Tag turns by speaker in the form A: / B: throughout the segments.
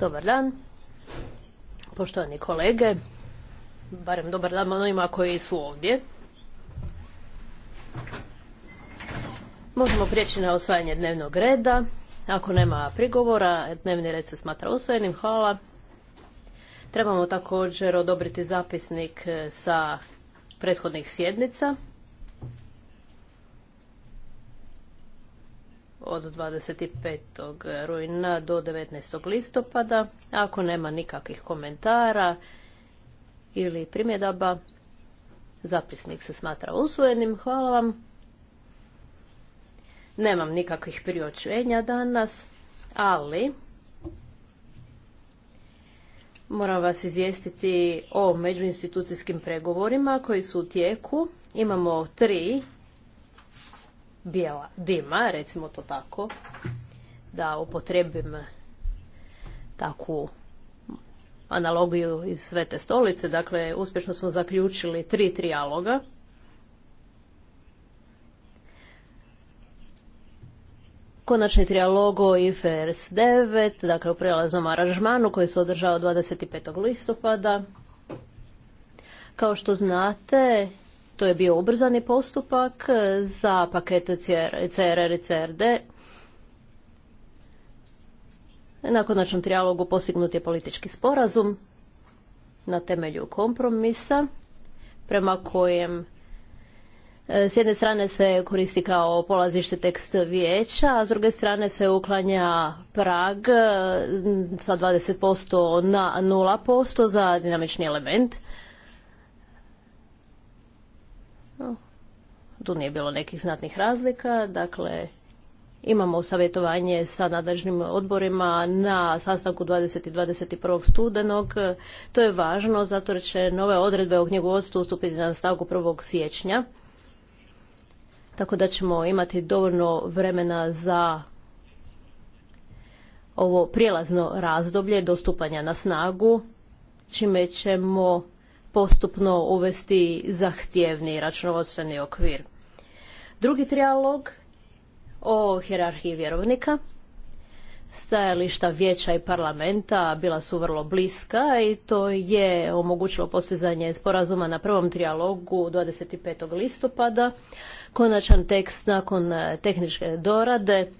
A: Dobar dan. Poštovani kolege, barem dobar dan onima koji su ovdje. Možemo prijeći na osvajanje dnevnog reda. Ako nema prigovora, dnevni red se smatra usvojenim Hvala. Trebamo također odobriti zapisnik sa prethodnih sjednica. od 25. rujna do 19. listopada. Ako nema nikakvih komentara ili primjedaba, zapisnik se smatra usvojenim. Hvala vam. Nemam nikakvih priočenja danas, ali moram vas izvijestiti o međuinstitucijskim pregovorima koji su u tijeku. Imamo tri bijela dima, recimo to tako, da upotrebim takvu analogiju iz Svete stolice. Dakle, uspješno smo zaključili tri trijaloga. Konačni trijalog o IFRS 9, dakle u prelaznom aranžmanu koji se održao 25. listopada. Kao što znate, to je bio ubrzani postupak za pakete CRR i CRD. Na konačnom trijalogu postignut je politički sporazum na temelju kompromisa prema kojem e, s jedne strane se koristi kao polazište tekst vijeća, a s druge strane se uklanja prag e, sa 20% na 0% za dinamični element. Tu nije bilo nekih znatnih razlika, dakle imamo savjetovanje sa nadležnim odborima na sastanku 20. i 21. studenog. To je važno zato jer će nove odredbe o knjigovodstvu ustupiti na stavku 1. siječnja. Tako da ćemo imati dovoljno vremena za ovo prijelazno razdoblje do stupanja na snagu, čime ćemo postupno uvesti zahtjevni računovodstveni okvir. Drugi trijalog o hjerarhiji vjerovnika. Stajališta vijeća i parlamenta bila su vrlo bliska i to je omogućilo postizanje sporazuma na prvom trijalogu 25. listopada. Konačan tekst nakon e, tehničke dorade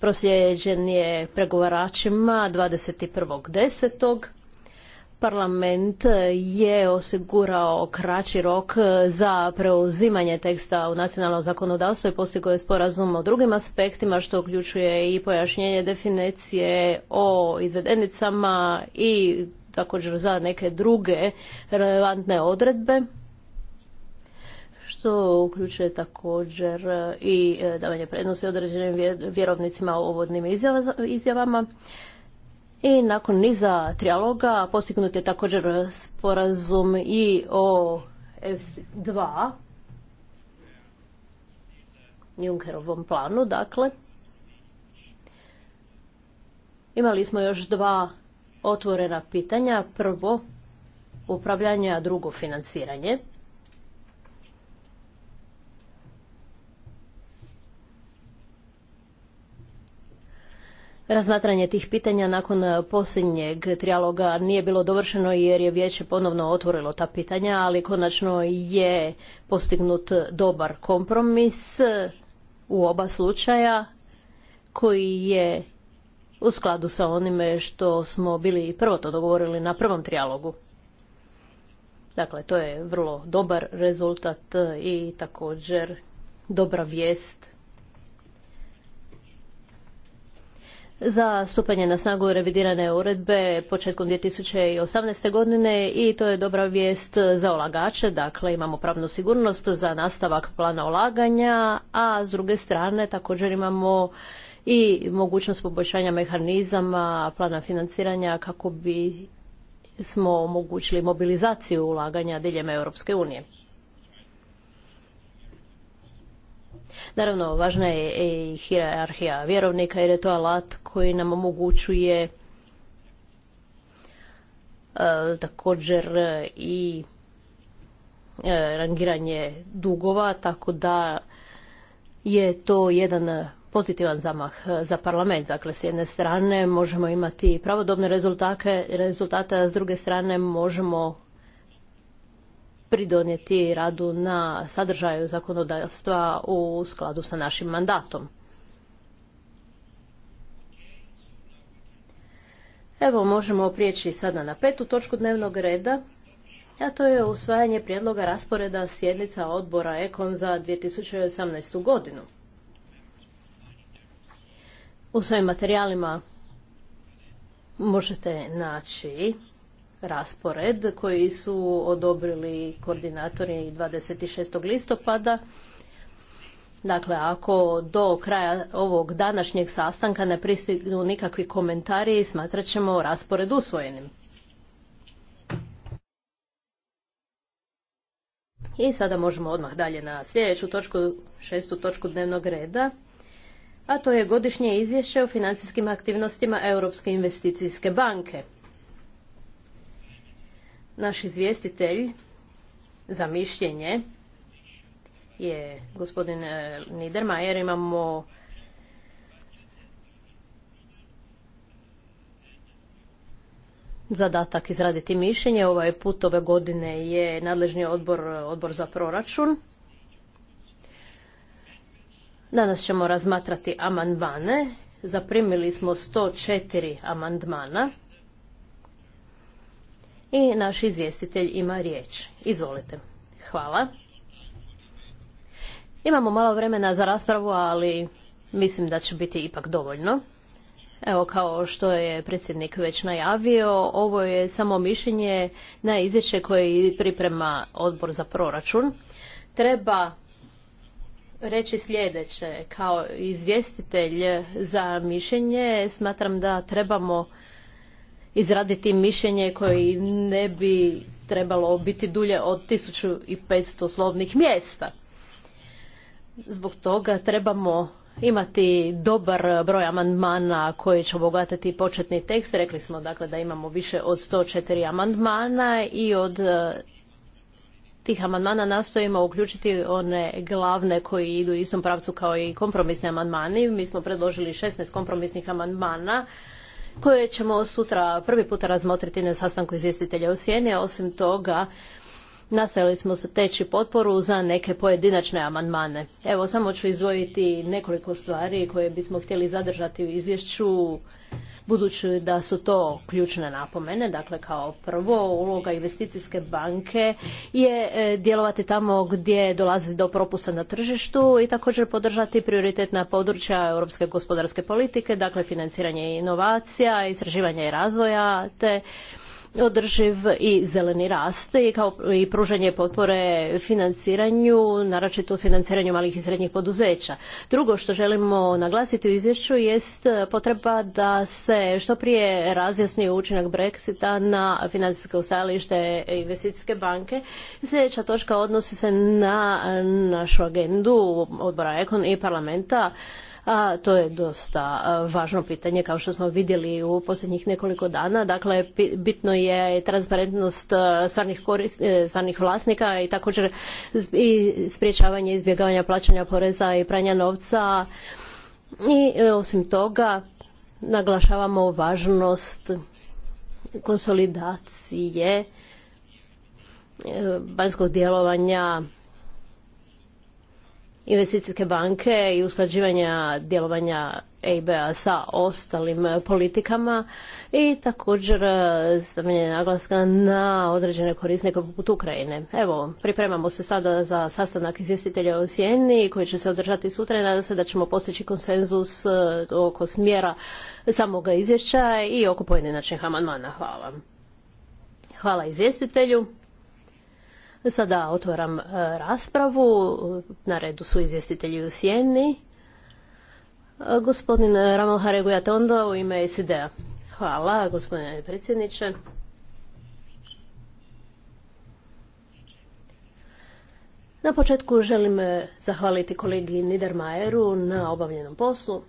A: proslijeđen je pregovaračima desetog. Parlament je osigurao kraći rok za preuzimanje teksta u nacionalno zakonodavstvo i postigao je sporazum o drugim aspektima što uključuje i pojašnjenje definicije o izvedenicama i također za neke druge relevantne odredbe što uključuje također i e, davanje prednosti određenim vjerovnicima u uvodnim izjavama. I nakon niza trijaloga postignut je također sporazum i o F2, Junckerovom planu, dakle. Imali smo još dva otvorena pitanja. Prvo, upravljanje, a drugo, financiranje. Razmatranje tih pitanja nakon e, posljednjeg trijaloga nije bilo dovršeno jer je vijeće ponovno otvorilo ta pitanja, ali konačno je postignut dobar kompromis e, u oba slučaja koji je u skladu sa onime što smo bili to dogovorili na prvom trijalogu. Dakle, to je vrlo dobar rezultat e, i također dobra vijest za stupanje na snagu revidirane uredbe početkom 2018. godine i to je dobra vijest za ulagače, dakle imamo pravnu sigurnost za nastavak plana ulaganja, a s druge strane također imamo i mogućnost poboljšanja mehanizama plana financiranja kako bi smo omogućili mobilizaciju ulaganja diljem Europske unije. Naravno, važna je i hierarhija vjerovnika jer je to alat koji nam omogućuje e, također i e, rangiranje dugova, tako da je to jedan pozitivan zamah za parlament. Dakle, s jedne strane možemo imati pravodobne rezultate, rezultate a s druge strane možemo pridonijeti radu na sadržaju zakonodavstva u skladu sa našim mandatom. Evo možemo prijeći sada na petu točku dnevnog reda, a to je usvajanje prijedloga rasporeda sjednica odbora Ekon za 2018. godinu. U svojim materijalima možete naći raspored koji su odobrili koordinatori 26. listopada. Dakle, ako do kraja ovog današnjeg sastanka ne pristignu nikakvi komentari, smatrat ćemo raspored usvojenim. I sada možemo odmah dalje na sljedeću točku, šestu točku dnevnog reda, a to je godišnje izvješće o financijskim aktivnostima Europske investicijske banke. Naš izvjestitelj za mišljenje je gospodin e, Niedermayer. Imamo zadatak izraditi mišljenje. Ovaj put ove godine je nadležni odbor, odbor za proračun. Danas ćemo razmatrati amandmane. Zaprimili smo 104 amandmana i naš izvjestitelj ima riječ. Izvolite. Hvala. Imamo malo vremena za raspravu, ali mislim da će biti ipak dovoljno. Evo kao što je predsjednik već najavio, ovo je samo mišljenje na izvješće koje priprema odbor za proračun. Treba reći sljedeće, kao izvjestitelj za mišljenje smatram da trebamo izraditi mišljenje koje ne bi trebalo biti dulje od 1500 slovnih mjesta. Zbog toga trebamo imati dobar broj amandmana koji će obogatiti početni tekst. Rekli smo dakle da imamo više od 104 amandmana i od e, tih amandmana nastojimo uključiti one glavne koji idu u istom pravcu kao i kompromisni amandmani. Mi smo predložili 16 kompromisnih amandmana koje ćemo sutra prvi puta razmotriti na sastanku izvjestitelja u Sjeni. Osim toga, nastavili smo se teći potporu za neke pojedinačne amandmane. Evo, samo ću izdvojiti nekoliko stvari koje bismo htjeli zadržati u izvješću budući da su to ključne napomene. Dakle, kao prvo, uloga investicijske banke je e, djelovati tamo gdje dolazi do propusta na tržištu i također podržati prioritetna područja europske gospodarske politike, dakle financiranje inovacija, istraživanja i razvoja te održiv i zeleni rast i kao i pružanje potpore financiranju, naročito financiranju malih i srednjih poduzeća. Drugo što želimo naglasiti u izvješću jest potreba da se što prije razjasni učinak Brexita na financijsko stajalište investicijske banke. Sljedeća točka odnosi se na našu agendu odbora Ekon i parlamenta a to je dosta važno pitanje kao što smo vidjeli u posljednjih nekoliko dana. Dakle, bitno je transparentnost stvarnih, e, stvarnih vlasnika i također i sprječavanje izbjegavanja plaćanja poreza i pranja novca. I e, osim toga, naglašavamo važnost konsolidacije e, vanjskog djelovanja investicijske banke i usklađivanja djelovanja EIB-a sa ostalim politikama i također e, stavljanje naglaska na određene korisnike poput Ukrajine. Evo, pripremamo se sada za sastanak izvjestitelja u Sjeni koji će se održati sutra i nadam se da ćemo postići konsenzus e, oko smjera samoga izvješća i oko pojedinačnih amandmana. Hvala Hvala izvjestitelju. Sada otvaram e, raspravu. Na redu su izvjestitelji u sjeni. E, gospodin Ramon Hareguja Tondo u ime SID-a. Hvala, gospodine predsjedniče. Na početku želim e, zahvaliti kolegi Niedermayeru na obavljenom poslu.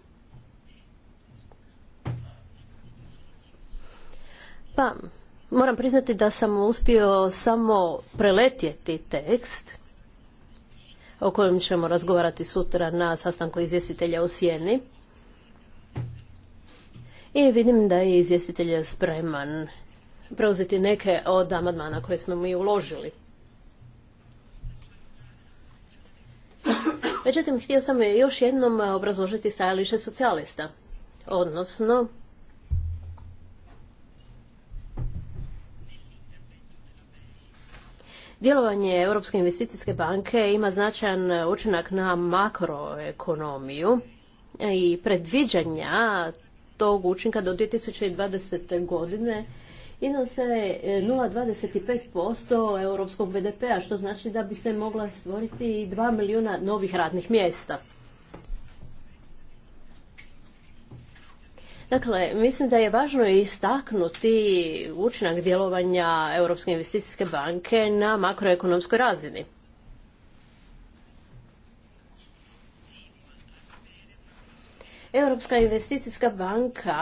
A: Pa, Moram priznati da sam uspio samo preletjeti tekst o kojem ćemo razgovarati sutra na sastanku izvjestitelja u Sjeni. I vidim da je izvjestitelj spreman preuzeti neke od amandmana koje smo mi uložili. Međutim, htio sam još jednom obrazložiti stajalište socijalista, odnosno Djelovanje Europske investicijske banke ima značajan učinak na makroekonomiju i predviđanja tog učinka do 2020. godine iznose 0,25% europskog BDP-a, što znači da bi se mogla stvoriti 2 milijuna novih radnih mjesta. Dakle, mislim da je važno istaknuti učinak djelovanja Europske investicijske banke na makroekonomskoj razini. Europska investicijska banka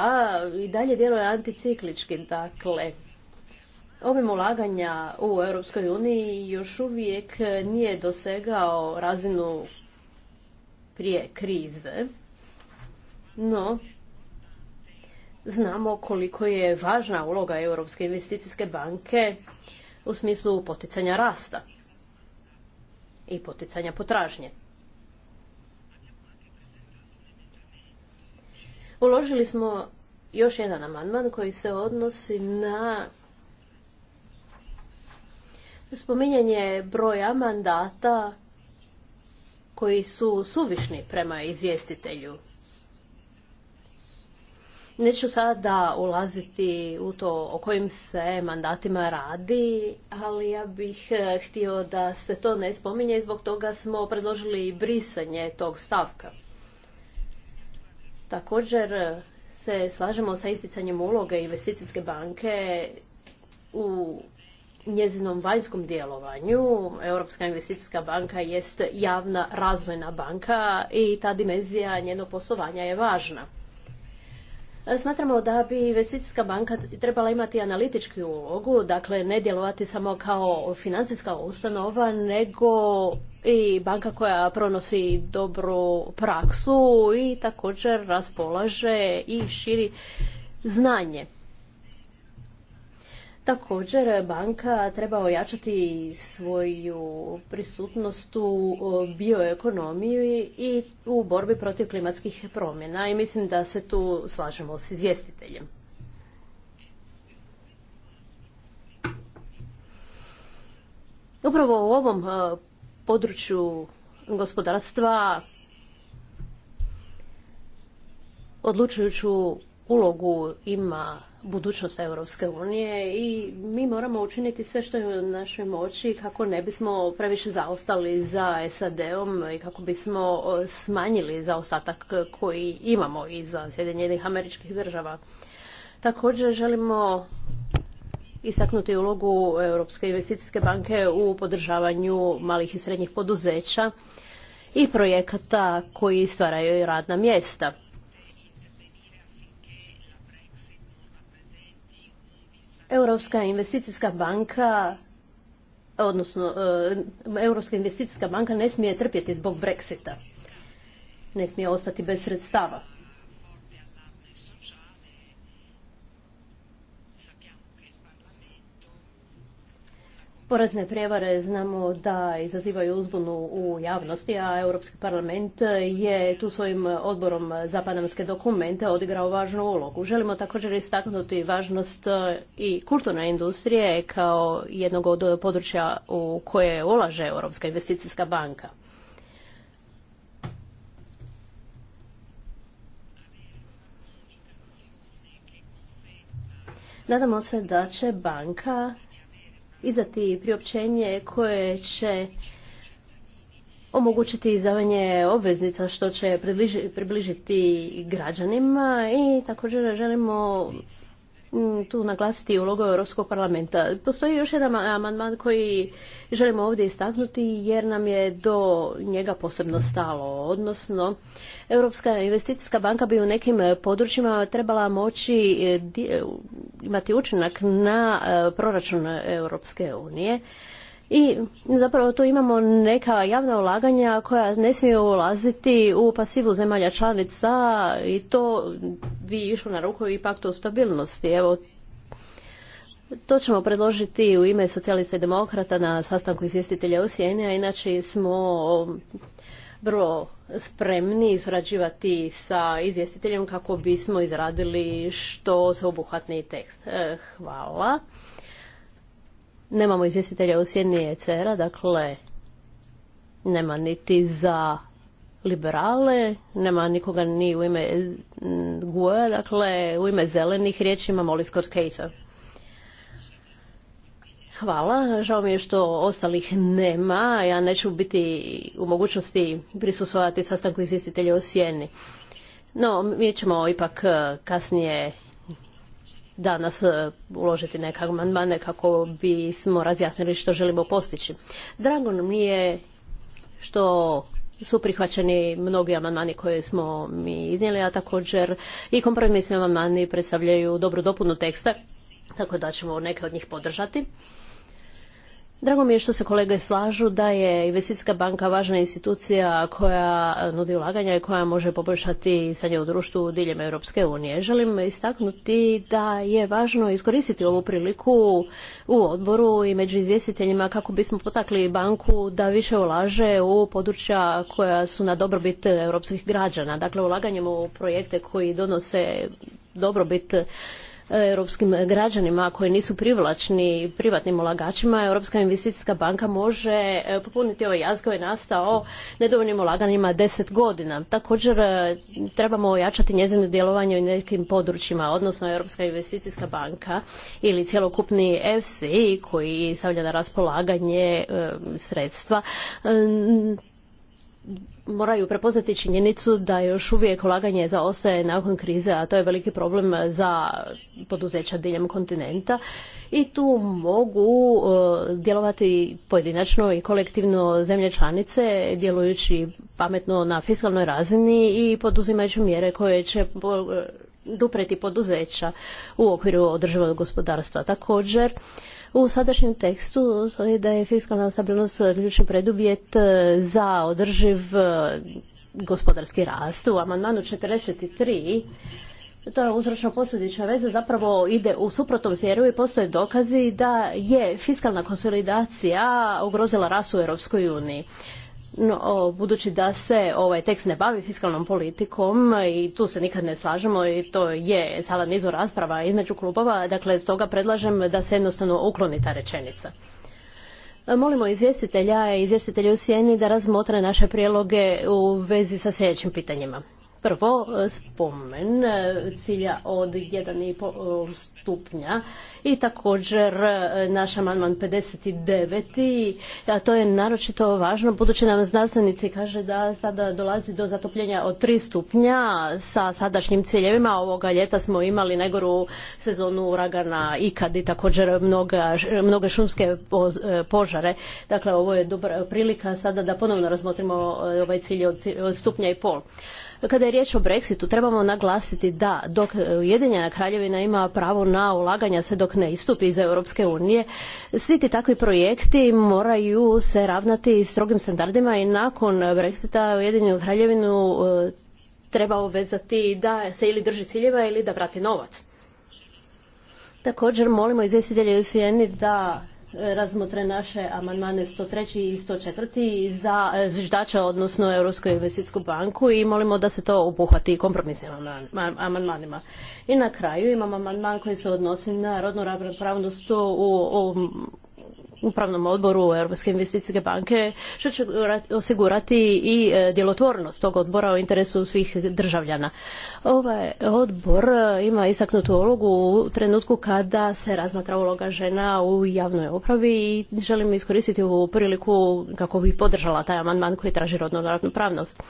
A: i dalje djeluje anticiklički, dakle, Ovim ulaganja u Europskoj uniji još uvijek nije dosegao razinu prije krize, no znamo koliko je važna uloga Europske investicijske banke u smislu poticanja rasta i poticanja potražnje. Uložili smo još jedan amandman koji se odnosi na spominjanje broja mandata koji su suvišni prema izvjestitelju. Neću sada ulaziti u to o kojim se mandatima radi, ali ja bih e, htio da se to ne spominje i zbog toga smo predložili i brisanje tog stavka. Također e, se slažemo sa isticanjem uloge investicijske banke u njezinom vanjskom djelovanju. Europska investicijska banka jest javna razvojna banka i ta dimenzija njenog poslovanja je važna. E, smatramo da bi investicijska banka trebala imati analitičku ulogu, dakle ne djelovati samo kao financijska ustanova, nego i banka koja pronosi dobru praksu i također raspolaže i širi znanje. Također, banka treba ojačati svoju prisutnost u bioekonomiji i u borbi protiv klimatskih promjena i mislim da se tu slažemo s izvjestiteljem. Upravo u ovom e, području gospodarstva odlučujuću ulogu ima budućnost Europske unije i mi moramo učiniti sve što je u našoj moći kako ne bismo previše zaostali za SAD-om i kako bismo smanjili zaostatak koji imamo iza Sjedinjenih američkih država. Također želimo istaknuti ulogu Europske investicijske banke u podržavanju malih i srednjih poduzeća i projekata koji stvaraju radna mjesta. Europska investicijska banka odnosno e, Europska investicijska banka ne smije trpjeti zbog Brexita. Ne smije ostati bez sredstava. Porezne prijevare znamo da izazivaju uzbunu u javnosti, a Europski parlament je tu svojim odborom za panamske dokumente odigrao važnu ulogu. Želimo također istaknuti važnost e, i kulturne industrije kao jednog od područja u koje ulaže Europska investicijska banka. Nadamo se da će banka izdati priopćenje koje će omogućiti izdavanje obveznica što će približiti građanima i također želimo tu naglasiti ulogu Europskog parlamenta. Postoji još jedan amandman koji želimo ovdje istaknuti jer nam je do njega posebno stalo. Odnosno, Europska investicijska banka bi u nekim područjima trebala moći e, e, imati učinak na e, proračun Europske unije i zapravo tu imamo neka javna ulaganja koja ne smiju ulaziti u pasivu zemalja članica i to bi išlo na ruku i paktu o stabilnosti. Evo, to ćemo predložiti u ime socijalista i demokrata na sastanku izvjestitelja u Sijeni, a inače smo vrlo spremni surađivati sa izvjestiteljem kako bismo izradili što obuhvatni tekst. E, hvala. Nemamo izvjestitelja u sjeni ECR-a, dakle nema niti za liberale, nema nikoga ni u ime Gua, e, dakle u ime zelenih riječi ima Molly Scott Cato. Hvala, žao mi je što ostalih nema, ja neću biti u mogućnosti prisusovati sastanku izvjestitelja u sjeni. No, mi ćemo ipak eh, kasnije danas e, uložiti neke amandmane kako bismo razjasnili što želimo postići. Drago nam je što su prihvaćeni mnogi amandmani koje smo mi iznijeli, a također i kompromisni amandmani predstavljaju dobru dopunu teksta, tako da ćemo neke od njih podržati. Drago mi je što se kolege slažu da je investicijska banka važna institucija koja nudi ulaganja i koja može poboljšati stanje u društvu diljem Europske unije. Želim istaknuti da je važno iskoristiti ovu priliku u odboru i među izvjestiteljima kako bismo potakli banku da više ulaže u područja koja su na dobrobit europskih građana. Dakle, ulaganjem u projekte koji donose dobrobit E, europskim građanima koji nisu privlačni privatnim ulagačima, Europska investicijska banka može e, popuniti ovaj jaz koji je nastao nedovoljnim ulaganjima deset godina. Također e, trebamo ojačati njezino djelovanje u nekim područjima, odnosno Europska investicijska banka ili cjelokupni EFSI koji stavlja na raspolaganje sredstva moraju prepoznati činjenicu da još uvijek ulaganje zaostaje nakon krize, a to je veliki problem za poduzeća diljem kontinenta i tu mogu e, djelovati pojedinačno i kolektivno zemlje članice djelujući pametno na fiskalnoj razini i poduzimajući mjere koje će e, dupreti poduzeća u okviru održivog gospodarstva. Također, u sadašnjem tekstu stoji da je fiskalna stabilnost ključni preduvjet e, za održiv e, gospodarski rast. U amandmanu 43 to je uzročno posljedična veza zapravo ide u suprotnom smjeru i postoje dokazi da je fiskalna konsolidacija ugrozila rast u Europskoj uniji. No, budući da se ovaj tekst ne bavi fiskalnom politikom i tu se nikad ne slažemo i to je sada nizu rasprava između klubova, dakle stoga predlažem da se jednostavno ukloni ta rečenica. Molimo izvjestitelja i izvjestitelju u sjeni da razmotre naše prijeloge u vezi sa sljedećim pitanjima. Prvo, e, spomen e, cilja od 1,5 e, stupnja i također naš amandman 59. A to je naročito važno budući nam znanstvenici kaže da sada dolazi do zatopljenja od 3 stupnja sa sadašnjim ciljevima. Ovoga ljeta smo imali najgoru sezonu uragana ikad i također mnoga, mnoge šumske požare. Dakle, ovo je dobra prilika sada da ponovno razmotrimo ovaj cilj od stupnja i pol. Kada je riječ o Brexitu, trebamo naglasiti da dok e, Ujedinjena kraljevina ima pravo na ulaganja sve dok ne istupi iz Europske unije, svi ti takvi projekti moraju se ravnati strogim standardima i nakon Brexita Ujedinjenu kraljevinu e, treba obvezati da se ili drži ciljeva ili da vrati novac. Također molimo izvjestitelje sjeni da razmotre naše amandmane 103. i 104. za e, zviždača odnosno Europsku investicijsku banku i molimo da se to obuhvati kompromisnim amandmanima. I na kraju imamo amandman koji se odnosi na rodnu ravnopravnost u upravnom odboru Europske investicijske banke, što će osigurati i e, djelotvornost tog odbora u interesu svih državljana. Ovaj odbor e, ima isaknutu ulogu u trenutku kada se razmatra uloga žena u javnoj upravi i želim iskoristiti ovu priliku kako bi podržala taj amandman koji traži rodnu ravnopravnost.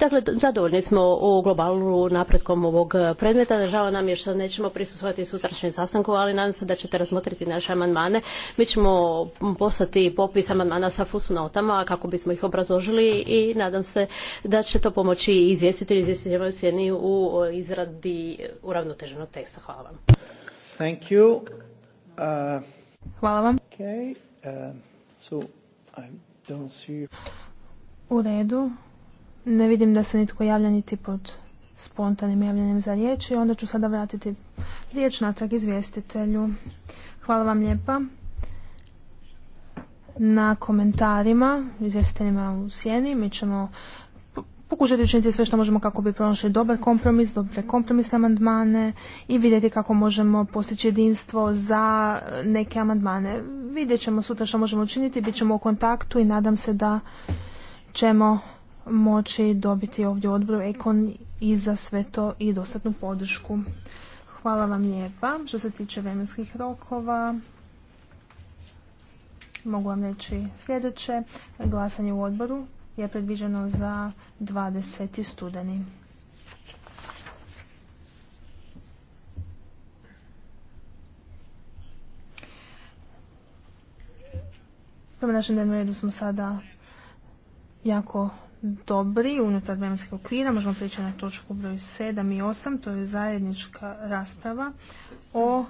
A: Dakle, zadovoljni smo u globalnu napretkom ovog predmeta. Žao nam je što nećemo prisustvovati sutrašnjem sastanku, ali nadam se da ćete razmotriti naše amandmane. Mi ćemo poslati popis amandmana sa fusnotama kako bismo ih obrazložili i nadam se da će to pomoći i izvjestitelju sjeni u izradi uravnoteženog teksta. Hvala vam.
B: Thank you. Uh, Hvala vam. Uh,
C: u redu. Ne vidim da se nitko javlja niti pod spontanim javljanjem za riječ i onda ću sada vratiti riječ natrag izvjestitelju. Hvala vam lijepa na komentarima, izvjestiteljima u sjeni. Mi ćemo pokušati učiniti sve što možemo kako bi pronašli dobar kompromis, dobre kompromisne amandmane i vidjeti kako možemo postići jedinstvo za e, neke amandmane. Vidjet ćemo sutra što možemo učiniti, bit ćemo u kontaktu i nadam se da ćemo moći dobiti ovdje odbor Ekon i za sve to i dostatnu podršku. Hvala vam lijepa. Što se tiče vremenskih rokova, Mogu vam reći sljedeće. Glasanje u odboru je predviđeno za 20. studeni. Prema našem dnevnom redu smo sada jako dobri unutar vremenskog okvira. Možemo prići na točku broj 7 i 8. To je zajednička rasprava o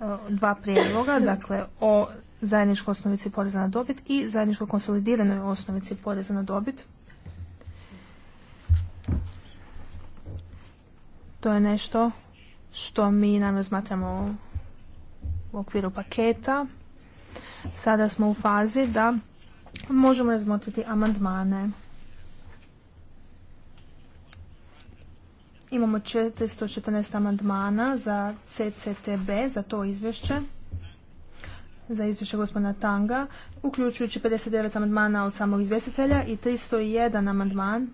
C: e, dva prijedloga, dakle o zajedničkoj osnovici poreza na dobit i zajedničkoj konsolidiranoj osnovici poreza na dobit. To je nešto što mi nam smatramo u okviru paketa. Sada smo u fazi da možemo razmotriti amandmane. Imamo 414 amandmana za CCTB, za to izvješće za izvješće gospodina Tanga, uključujući 59 amandmana od samog izvjestitelja i 301 amandman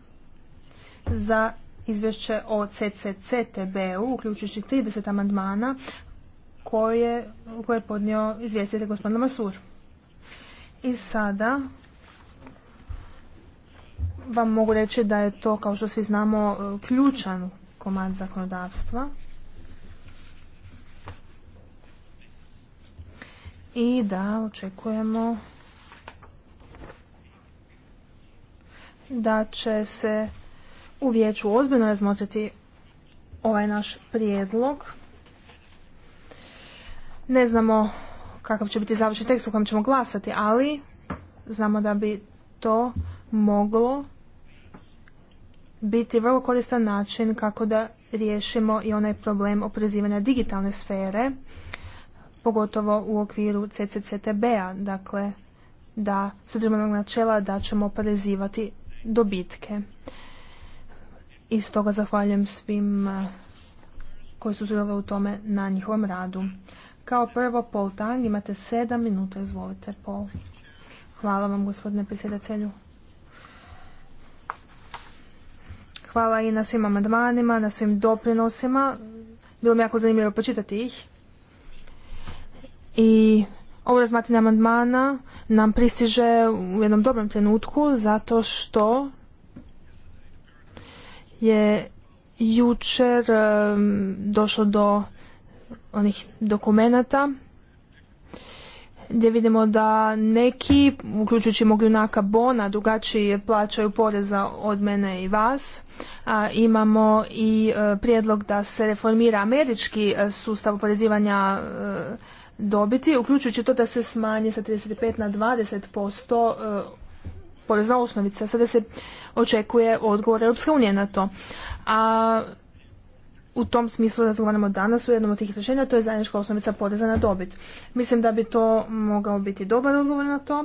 C: za izvješće o CCCTB-u, uključujući 30 amandmana koje, koje je podnio izvjestitelj gospodina Masur. I sada vam mogu reći da je to, kao što svi znamo, ključan komad zakonodavstva. i da očekujemo da će se u vijeću ozbiljno razmotriti ovaj naš prijedlog. Ne znamo kakav će biti završni tekst u kojem ćemo glasati, ali znamo da bi to moglo biti vrlo koristan način kako da riješimo i onaj problem oprezivanja digitalne sfere pogotovo u okviru CCCTB-a, dakle da se državnog načela da ćemo oporezivati dobitke. I stoga zahvaljujem svim eh, koji su sudjelovali u tome na njihovom radu. Kao prvo, Paul Tang, imate sedam minuta, izvolite, Paul. Hvala vam, gospodine predsjedatelju. Hvala i na svim amandmanima, na svim doprinosima. Bilo mi jako zanimljivo pročitati ih i ovo razmatranje amandmana nam pristiže u jednom dobrom trenutku zato što je jučer došlo do onih dokumenata gdje vidimo da neki, uključujući mog junaka Bona, drugačije plaćaju poreza od mene i vas. A, imamo i e, prijedlog da se reformira američki e, sustav oporezivanja e, dobiti, uključujući to da se smanje sa 35 na 20% e, porezna osnovica. Sada se očekuje odgovor Europske unije na to. A u tom smislu razgovaramo danas u jednom od tih rješenja, to je zajednička osnovica poreza na dobit. Mislim da bi to mogao biti dobar odgovor na to.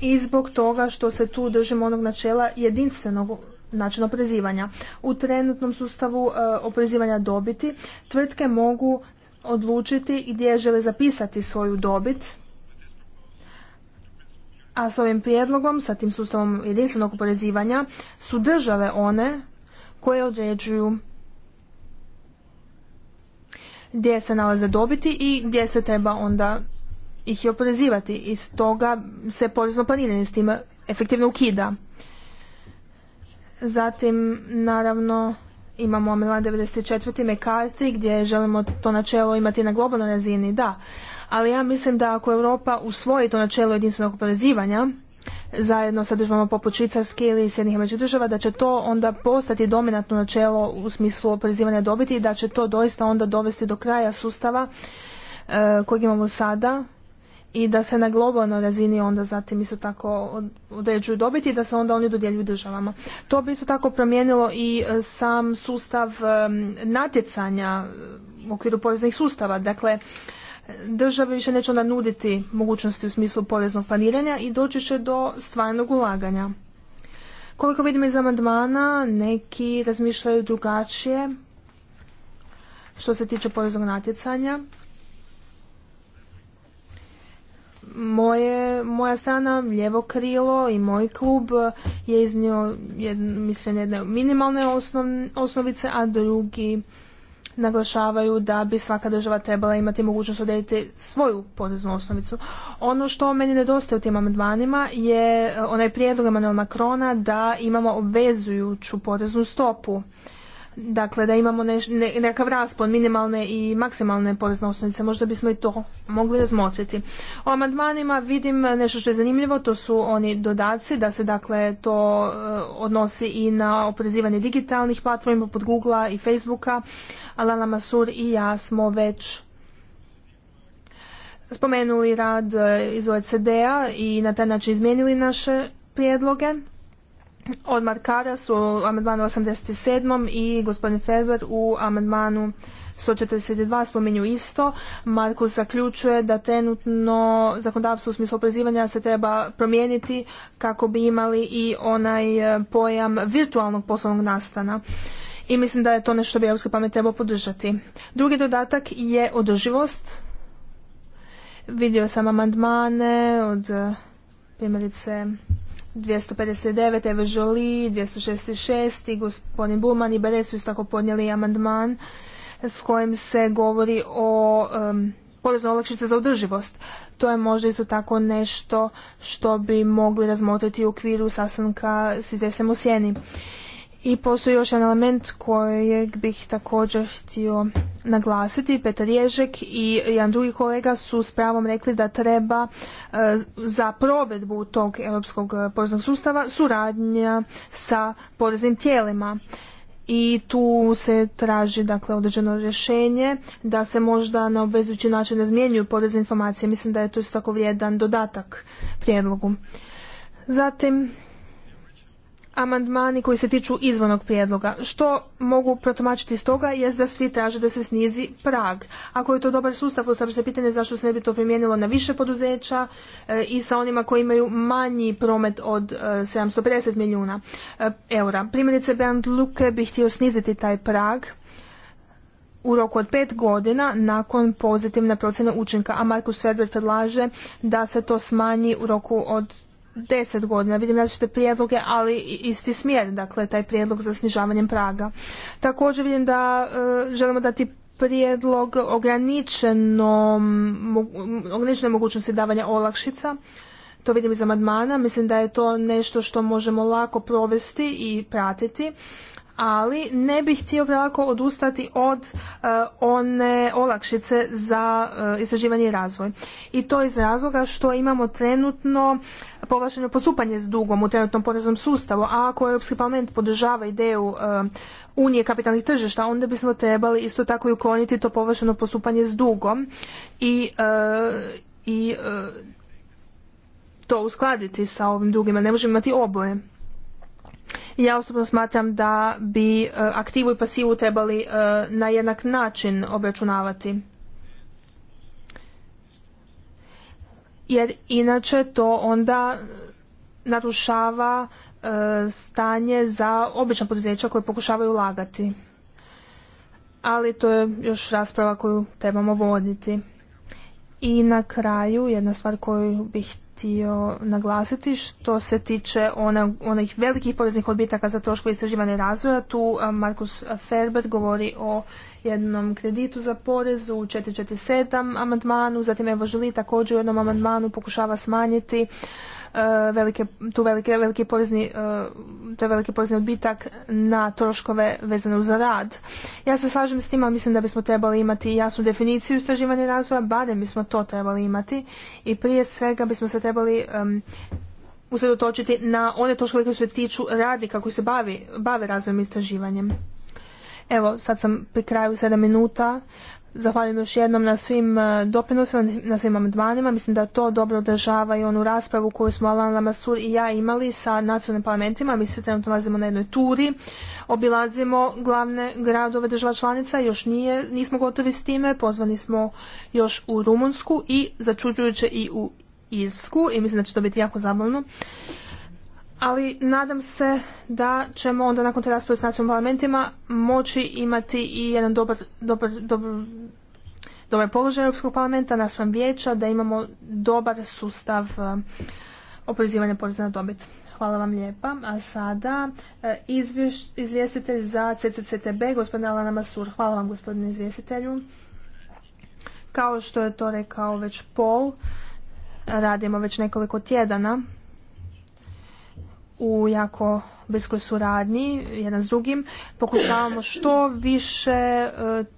C: I zbog toga što se tu držimo onog načela jedinstvenog načina oprezivanja. U trenutnom sustavu e, oprezivanja dobiti tvrtke mogu odlučiti gdje žele zapisati svoju dobit, a s ovim prijedlogom, sa tim sustavom jedinstvenog oporezivanja, su države one koje određuju gdje se nalaze dobiti i gdje se treba onda ih i oporezivati. I stoga se porezno planiranje s tim efektivno ukida. Zatim, naravno, imamo amandman 94. mekarti gdje želimo to načelo imati na globalnoj razini, da. Ali ja mislim da ako Europa usvoji to načelo jedinstvenog oporezivanja zajedno sa državama poput Švicarske ili Sjednih američkih država, da će to onda postati dominantno načelo u smislu oporezivanja dobiti i da će to doista onda dovesti do kraja sustava e, kojeg imamo sada i da se na globalnoj razini onda zatim isto tako određuju dobiti i da se onda oni dodjeljuju državama. To bi isto tako promijenilo i e, sam sustav e, natjecanja e, u okviru poreznih sustava. Dakle, države više neće onda nuditi mogućnosti u smislu poreznog planiranja i doći će do stvarnog ulaganja. Koliko vidim iz amandmana, neki razmišljaju drugačije što se tiče poreznog natjecanja moje, moja strana, ljevo krilo i moj klub je iznio mislim jedne minimalne osnovice, a drugi naglašavaju da bi svaka država trebala imati mogućnost odrediti svoju poreznu osnovicu. Ono što meni nedostaje u tim amandmanima je eh, onaj prijedlog Emmanuel Macrona da imamo obvezujuću poreznu stopu dakle da imamo neš, ne, nekakav raspon minimalne i maksimalne porezne osnovice, možda bismo i to mogli razmotriti. O amandmanima vidim nešto što je zanimljivo, to su oni dodaci, da se dakle to e, odnosi i na oporezivanje digitalnih platforma poput Googlea i Facebooka. Alana Masur i ja smo već spomenuli rad e, iz OECD-a i na taj način izmijenili naše prijedloge od Markara su u amandmanu 87. i gospodin Ferber u amandmanu 142 spominju isto. Markus zaključuje da trenutno zakonodavstvo u smislu oprezivanja se treba promijeniti kako bi imali i onaj e, pojam virtualnog poslovnog nastana. I mislim da je to nešto bi Europski pamet trebao podržati. Drugi dodatak je održivost. Vidio sam amandmane od e, primjerice 259, Eva Jolie, 266 i gospodin Bulman i Bere su isto tako podnijeli amandman s kojim se govori o um, za održivost. To je možda isto tako nešto što bi mogli razmotriti u okviru sastanka s izvjesem u sjeni. I postoji još jedan element kojeg bih također htio naglasiti. Petar Ježek i jedan drugi kolega su s pravom rekli da treba e, za provedbu tog europskog poreznog sustava suradnja sa poreznim tijelima i tu se traži dakle određeno rješenje da se možda na obvezujući način razmjenjuju porezne informacije. Mislim da je to isto tako vrijedan dodatak prijedlogu. Zatim, amandmani koji se tiču izvornog prijedloga. Što mogu protumačiti stoga toga je da svi traže da se snizi prag. Ako je to dobar sustav, postavlja se pitanje zašto se ne bi to primijenilo na više poduzeća eh, i sa onima koji imaju manji promet od 750 eh, milijuna eh, eura. Primjerice, Bernd Luke bi htio sniziti taj prag u roku od pet godina nakon pozitivne procjene učinka, a Markus Ferber predlaže da se to smanji u roku od deset godina. Vidim različite prijedloge, ali isti smjer, dakle taj prijedlog za snižavanjem praga. Također vidim da e, želimo dati prijedlog ograničeno, mogućnosti davanja olakšica. To vidim iz amandmana. Mislim da je to nešto što možemo lako provesti i pratiti ali ne bih htio prelako odustati od e, one olakšice za e, istraživanje i razvoj. I to iz razloga što imamo trenutno povlašeno postupanje s dugom u trenutnom poreznom sustavu, a ako Europski parlament podržava ideju e, Unije kapitalnih tržišta, onda bismo trebali isto tako i ukloniti to povlašeno postupanje s dugom i, i to uskladiti sa ovim drugima. Ne možemo imati oboje. Ja osobno smatram da bi e, aktivu i pasivu trebali e, na jednak način obračunavati. Jer inače to onda narušava e, stanje za obična poduzeća koje pokušavaju ulagati. Ali to je još rasprava koju trebamo voditi. I na kraju jedna stvar koju bih htio naglasiti što se tiče onih velikih poreznih odbitaka za troškove istraživanja razvoja. Tu Markus Ferber govori o jednom kreditu za porezu u 447 amandmanu, zatim Evo Želi također u jednom amandmanu pokušava smanjiti E, velike, tu velike, veliki povezni, e, to veliki povezni odbitak na troškove vezane uz rad. Ja se slažem s tim, ali mislim da bismo trebali imati jasnu definiciju istraživanja razvoja, barem bismo to trebali imati i prije svega bismo se trebali usredotočiti na one troškove koji se tiču radnika kako se bavi, bave razvojem istraživanjem. Evo, sad sam pri kraju sedam minuta. Zahvaljujem još jednom na svim e, doprinosima, na svim amandmanima. Mislim da to dobro održava i onu raspravu koju smo Alan Lamassur i ja imali sa nacionalnim parlamentima. Mi se trenutno nalazimo na jednoj turi, obilazimo glavne gradove država članica, još nije, nismo gotovi s time, pozvani smo još u Rumunsku i začuđujuće i u Irsku i mislim da će to biti jako zabavno ali nadam se da ćemo onda nakon te rasprave s nacionalnim parlamentima moći imati i jedan dobar, dobar, dobar, dobar položaj Europskog parlamenta na svam vijeća, da imamo dobar sustav e, oporezivanja poreza na dobit. Hvala vam lijepa. A sada e, izvjestitelj za CCCTB, gospodin Alana Masur. Hvala vam gospodine izvjestitelju. Kao što je to rekao već Pol, radimo već nekoliko tjedana u jako bliskoj suradnji jedan s drugim pokušavamo što više e,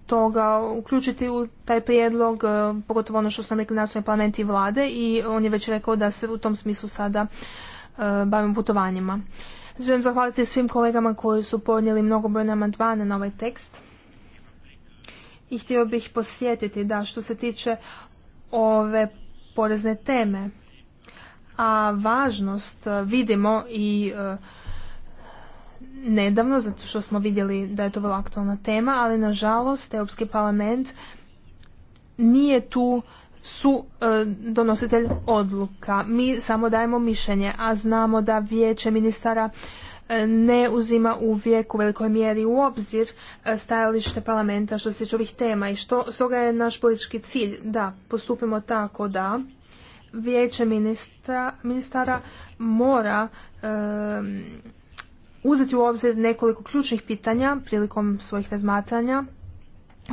C: toga uključiti u taj prijedlog, e, pogotovo ono što sam rekli nacionalni parlament i vlade i on je već rekao da se u tom smislu sada e, bavimo putovanjima. Želim zahvaliti svim kolegama koji su podnijeli mnogobrojne amandmane na ovaj tekst i htio bih posjetiti da što se tiče ove porezne teme a važnost e, vidimo i e, nedavno, zato što smo vidjeli da je to vrlo aktualna tema, ali nažalost Europski parlament nije tu su e, donositelj odluka. Mi samo dajemo mišljenje, a znamo da vijeće ministara ne uzima uvijek u velikoj mjeri u obzir stajalište parlamenta što se tiče ovih tema i što stoga je naš politički cilj da postupimo tako da vijeće ministara mora uzeti u obzir nekoliko ključnih pitanja prilikom svojih razmatranja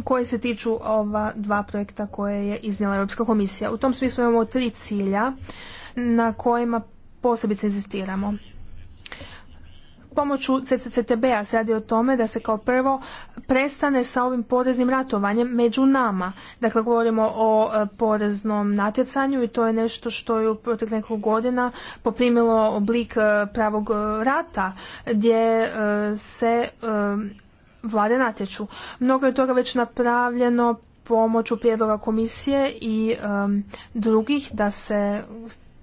C: koje se tiču ova dva projekta koje je iznijela Europska komisija. U tom smislu imamo tri cilja na kojima posebice inzistiramo pomoću CCCTB-a se radi o tome da se kao prvo prestane sa ovim poreznim ratovanjem među nama. Dakle, govorimo o e, poreznom natjecanju i to je nešto što je u proteklih nekoliko godina poprimilo oblik e, pravog e, rata gdje se vlade natječu. Mnogo je toga već napravljeno pomoću prijedloga komisije i drugih da se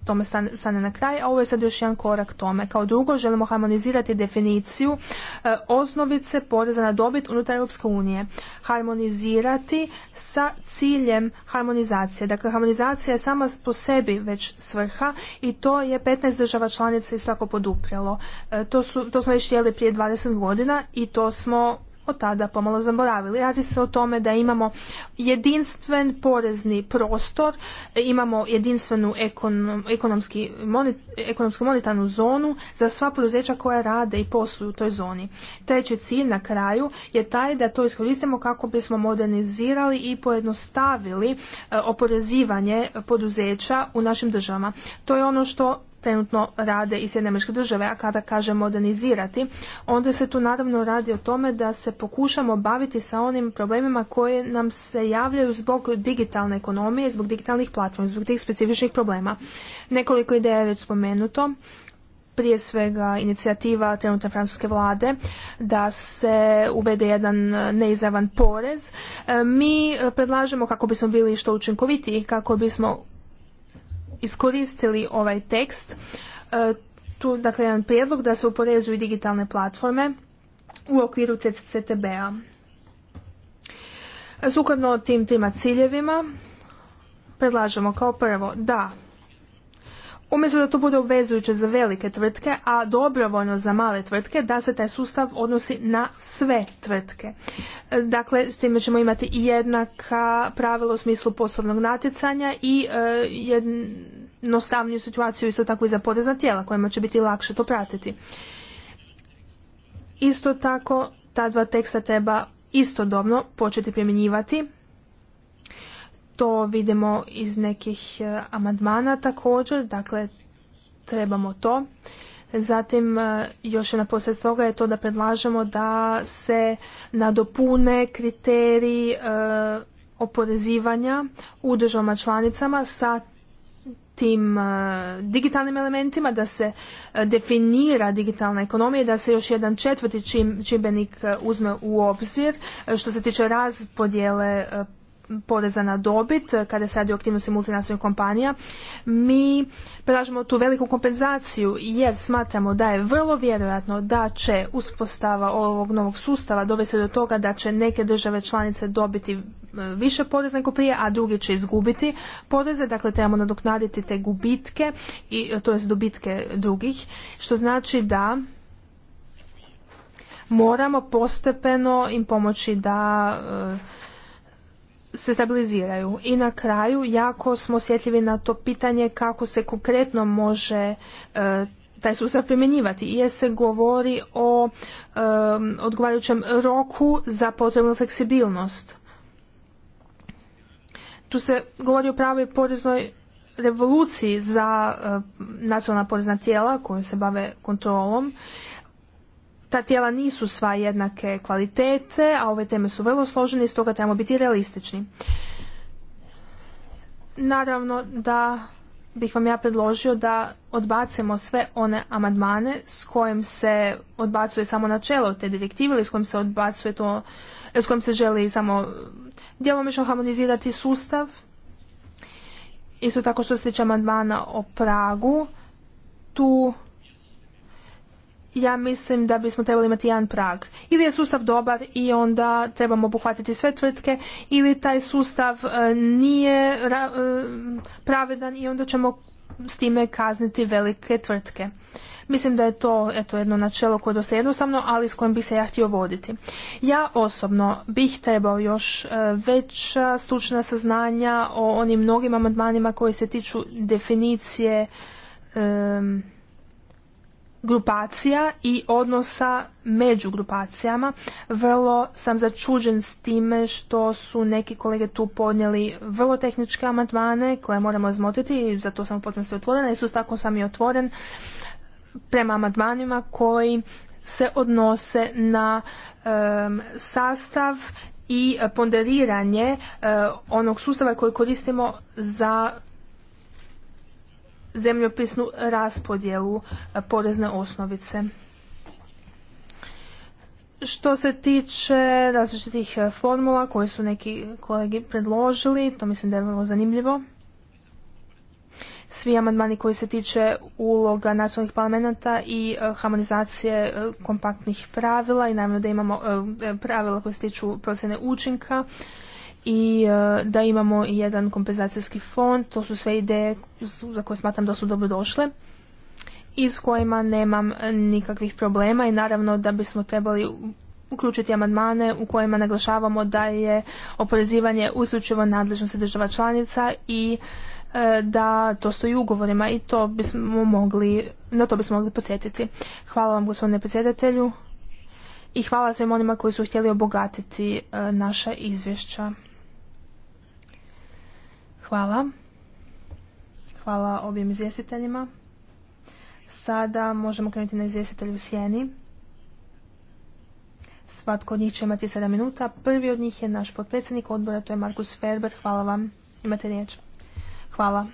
C: tome stane na kraj, a ovo je sad još jedan korak tome. Kao drugo, želimo harmonizirati definiciju e, osnovice poreza na dobit unutar Europske unije. Harmonizirati sa ciljem harmonizacije. Dakle, harmonizacija je sama po sebi već svrha i to je 15 država članica isto poduprijelo. poduprelo. E, to, to smo već htjeli prije 20 godina i to smo od tada pomalo zaboravili. Radi se o tome da imamo jedinstven porezni prostor, imamo jedinstvenu ekonom, ekonomsku monetarnu zonu za sva poduzeća koja rade i posluju u toj zoni. Treći cilj na kraju je taj da to iskoristimo kako bismo modernizirali i pojednostavili e, oporezivanje poduzeća u našim državama. To je ono što trenutno rade i američke države, a kada kaže modernizirati, onda se tu naravno radi o tome da se pokušamo baviti sa onim problemima koje nam se javljaju zbog digitalne ekonomije, zbog digitalnih platformi, zbog tih specifičnih problema. Nekoliko ideja je već spomenuto, prije svega inicijativa trenutne francuske vlade da se uvede jedan neizavan porez. E, mi predlažemo kako bismo bili što učinkovitiji, kako bismo iskoristili ovaj tekst. E, tu dakle jedan prijedlog da se uporezuju digitalne platforme u okviru CCTB-a. Sukladno tim trima ciljevima predlažemo kao prvo da umjesto da to bude obvezujuće za velike tvrtke, a dobrovoljno za male tvrtke, da se taj sustav odnosi na sve tvrtke. E, dakle, s time ćemo imati jednaka pravila u smislu poslovnog natjecanja i e, jednostavniju situaciju isto tako i za porezna tijela kojima će biti lakše to pratiti. Isto tako, ta dva teksta treba istodobno početi primjenjivati to vidimo iz nekih e, amandmana također, dakle trebamo to. Zatim e, još jedna na je to da predlažemo da se nadopune kriteriji e, oporezivanja u državama članicama sa tim digitalnim elementima, da se definira digitalna ekonomija i da se još jedan četvrti čimbenik uzme u obzir što se tiče raspodjele poreza na dobit eh, kada se radi o aktivnosti multinacionalnih kompanija mi predlažemo tu veliku kompenzaciju jer smatramo da je vrlo vjerojatno da će uspostava ovog novog sustava dovesti do toga da će neke države članice dobiti eh, više poreza nego prije, a drugi će izgubiti poreze, dakle trebamo nadoknaditi te gubitke, i, eh, to jest dobitke drugih, što znači da moramo postepeno im pomoći da se stabiliziraju. I na kraju jako smo osjetljivi na to pitanje kako se konkretno može e, taj sustav primjenjivati jer se govori o odgovarajućem roku za potrebnu fleksibilnost. Tu se govori o pravoj poreznoj revoluciji za e, nacionalna porezna tijela koje se bave kontrolom ta tijela nisu sva jednake kvalitete, a ove teme su vrlo složene i stoga trebamo biti realistični. Naravno da bih vam ja predložio da odbacimo sve one amandmane s kojim se odbacuje samo načelo te direktive ili s kojim se odbacuje to, s kojim se želi samo djelomično harmonizirati sustav. Isto tako što se tiče amandmana o pragu, tu ja mislim da bismo trebali imati jedan prag. Ili je sustav dobar i onda trebamo obuhvatiti sve tvrtke, ili taj sustav e, nije e, pravedan i onda ćemo s time kazniti velike tvrtke. Mislim da je to eto, jedno načelo koje je dosta jednostavno, ali s kojim bi se ja htio voditi. Ja osobno bih trebao još e, veća stručna saznanja o onim mnogim amandmanima koji se tiču definicije grupacija i odnosa među grupacijama. Vrlo sam začuđen s time što su neki kolege tu podnijeli vrlo tehničke amandmane koje moramo razmotriti i zato sam potpuno sve otvorena i tako sam i otvoren prema amandmanima koji se odnose na sastav i ponderiranje onog sustava koji koristimo za zemljopisnu raspodjelu e, porezne osnovice. Što se tiče različitih e, formula koje su neki kolegi predložili, to mislim da je vrlo zanimljivo. Svi amandmani koji se tiče uloga nacionalnih parlamenta i e, harmonizacije kompaktnih pravila i naravno da imamo pravila koje se tiču procjene učinka i e, da imamo jedan kompenzacijski fond, to su sve ideje za koje smatram da su dobro došle i s kojima nemam nikakvih problema i naravno da bismo trebali uključiti amandmane u kojima naglašavamo da je oporezivanje uslučivo nadležnosti država članica i e, da to stoji u ugovorima i to bismo mogli, na to bismo mogli podsjetiti. Hvala vam gospodine predsjedatelju i hvala svim onima koji su htjeli obogatiti e, naša izvješća. Hvala. Hvala ovim izvjestiteljima. Sada možemo krenuti na izvjestitelj u sjeni. Svatko od njih će imati 7 minuta. Prvi od njih je naš potpredsjednik odbora, to je Markus Ferber. Hvala vam. Imate riječ. Hvala.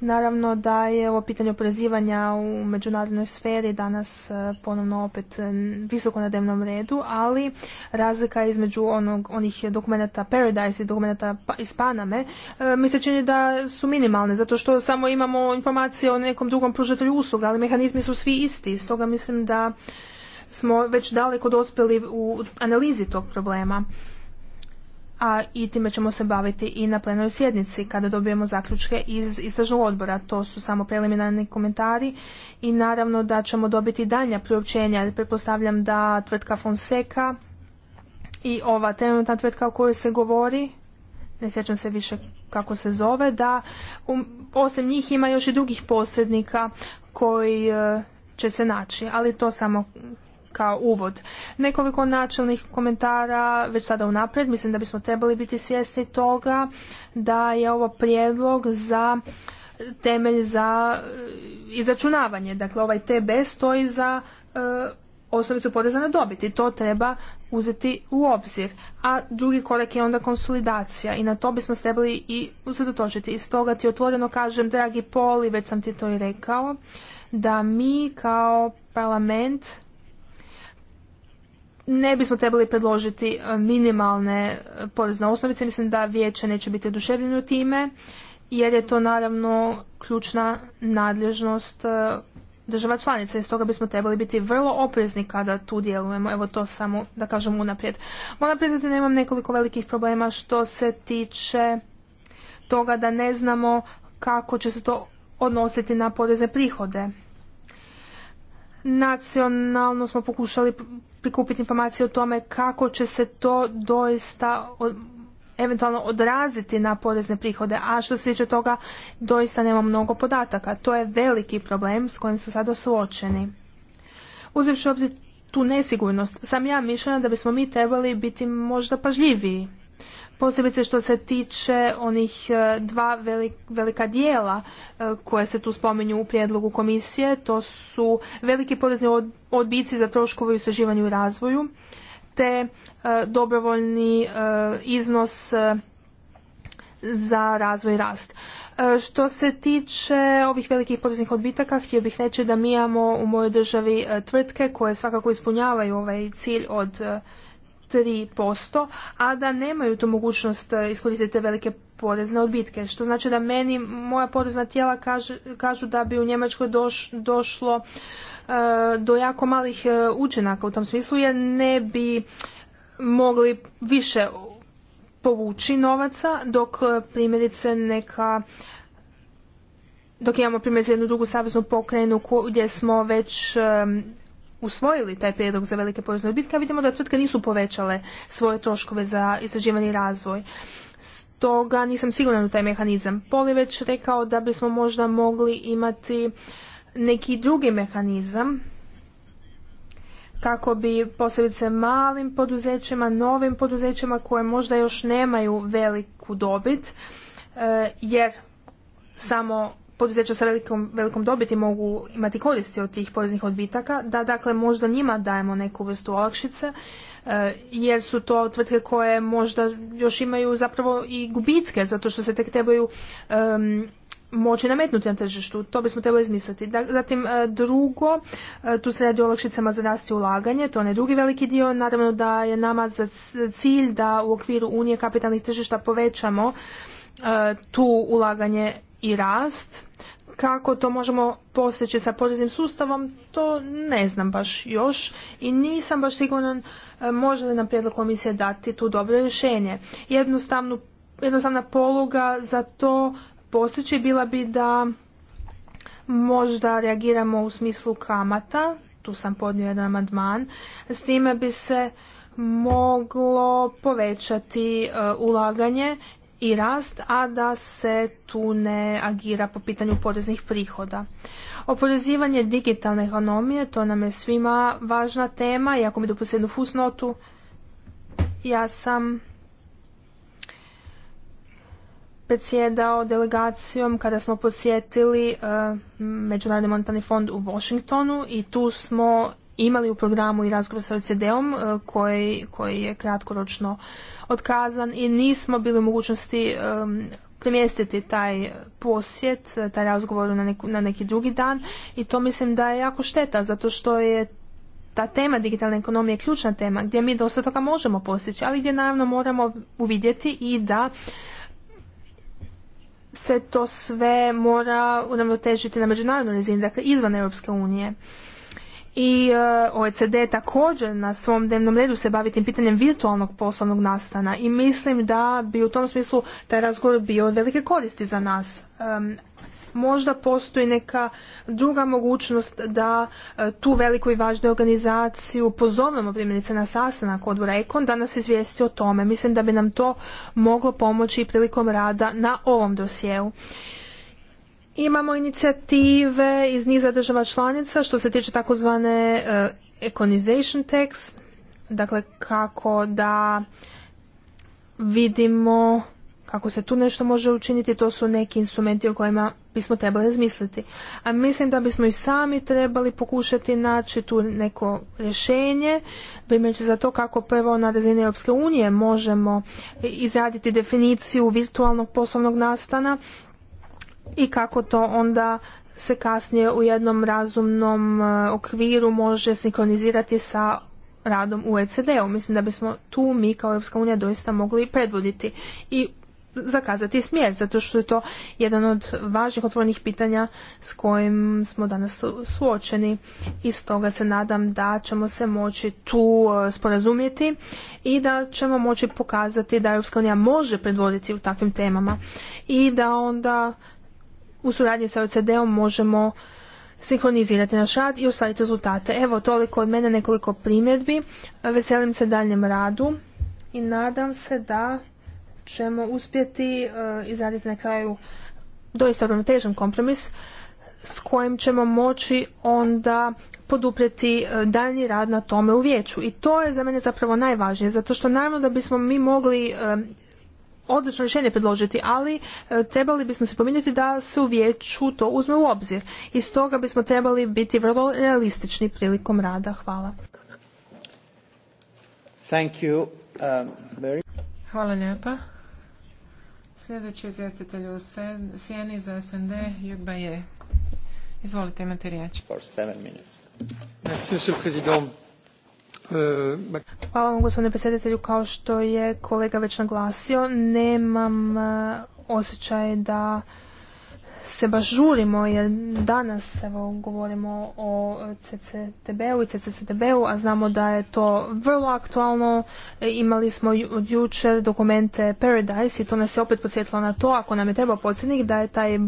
C: Naravno da je ovo pitanje oprezivanja u međunarodnoj sferi danas e, ponovno opet e, visoko na dnevnom redu, ali razlika između onog, onih dokumenta Paradise i dokumenta pa, iz Paname e, mi se čini da su minimalne, zato što samo imamo informacije o nekom drugom pružatelju usluga, ali mehanizmi su svi isti, stoga mislim da smo već daleko dospjeli u analizi tog problema a i time ćemo se baviti i na plenoj sjednici kada dobijemo zaključke iz istražnog odbora. To su samo preliminarni komentari i naravno da ćemo dobiti danja priopćenja. Pretpostavljam da tvrtka Fonseca i ova trenutna tvrtka o kojoj se govori, ne sjećam se više kako se zove, da um, osim njih ima još i drugih posrednika koji e, će se naći, ali to samo kao uvod. Nekoliko načelnih komentara već sada unaprijed. Mislim da bismo trebali biti svjesni toga da je ovo prijedlog za temelj za e, izračunavanje. Dakle, ovaj TB stoji za e, osnovicu poreza na dobit i to treba uzeti u obzir. A drugi korak je onda konsolidacija i na to bismo se trebali i usredotočiti. I stoga ti otvoreno kažem, dragi Poli, već sam ti to i rekao, da mi kao parlament ne bismo trebali predložiti e, minimalne e, porezne osnovice. Mislim da vijeće neće biti oduševljeno time jer je to naravno ključna nadležnost e, država članica i stoga bismo trebali biti vrlo oprezni kada tu djelujemo. Evo to samo da kažem unaprijed. Moram priznati da imam nekoliko velikih problema što se tiče toga da ne znamo kako će se to odnositi na porezne prihode. Nacionalno smo pokušali prikupiti informacije o tome kako će se to doista eventualno odraziti na porezne prihode, a što se tiče toga doista nema mnogo podataka. To je veliki problem s kojim smo sada suočeni. Uzivši obzir tu nesigurnost, sam ja mišljena da bismo mi trebali biti možda pažljiviji posebice što se tiče onih e, dva velika dijela e, koje se tu spominju u prijedlogu komisije, to su veliki porezni odbici za troškove i i razvoju, te e, dobrovoljni iznos za razvoj i rast. Što se tiče ovih velikih poreznih odbitaka, htio bih reći da mi imamo u mojoj državi tvrtke koje svakako ispunjavaju ovaj cilj od 3%, a da nemaju tu mogućnost e, iskoristiti te velike porezne odbitke. Što znači da meni moja porezna tijela kažu, da bi u Njemačkoj došlo e, do jako malih e, učinaka u tom smislu jer ne bi mogli više povući novaca dok primjerice neka dok imamo primjerice jednu drugu saveznu pokrajinu gdje smo već usvojili taj prijedlog za velike porezne odbitke, vidimo da tvrtke nisu povećale svoje troškove za istraživanje i razvoj. Stoga nisam sigurna u taj mehanizam. Pol već rekao da bismo možda mogli imati neki drugi mehanizam kako bi posebice malim poduzećima, novim poduzećima koje možda još nemaju veliku dobit, e, jer samo poduzeća sa velikom, velikom dobiti mogu imati koristi od tih poreznih odbitaka, da dakle možda njima dajemo neku vrstu olakšice, eh, jer su to tvrtke koje možda još imaju zapravo i gubitke, zato što se tek trebaju um, moći nametnuti na tržištu. To bismo trebali izmisliti. Zatim eh, drugo, eh, tu se radi o olakšicama za rast i ulaganje, to je drugi veliki dio. Naravno da je nama za cilj da u okviru Unije kapitalnih tržišta povećamo tu ulaganje i rast. Kako to možemo postići sa poreznim sustavom, to ne znam baš još i nisam baš siguran e, može li nam prijedlog komisije dati tu dobro rješenje. jednostavna poluga za to postići bila bi da možda reagiramo u smislu kamata, tu sam podnio jedan amandman, s time bi se moglo povećati e, ulaganje i rast, a da se tu ne agira po pitanju poreznih prihoda. Oporezivanje digitalne ekonomije, to nam je svima važna tema i ako mi dopustite jednu fusnotu, ja sam predsjedao delegacijom kada smo posjetili eh, Međunarodni monetarni fond u Washingtonu i tu smo imali u programu i razgovor sa OCD-om e, koji, koji je kratkoročno otkazan i nismo bili u mogućnosti um, premjestiti taj posjet, taj razgovor na, na neki drugi dan i to mislim da je jako šteta zato što je ta tema digitalne ekonomije je ključna tema gdje mi dosta toga možemo postići, ali gdje naravno moramo uvidjeti i da se to sve mora uravnotežiti na međunarodnoj razini, dakle izvan Europske unije i e, OECD također na svom dnevnom redu se bavi tim pitanjem virtualnog poslovnog nastana i mislim da bi u tom smislu taj razgovor bio od velike koristi za nas. Možda postoji neka druga mogućnost da e, tu veliku i važnu organizaciju pozovemo primjerice na sastanak odbora Ekon da nas izvijesti o tome. Mislim da bi nam to moglo pomoći i prilikom rada na ovom dosjeu. Imamo inicijative iz niza država članica što se tiče takozvane e, econization tax, dakle kako da vidimo kako se tu nešto može učiniti, to su neki instrumenti o kojima bismo trebali razmisliti. A mislim da bismo i sami trebali pokušati naći tu neko rješenje, primjerice za to kako prvo na razini Europske unije možemo izraditi definiciju virtualnog poslovnog nastana i kako to onda se kasnije u jednom razumnom e, okviru može sinkronizirati sa radom u ECD-u. Mislim da bismo tu mi kao Europska unija doista mogli predvoditi i zakazati smjer, zato što je to jedan od važnih otvorenih pitanja s kojim smo danas suočeni. I stoga se nadam da ćemo se moći tu e, sporazumjeti i da ćemo moći pokazati da Europska unija može predvoditi u takvim temama i da onda u suradnji sa OCD-om možemo sinhronizirati naš rad i ostvariti rezultate. Evo, toliko od mene nekoliko primjedbi. Veselim se daljem radu i nadam se da ćemo uspjeti eh, izraditi na kraju doista uravnotežen kompromis s kojim ćemo moći onda poduprijeti eh, daljnji rad na tome u vijeću. I to je za mene zapravo najvažnije, zato što naravno da bismo mi mogli eh, odlično rješenje predložiti, ali e, trebali bismo se pominjati da se u vijeću to uzme u obzir. I stoga bismo trebali biti vrlo realistični prilikom rada. Hvala.
D: Thank you, um,
C: Hvala lijepa.
D: Sljedeći izvjestitelj u Sjeni za SND, Jugba je. Izvolite, imate riječ. For seven minutes.
C: Merci, monsieur le président. Hvala vam gospodine predsjedatelju. Kao što je kolega već naglasio, nemam eh, osjećaj da se baš žurimo jer danas evo, govorimo o CCTB-u i CCCTB-u, a znamo da je to vrlo aktualno. E, imali smo od jučer dokumente Paradise i to nas je opet podsjetilo na to, ako nam je treba podsjetnik, da je taj,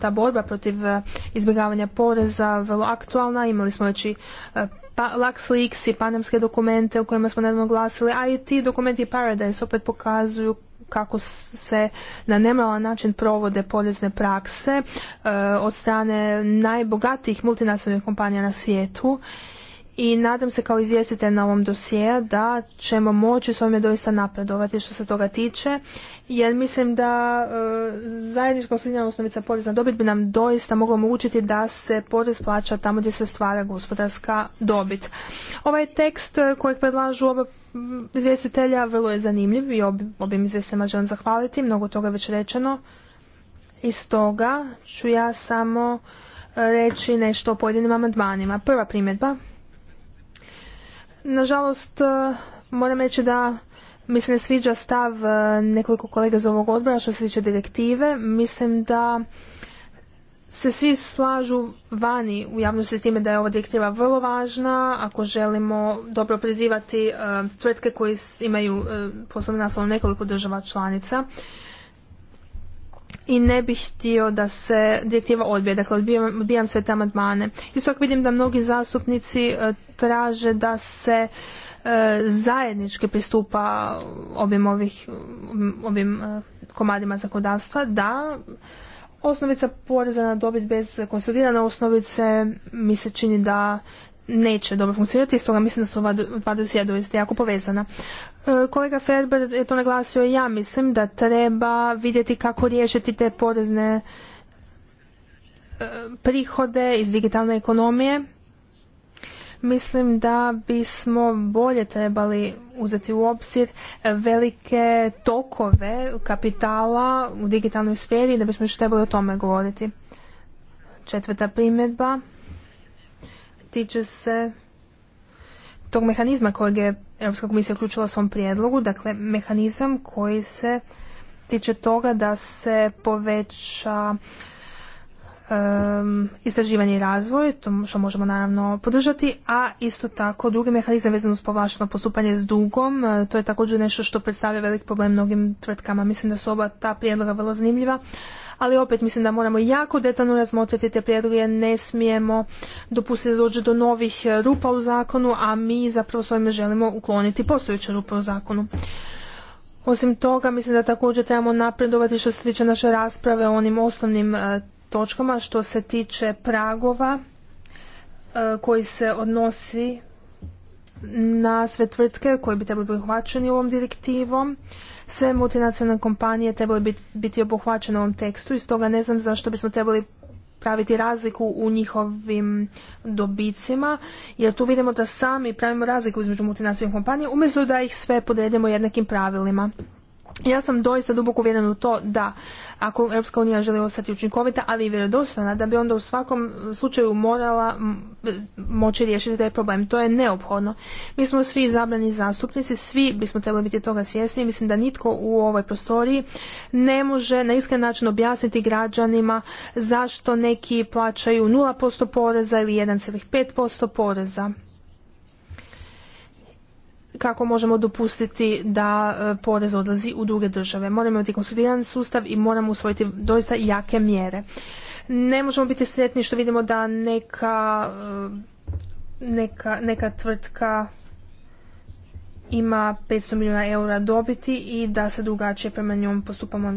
C: ta borba protiv eh, izbjegavanja poreza vrlo aktualna. Imali smo već i eh, pa, LuxLeaks i panamske dokumente u kojima smo nedavno glasili, a i ti dokumenti Paradise opet pokazuju kako se na nemalan način provode porezne prakse e, od strane najbogatijih multinacionalnih kompanija na svijetu i nadam se kao izvjestitelj na ovom dosije da ćemo moći s ovime doista napredovati što se toga tiče jer mislim da e, zajednička osnovna osnovica porezna dobit bi nam doista mogla omogućiti da se porez plaća tamo gdje se stvara gospodarska dobit. Ovaj tekst kojeg predlažu oba izvjestitelja vrlo je zanimljiv i obim izvjestima želim zahvaliti, mnogo toga je već rečeno. I stoga ću ja samo reći nešto o pojedinim amandmanima. Prva primjedba Nažalost, e, moram reći da mi se ne sviđa stav e, nekoliko kolega iz ovog odbora što se tiče direktive. Mislim da se svi slažu vani u javnosti s time da je ova direktiva vrlo važna ako želimo dobro prizivati e, tvrtke koje imaju poslovni naslov nekoliko država članica i ne bih htio da se direktiva odbije. Dakle, odbijam, sve te amandmane. Isto tako vidim da mnogi zastupnici e, traže da se e, zajednički pristupa obim ovih obim e, komadima zakonodavstva da osnovica poreza na dobit bez konsolidirane osnovice mi se čini da neće dobro funkcionirati, stoga mislim da su ova dva doista jako povezana. E, kolega Ferber je to naglasio i ja mislim da treba vidjeti kako riješiti te porezne e, prihode iz digitalne ekonomije. Mislim da bismo bolje trebali uzeti u obzir velike tokove kapitala u digitalnoj sferi da bismo još trebali o tome govoriti. Četvrta primjedba tiče se tog mehanizma kojeg je Europska komisija uključila u svom prijedlogu, dakle mehanizam koji se tiče toga da se poveća istraživanje i razvoj, to što možemo naravno podržati, a isto tako drugi mehanizam vezan uz povlašteno postupanje s dugom, e, to je također nešto što predstavlja velik problem mnogim tvrtkama. Mislim da su oba ta prijedloga vrlo zanimljiva, ali opet mislim da moramo jako detaljno razmotriti te prijedloge ne smijemo dopustiti da dođe do novih e, rupa u zakonu, a mi zapravo s ovime želimo ukloniti postojeće rupe u zakonu. Osim toga, mislim da također trebamo napredovati što se tiče naše rasprave o onim osnovnim e, točkama, što se tiče pragova e, koji se odnosi na sve tvrtke koji bi trebali prihvaćeni ovom direktivom sve multinacionalne kompanije trebali biti, biti obuhvaćene u ovom tekstu i stoga ne znam zašto bismo trebali praviti razliku u njihovim dobicima, jer tu vidimo da sami pravimo razliku između multinacionalnih kompanija, umjesto da ih sve podredimo jednakim pravilima. Ja sam doista duboko uvjeren u to da ako Europska unija želi ostati učinkovita, ali i vjerodostojna, da bi onda u svakom slučaju morala moći riješiti taj problem. To je neophodno. Mi smo svi zabrani zastupnici, svi bismo trebali biti toga svjesni. Mislim da nitko u ovoj prostoriji ne može na iskren način objasniti građanima zašto neki plaćaju 0% poreza ili 1,5% poreza kako možemo dopustiti da e, porez odlazi u druge države. Moramo imati konsolidiran sustav i moramo usvojiti doista jake mjere. Ne možemo biti sretni što vidimo da neka, e, neka, neka tvrtka ima 500 milijuna eura dobiti i da se drugačije prema njom postupamo,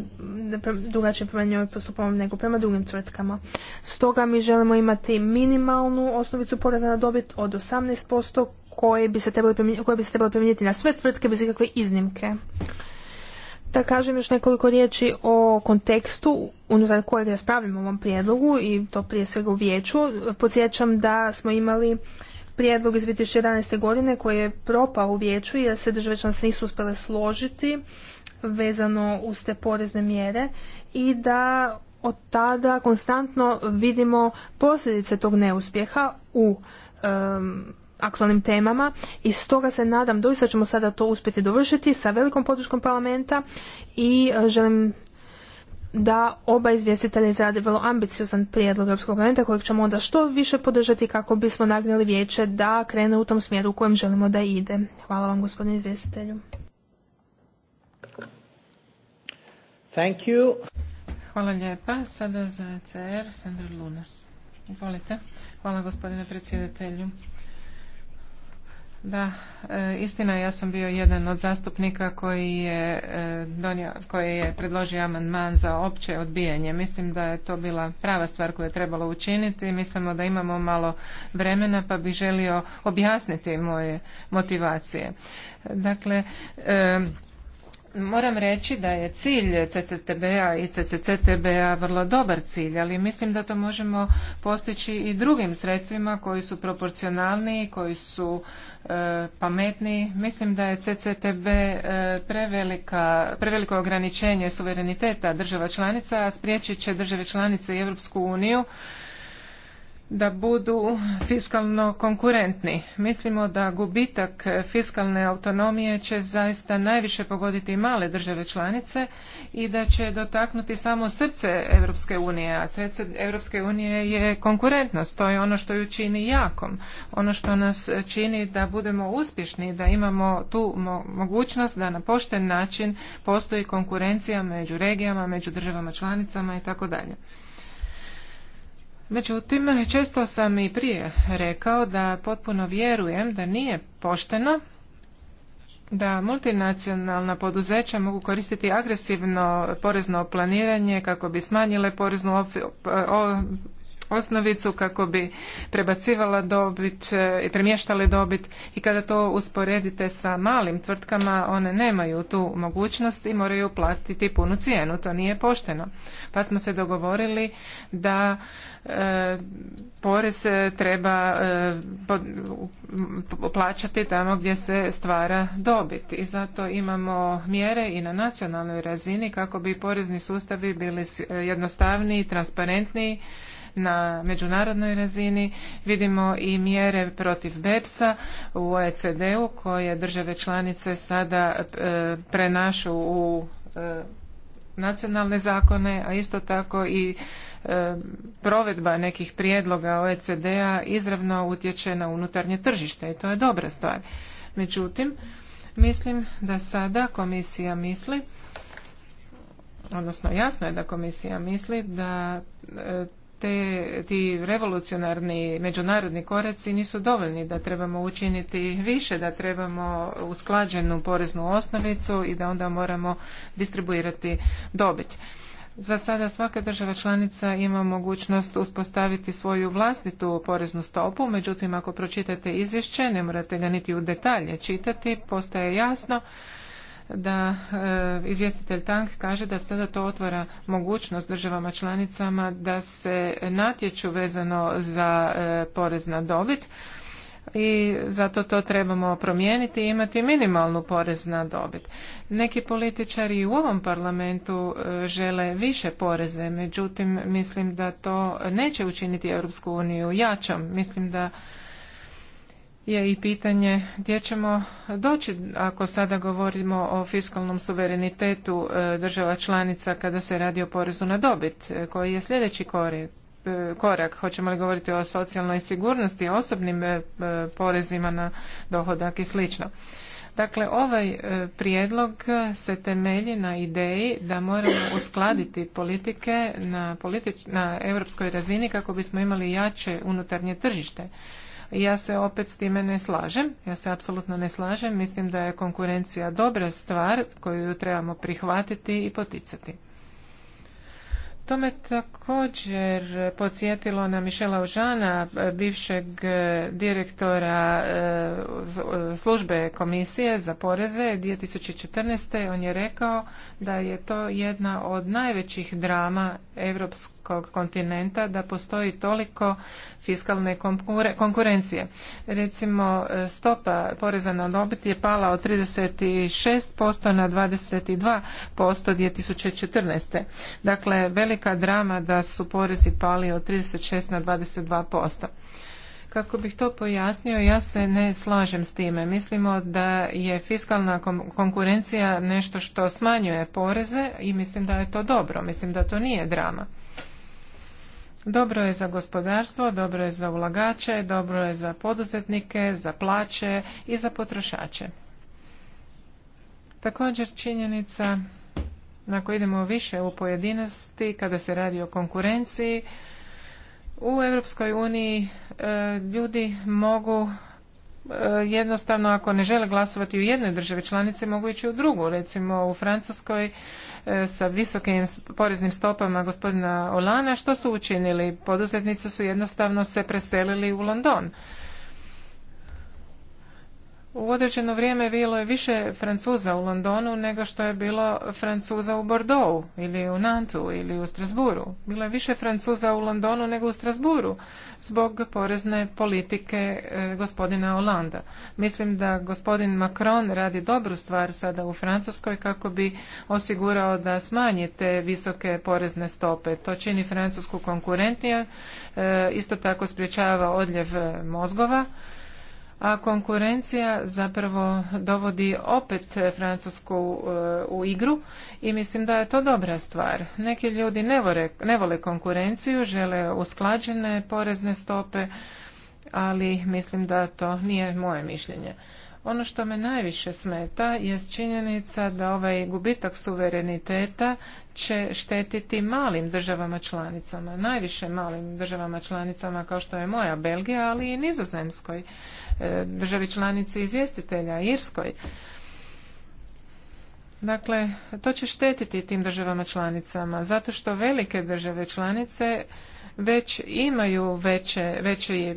C: drugačije prema njoj postupamo nego prema drugim tvrtkama. Stoga mi želimo imati minimalnu osnovicu poreza na dobit od 18% koje bi se se trebali na sve tvrtke bez ikakve iznimke. Da kažem još nekoliko riječi o kontekstu unutar kojeg raspravljamo u ovom prijedlogu i to prije svega u vijeću. Podsjećam da smo imali prijedlog iz 2011. godine koji je propao u vijeću jer se države članice nisu uspjele složiti vezano uz te porezne mjere i da od tada konstantno vidimo posljedice tog neuspjeha u aktualnim temama i stoga se nadam doista ćemo sada to uspjeti dovršiti sa velikom podrškom parlamenta i e, želim da oba izvjestitelja izrade vrlo ambiciozan prijedlog Europskog parlamenta kojeg ćemo onda što više podržati kako bismo nagnjeli vijeće da krene u tom smjeru u kojem želimo da ide. Hvala vam gospodine izvjestitelju. Thank you.
D: Hvala lijepa. Sada za CR Sandra Lunas. Hvala gospodine predsjedatelju. Da, e, istina ja sam bio jedan od zastupnika koji je e, donio, koji je predložio amandman za opće odbijanje. Mislim da je to bila prava stvar koju je trebalo učiniti. Mislimo da imamo malo vremena pa bih želio objasniti moje motivacije. Dakle, e, Moram reći da je cilj CCTB-a i CCCTB-a vrlo dobar cilj, ali mislim da to možemo postići i drugim sredstvima koji su proporcionalni, koji su e, pametni. Mislim da je CCTB e, prevelika, preveliko ograničenje suvereniteta država članica, a spriječit će države članice i Europsku uniju da budu fiskalno konkurentni. Mislimo da gubitak fiskalne autonomije će zaista najviše pogoditi male države članice i da će dotaknuti samo srce Europske unije, a srce Europske unije je konkurentnost, to je ono što ju čini jakom, ono što nas čini da budemo uspješni, da imamo tu mogućnost da na pošten način postoji konkurencija među regijama, među državama članicama i tako dalje. Međutim, često sam i prije rekao da potpuno vjerujem da nije pošteno da multinacionalna poduzeća mogu koristiti agresivno porezno planiranje kako bi smanjile poreznu osnovicu kako bi prebacivala dobit e, i premještale dobit i kada to usporedite sa malim tvrtkama one nemaju tu mogućnost i moraju platiti punu cijenu. To nije pošteno. Pa smo se dogovorili da e, porez e, treba e, plaćati tamo gdje se stvara dobit i zato imamo mjere i na nacionalnoj razini kako bi porezni sustavi bili jednostavniji, transparentniji na međunarodnoj razini. Vidimo i mjere protiv BEPS-a u OECD-u koje države članice sada e, prenašu u e, nacionalne zakone, a isto tako i e, provedba nekih prijedloga OECD-a izravno utječe na unutarnje tržište i to je dobra stvar. Međutim, mislim da sada komisija misli, odnosno jasno je da komisija misli da te, ti revolucionarni međunarodni koraci nisu dovoljni, da trebamo učiniti više, da trebamo usklađenu poreznu osnovicu i da onda moramo distribuirati dobit. Za sada svaka država članica ima mogućnost uspostaviti svoju vlastitu poreznu stopu, međutim ako pročitate izvješće, ne morate ga niti u detalje čitati, postaje jasno da e, izvjestitelj Tank kaže da sada to otvara mogućnost državama članicama da se natječu vezano za e, porez na dobit i zato to trebamo promijeniti i imati minimalnu porez na dobit. Neki političari u ovom parlamentu e, žele više poreze, međutim mislim da to neće učiniti Europsku uniju jačom. Mislim da je i pitanje gdje ćemo doći ako sada govorimo o fiskalnom suverenitetu e, država članica kada se radi o porezu na dobit, e, koji je sljedeći e, korak. Hoćemo li govoriti o socijalnoj sigurnosti, osobnim porezima na dohodak i slično. Dakle, ovaj prijedlog se temelji na ideji da moramo uskladiti politike na, na europskoj razini kako bismo imali jače unutarnje tržište. Ja se opet s time ne slažem. Ja se apsolutno ne slažem. Mislim da je konkurencija dobra stvar koju trebamo prihvatiti i poticati. To me također podsjetilo na Mišela Ožana, bivšeg e, direktora e, e, službe komisije za poreze 2014. On je rekao da je to jedna od najvećih drama europske europskog kontinenta da postoji toliko fiskalne konkurencije. Recimo e, stopa poreza na dobit je pala od 36% na 22% 2014. Dakle, velika drama da su porezi pali od 36 na 22%. Kako bih to pojasnio, ja se ne slažem s time. Mislimo da je fiskalna konkurencija nešto što smanjuje poreze i mislim da je to dobro. Mislim da to nije drama. Dobro je za gospodarstvo, dobro je za ulagače, dobro je za poduzetnike, za plaće i za potrošače. Također činjenica, ako idemo više u pojedinosti, kada se radi o konkurenciji, u Europskoj uniji e, ljudi mogu E, jednostavno ako ne žele glasovati u jednoj državi članice mogu ići u drugu. Recimo u Francuskoj e, sa visokim poreznim stopama gospodina Olana što su učinili? Poduzetnici su jednostavno se preselili u London u određeno vrijeme bilo je više Francuza u Londonu nego što je bilo Francuza u Bordeauxu ili u Nantu ili u Strasburu. Bilo je više Francuza u Londonu nego u Strasburu zbog porezne politike e, gospodina Olanda. Mislim da gospodin Macron radi dobru stvar sada u Francuskoj kako bi osigurao da smanji te visoke porezne stope. To čini Francusku konkurentnija, e, isto tako sprječava odljev mozgova a konkurencija zapravo dovodi opet Francusku e, u igru i mislim da je to dobra stvar. Neki ljudi ne, vole konkurenciju, žele usklađene porezne stope, ali mislim da to nije moje mišljenje. Ono što me najviše smeta je činjenica da ovaj gubitak suvereniteta će štetiti malim državama članicama, najviše malim državama članicama kao što je moja Belgija, ali i Nizozemskoj. E, državi članici izvjestitelja, Irskoj. Dakle, to će štetiti tim državama članicama, zato što velike države članice već imaju veće, veće, e,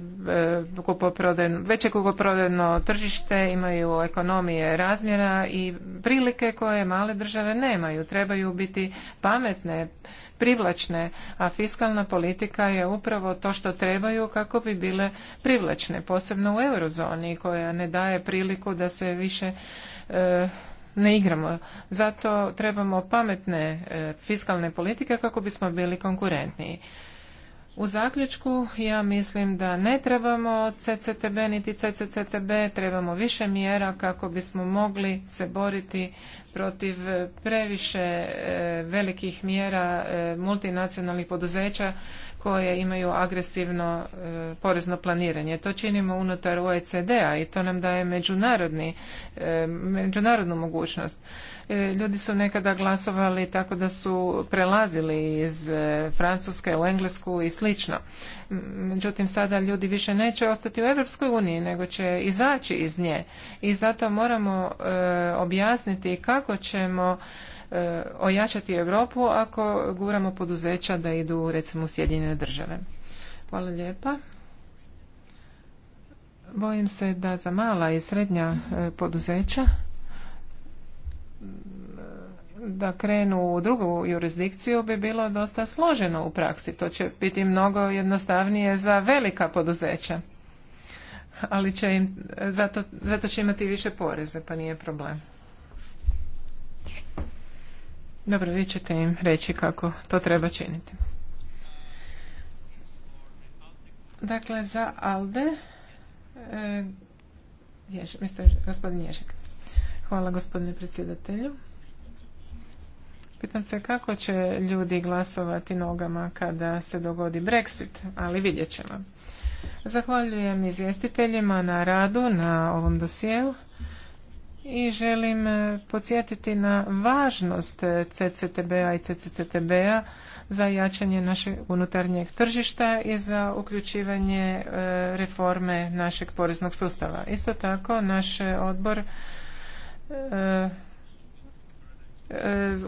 D: veće kupoprodajno tržište, imaju ekonomije razmjera i prilike koje male države nemaju. Trebaju biti pametne, privlačne, a fiskalna politika je upravo to što trebaju kako bi bile privlačne, posebno u eurozoni koja ne daje priliku da se više e, ne igramo. Zato trebamo pametne e, fiskalne politike kako bismo bili konkurentniji. U zaključku ja mislim da ne trebamo CCTB niti CCCTB, trebamo više mjera kako bismo mogli se boriti protiv e, previše e, velikih mjera e, multinacionalnih poduzeća koje imaju agresivno porezno planiranje. To činimo unutar OECD-a i to nam daje međunarodnu mogućnost. Ljudi su nekada glasovali tako da su prelazili iz Francuske u Englesku i slično. Međutim, sada ljudi više neće ostati u Europskoj uniji, nego će izaći iz nje. I zato moramo objasniti kako kako ćemo e, ojačati Europu ako guramo poduzeća da idu recimo u Sjedinjene države. Hvala lijepa. Bojim se da za mala i srednja e, poduzeća da krenu u drugu jurisdikciju bi bilo dosta složeno u praksi. To će biti mnogo jednostavnije za velika poduzeća. Ali će im, zato, zato će imati više poreze, pa nije problem. Dobro, vi ćete im reći kako to treba činiti. Dakle, za ALDE, e, gospodin Ježek. Hvala gospodine predsjedatelju. Pitam se kako će ljudi glasovati nogama kada se dogodi Brexit, ali vidjet ćemo. Zahvaljujem izvjestiteljima na radu na ovom dosijelu i želim e, podsjetiti na važnost e, CCTB-a i CCCTB-a za jačanje našeg unutarnjeg tržišta i za uključivanje e, reforme našeg poreznog sustava. Isto tako, naš odbor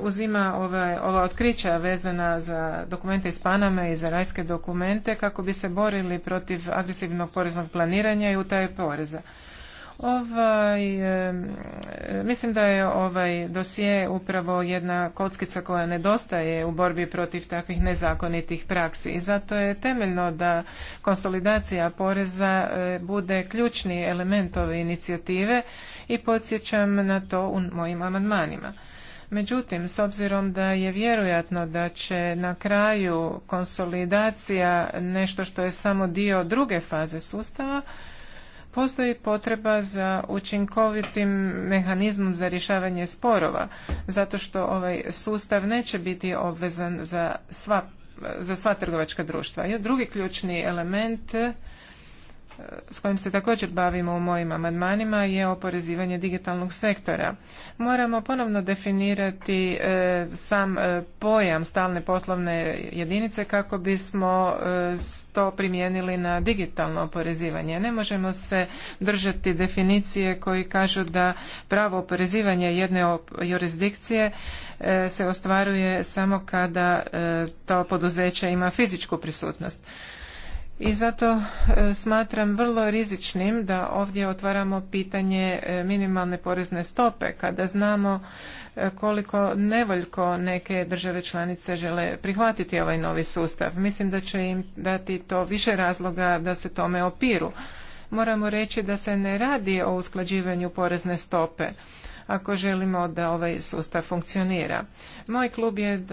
D: uzima ova otkrića vezana za dokumente iz Paname i za rajske dokumente kako bi se borili protiv agresivnog poreznog planiranja i utaje poreza. Ovaj, mislim da je ovaj dosije upravo jedna kockica koja nedostaje u borbi protiv takvih nezakonitih praksi i zato je temeljno da konsolidacija poreza e, bude ključni element ove inicijative i podsjećam na to u mojim amandmanima. Međutim, s obzirom da je vjerojatno da će na kraju konsolidacija nešto što je samo dio druge faze sustava, Postoji potreba za učinkovitim mehanizmom za rješavanje sporova, zato što ovaj sustav neće biti obvezan za sva, za sva trgovačka društva. I drugi ključni element s kojim se također bavimo u mojim amandmanima je oporezivanje digitalnog sektora. Moramo ponovno definirati e, sam e, pojam stalne poslovne jedinice kako bismo e, to primijenili na digitalno oporezivanje. Ne možemo se držati definicije koji kažu da pravo oporezivanje jedne jurisdikcije se ostvaruje samo kada to poduzeće ima fizičku prisutnost i zato e, smatram vrlo rizičnim da ovdje otvaramo pitanje e, minimalne porezne stope kada znamo e, koliko nevoljko neke države članice žele prihvatiti ovaj novi sustav. Mislim da će im dati to više razloga da se tome opiru. Moramo reći da se ne radi o usklađivanju porezne stope ako želimo da ovaj sustav funkcionira. Moj klub je e,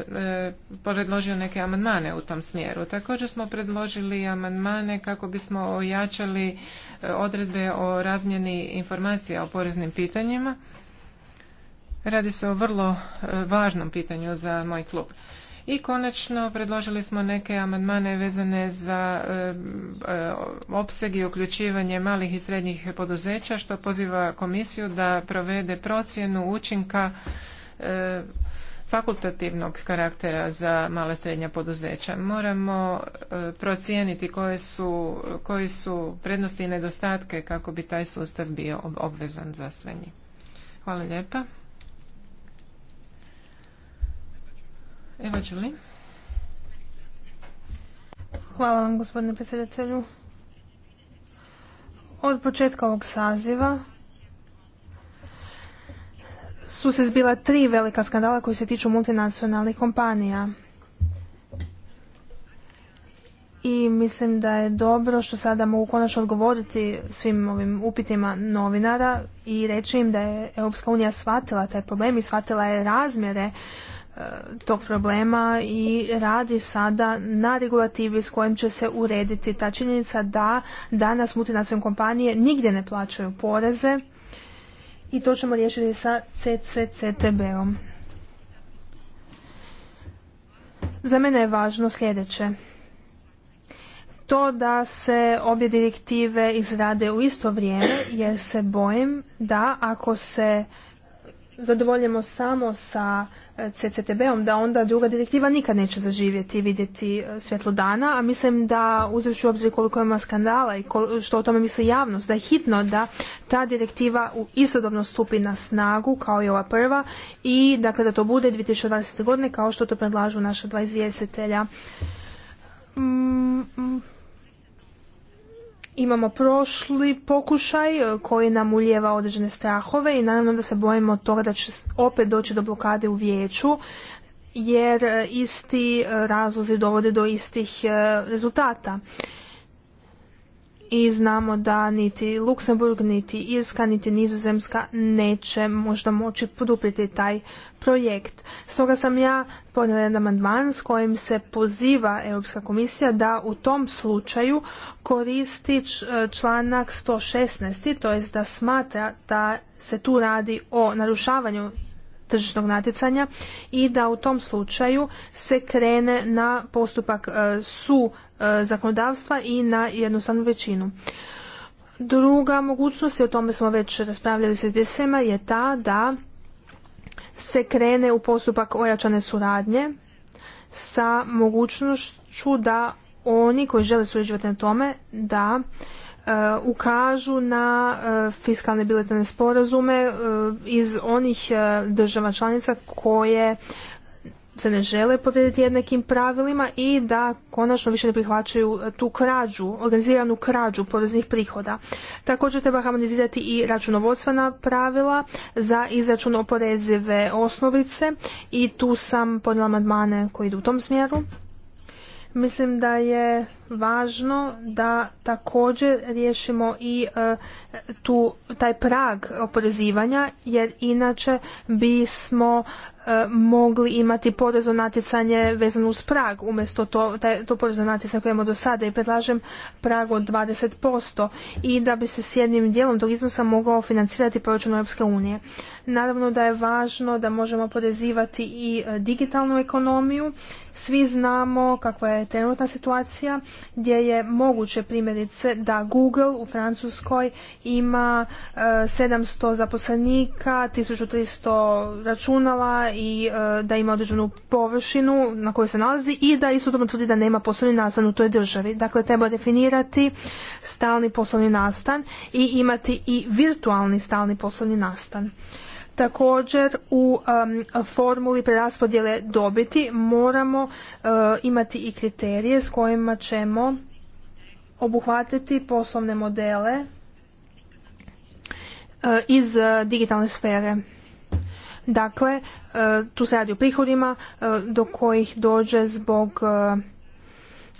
D: predložio neke amandmane u tom smjeru. Također smo predložili amandmane kako bismo ojačali e, odredbe o razmjeni informacija o poreznim pitanjima. Radi se o vrlo e, važnom pitanju za moj klub. I konačno predložili smo neke amandmane vezane za e, e, opseg i uključivanje malih i srednjih poduzeća što poziva komisiju da provede procjenu učinka e, fakultativnog karaktera za mala i srednja poduzeća. Moramo procijeniti koje koji su prednosti i nedostatke kako bi taj sustav bio obvezan za sve njih. Hvala lijepa.
C: Eva Hvala vam gospodine predsjedatelju. Od početka ovog saziva su se zbila tri velika skandala koji se tiču multinacionalnih kompanija. I mislim da je dobro što sada mogu konačno odgovoriti svim ovim upitima novinara i reći im da je Europska unija shvatila taj problem i shvatila je razmjere tog problema i radi sada na regulativi s kojim će se urediti ta činjenica da danas multinacionalne kompanije nigdje ne plaćaju poreze i to ćemo riješiti sa CCCTB-om. Za mene je važno sljedeće. To da se obje direktive izrade u isto vrijeme jer se bojim da ako se zadovoljimo samo sa CCTB-om da onda druga direktiva nikad neće zaživjeti i vidjeti e, svjetlo dana, a mislim da uzevši u obzir koliko ima skandala i što o tome misli javnost, da je hitno da ta direktiva u istodobno stupi na snagu kao i ova prva i dakle da to bude 2020. godine kao što to predlažu naša dva izvjestitelja. Mm, mm, imamo prošli pokušaj e, koji nam uljeva određene strahove i naravno da se bojimo toga da će opet doći do blokade u vijeću jer e, isti e, razlozi dovode do istih rezultata i znamo da niti Luksemburg, niti Irska, niti Nizozemska neće možda moći poduprijeti taj projekt. Stoga sam ja podnijela jedan amandman s kojim se poziva Europska komisija da u tom slučaju koristi e, članak 116. to jest da smatra da se tu radi o narušavanju tržišnog natjecanja i da u tom slučaju se krene na postupak e, su e, zakonodavstva i na jednostavnu većinu. Druga mogućnost, i o tome smo već raspravljali sa izvjesema, je ta da se krene u postupak ojačane suradnje sa mogućnošću da oni koji žele surađivati na tome da Eh, ukažu na eh, fiskalne biletne sporazume eh, iz onih država članica koje se ne žele podrediti jednakim pravilima i da konačno više ne prihvaćaju tu krađu, organiziranu krađu poreznih prihoda. Također treba harmonizirati i računovodstvena pravila za izračun oporezive osnovice i tu sam podnijela amandmane koji idu u tom smjeru. Mislim da je važno da također riješimo i e, tu, taj prag oporezivanja jer inače bismo e, mogli imati porezno natjecanje vezano uz prag umjesto to, taj, to porezno natjecanje koje imamo do sada i predlažem prag od 20% i da bi se s jednim dijelom tog iznosa mogao financirati proračun Europske unije. Naravno da je važno da možemo oporezivati i e, digitalnu ekonomiju svi znamo kakva je trenutna situacija gdje je moguće primjerice da Google u Francuskoj ima 700 e, zaposlenika, 1300 računala i e, da ima određenu površinu na kojoj se nalazi i da istodobno tvrdi da nema poslovni nastan u toj državi. Dakle, treba definirati stalni poslovni nastan i imati i virtualni stalni poslovni nastan. Također u um, formuli preraspodjele dobiti moramo uh, imati i kriterije s kojima ćemo obuhvatiti poslovne modele uh, iz digitalne sfere. Dakle, uh, tu se radi o prihodima do kojih dođe zbog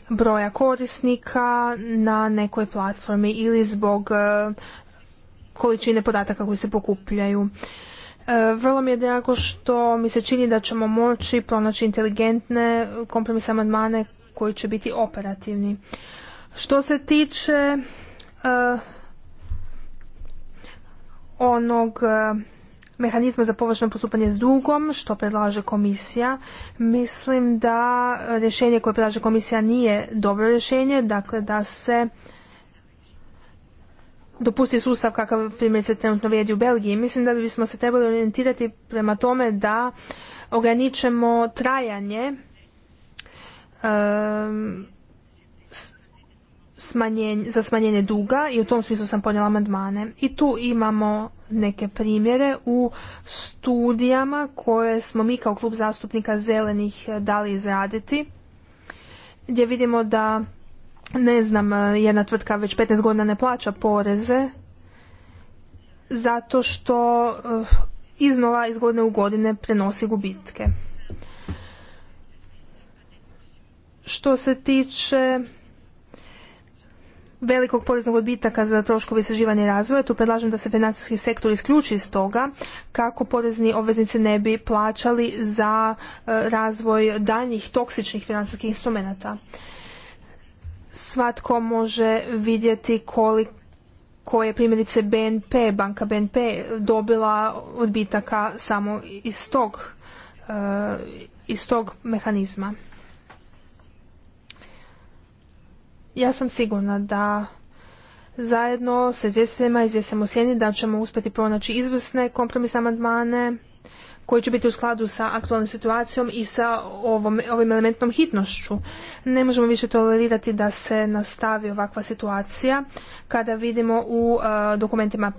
C: broja korisnika na nekoj platformi ili zbog količine podataka koji se pokupljaju. E, vrlo mi je drago što mi se čini da ćemo moći pronaći inteligentne kompromisne amandmane koji će biti operativni. Što se tiče e, onog e, mehanizma za površno postupanje s dugom, što predlaže komisija. Mislim da rješenje koje predlaže komisija nije dobro rješenje, dakle da se dopusti sustav kakav primjerice trenutno vrijedi u Belgiji. Mislim da bismo se trebali orijentirati prema tome da ograničemo trajanje za smanjenje duga i u tom smislu sam podnijela amandmane. I tu imamo neke primjere u studijama koje smo mi kao klub zastupnika zelenih eh, dali izraditi gdje vidimo da ne znam, e, jedna tvrtka već 15 godina ne plaća poreze zato što e, iznova iz godine u godine prenosi gubitke. Što se tiče velikog poreznog odbitaka za troškove istraživanja i razvoja, tu predlažem da se financijski sektor isključi iz toga kako porezni obveznici ne bi plaćali za e, razvoj danjih toksičnih financijskih instrumenata svatko može vidjeti koliko koje je primjerice BNP, banka BNP dobila odbitaka samo iz tog, eh, iz tog mehanizma. Ja sam sigurna da zajedno sa izvjestiteljima izvjestimo sjeni da ćemo uspjeti pronaći izvrsne kompromisne amandmane koji će biti u skladu sa aktualnom situacijom i sa ovom, ovim elementnom hitnošću. Ne možemo više tolerirati da se nastavi ovakva situacija kada vidimo u e, dokumentima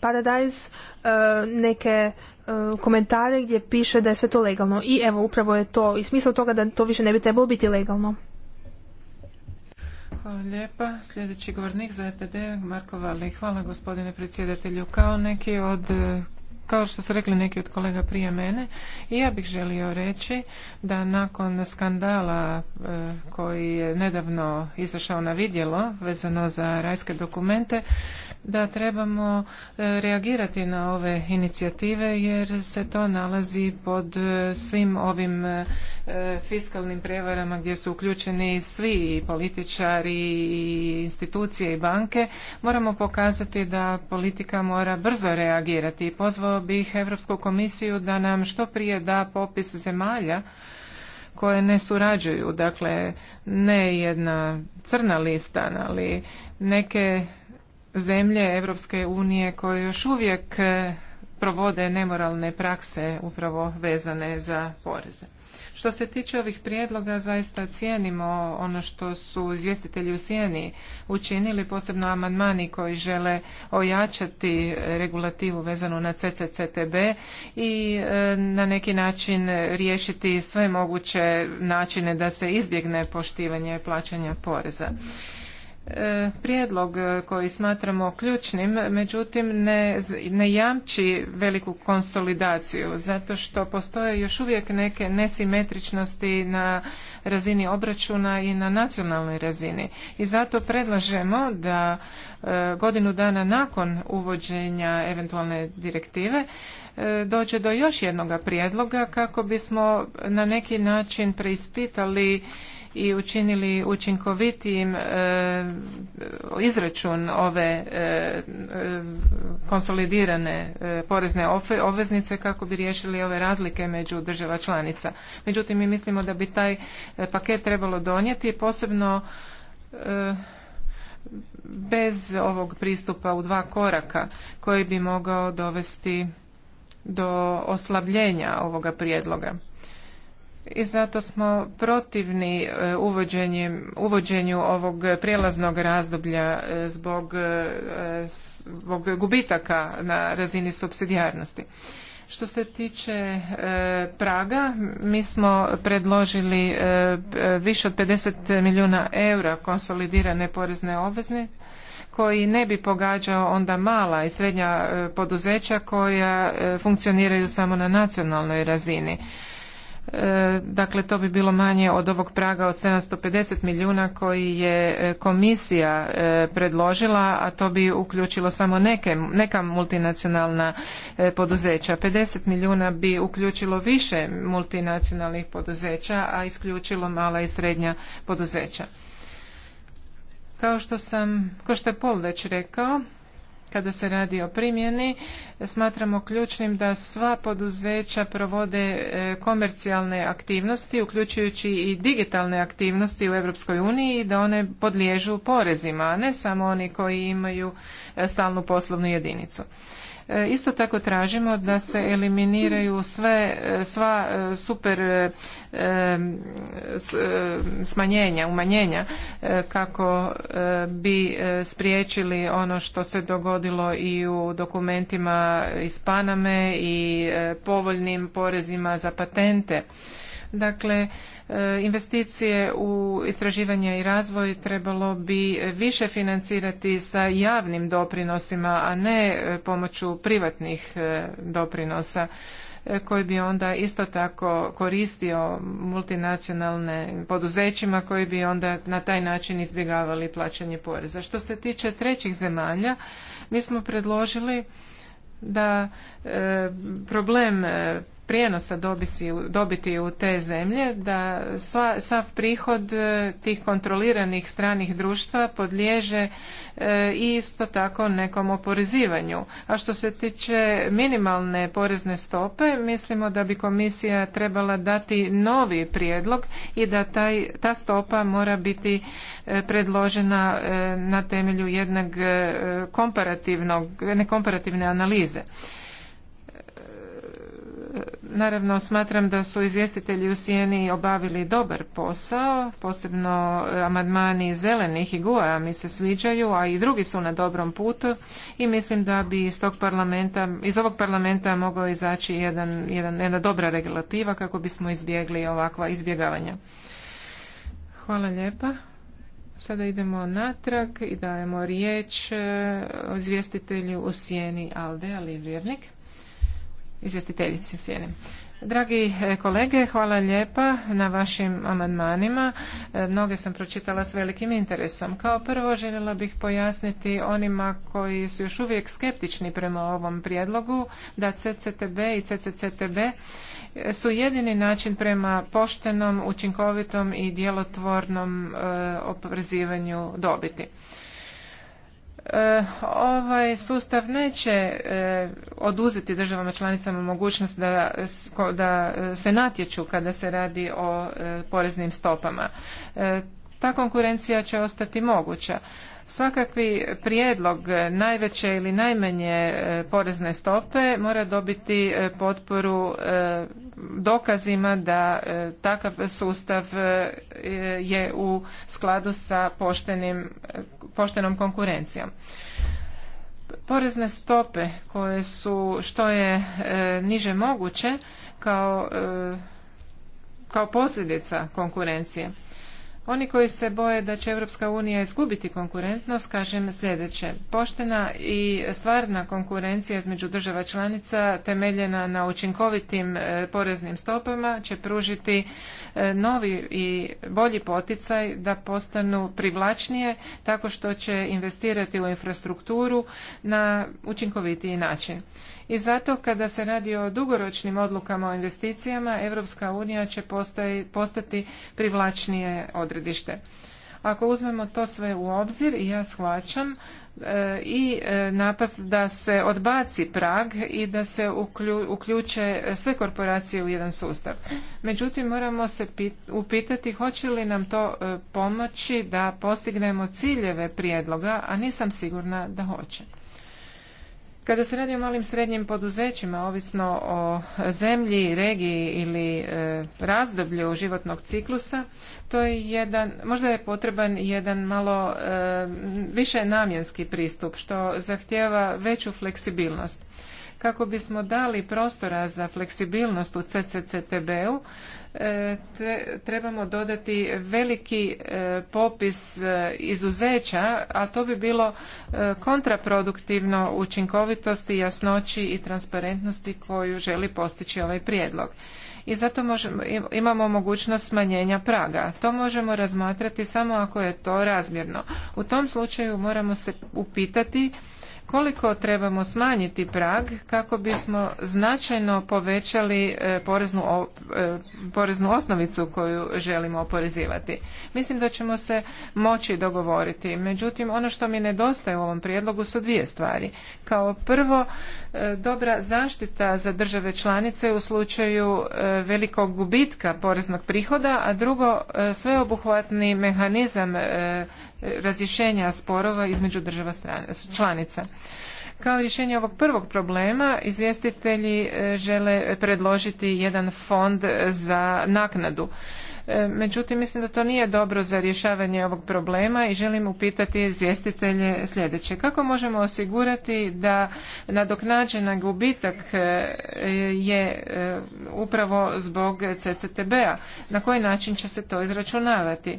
C: Paradise e, neke e, komentare gdje piše da je sve to legalno. I evo, upravo je to i smisao toga da to više ne bi trebalo biti legalno.
D: Hvala lijepa. Sljedeći govornik za ETD, Marko Hvala gospodine predsjedatelju. Kao neki od kao što su rekli neki od kolega prije mene i ja bih želio reći da nakon skandala e, koji je nedavno izašao na vidjelo vezano za rajske dokumente da trebamo e, reagirati na ove inicijative jer se to nalazi pod e, svim ovim fiskalnim prevarama gdje su uključeni svi političari i institucije i banke moramo pokazati da politika mora brzo reagirati i pozvao bih Europsku komisiju da nam što prije da popis zemalja koje ne surađuju. Dakle, ne jedna crna lista, ali neke zemlje Europske unije koje još uvijek provode nemoralne prakse upravo vezane za poreze. Što se tiče ovih prijedloga, zaista cijenimo ono što su izvjestitelji u Sijeni učinili, posebno amandmani koji žele ojačati regulativu vezanu na CCCTB i e, na neki način riješiti sve moguće načine da se izbjegne poštivanje plaćanja poreza. E, prijedlog e, koji smatramo ključnim, međutim ne, jamči veliku konsolidaciju zato što postoje još uvijek neke nesimetričnosti na razini obračuna i na nacionalnoj razini. I zato predlažemo da e, godinu dana nakon uvođenja eventualne direktive dođe do još jednog prijedloga kako bismo na neki način preispitali i učinili učinkovitijim e, izračun ove e, e, konsolidirane porezne obveznice kako bi riješili ove razlike među država članica. Međutim, mi mislimo da bi taj paket trebalo donijeti posebno bez ovog pristupa u dva koraka koji bi mogao dovesti do oslabljenja ovoga prijedloga i zato smo protivni e, uvođenju ovog prijelaznog razdoblja e, zbog, e, zbog gubitaka na razini subsidijarnosti. Što se tiče praga, mi smo predložili više od 50 milijuna eura konsolidirane porezne obvezne koji ne bi pogađao onda mala i srednja poduzeća koja funkcioniraju samo na nacionalnoj razini E, dakle, to bi bilo manje od ovog praga od 750 milijuna koji je e, komisija e, predložila, a to bi uključilo samo neka multinacionalna poduzeća. 50 milijuna bi uključilo više multinacionalnih poduzeća, a isključilo mala i srednja poduzeća. Kao što sam, kao što je Pol već rekao, kada se radi o primjeni smatramo ključnim da sva poduzeća provode e, komercijalne aktivnosti uključujući i digitalne aktivnosti u Europskoj uniji i da one podliježu porezima a ne samo oni koji imaju e, stalnu poslovnu jedinicu E, isto tako tražimo da se eliminiraju sve, e, sva e, super smanjenja, umanjenja kako bi spriječili ono što se dogodilo i u dokumentima iz Paname i povoljnim porezima za patente. Dakle, e, investicije u istraživanje i razvoj trebalo bi više financirati sa javnim doprinosima, a ne e, pomoću privatnih e, doprinosa koji bi onda isto tako koristio multinacionalne poduzećima koji bi onda na taj način izbjegavali plaćanje poreza. Što se tiče trećih zemalja, mi smo predložili da problem prijenosa dobiti u te zemlje, da sav prihod e, tih kontroliranih stranih društva podliježe i e, isto tako nekom oporezivanju. A što se tiče minimalne porezne stope, mislimo da bi komisija trebala dati novi prijedlog i da ta stopa mora biti e, predložena na temelju jednog komparativnog, ne komparativne analize. Naravno, smatram da su izvjestitelji u Sijeni obavili dobar posao, posebno e, amandmani zelenih i guaja mi se sviđaju, a i drugi su na dobrom putu i mislim da bi iz, tog parlamenta, iz ovog parlamenta mogao izaći jedan, jedan, jedna dobra regulativa kako bismo izbjegli ovakva izbjegavanja. Hvala lijepa. Sada idemo natrag i dajemo riječ e, izvjestitelju u Sijeni Alde, ali vjernik izvjestiteljici Dragi e, kolege, hvala lijepa na vašim amandmanima. E, mnoge sam pročitala s velikim interesom. Kao prvo željela bih pojasniti onima koji su još uvijek skeptični prema ovom prijedlogu da CCTB i CCCTB e, su jedini način prema poštenom, učinkovitom i djelotvornom oporezivanju dobiti. Eh, ovaj sustav neće eh, oduzeti državama članicama mogućnost da, da eh, se natječu kada se radi o poreznim stopama. Ta konkurencija će ostati moguća. Svakakvi prijedlog najveće ili najmanje e, porezne stope mora dobiti e, potporu e, dokazima da takav sustav je u skladu sa poštenom konkurencijom. Porezne stope koje su što je niže moguće kao, kao posljedica konkurencije. Oni koji se boje da će Europska unija izgubiti konkurentnost, kažem sljedeće. Poštena i stvarna konkurencija između država članica temeljena na učinkovitim e, poreznim stopama će pružiti e, novi i bolji poticaj da postanu privlačnije tako što će investirati u infrastrukturu na učinkovitiji način i zato kada se radi o dugoročnim odlukama o investicijama Europska unija će postati privlačnije odredište. Ako uzmemo to sve u obzir i ja shvaćam e, i e, napast da se odbaci prag i da se uključe sve korporacije u jedan sustav. Međutim, moramo se upitati hoće li nam to e, pomoći da postignemo ciljeve prijedloga, a nisam sigurna da hoće. Kada se radi o malim srednjim poduzećima, ovisno o zemlji, regiji ili e, razdoblju životnog ciklusa, to je jedan, možda je potreban jedan malo e, više namjenski pristup, što zahtjeva veću fleksibilnost kako bismo dali prostora za fleksibilnost u CCCTB-u e, trebamo dodati veliki e, popis e, izuzeća, a to bi bilo kontraproduktivno učinkovitosti, jasnoći i transparentnosti koju želi postići ovaj prijedlog. I zato možemo, imamo mogućnost smanjenja praga. To možemo razmatrati samo ako je to razmjerno. U tom slučaju moramo se upitati koliko trebamo smanjiti prag kako bismo značajno povećali e, poreznu, e, poreznu osnovicu koju želimo oporezivati. Mislim da ćemo se moći dogovoriti. Međutim, ono što mi nedostaje u ovom prijedlogu su dvije stvari. Kao prvo, e, dobra zaštita za države članice u slučaju velikog gubitka poreznog prihoda, a drugo sveobuhvatni mehanizam razrješenja sporova između država članica. Kao rješenje ovog prvog problema izvjestitelji e, žele predložiti jedan fond za naknadu. E, međutim, mislim da to nije dobro za rješavanje ovog problema i želim upitati izvjestitelje sljedeće. Kako možemo osigurati da nadoknađena gubitak e, je e, upravo zbog CCTB-a? Na koji način će se to izračunavati?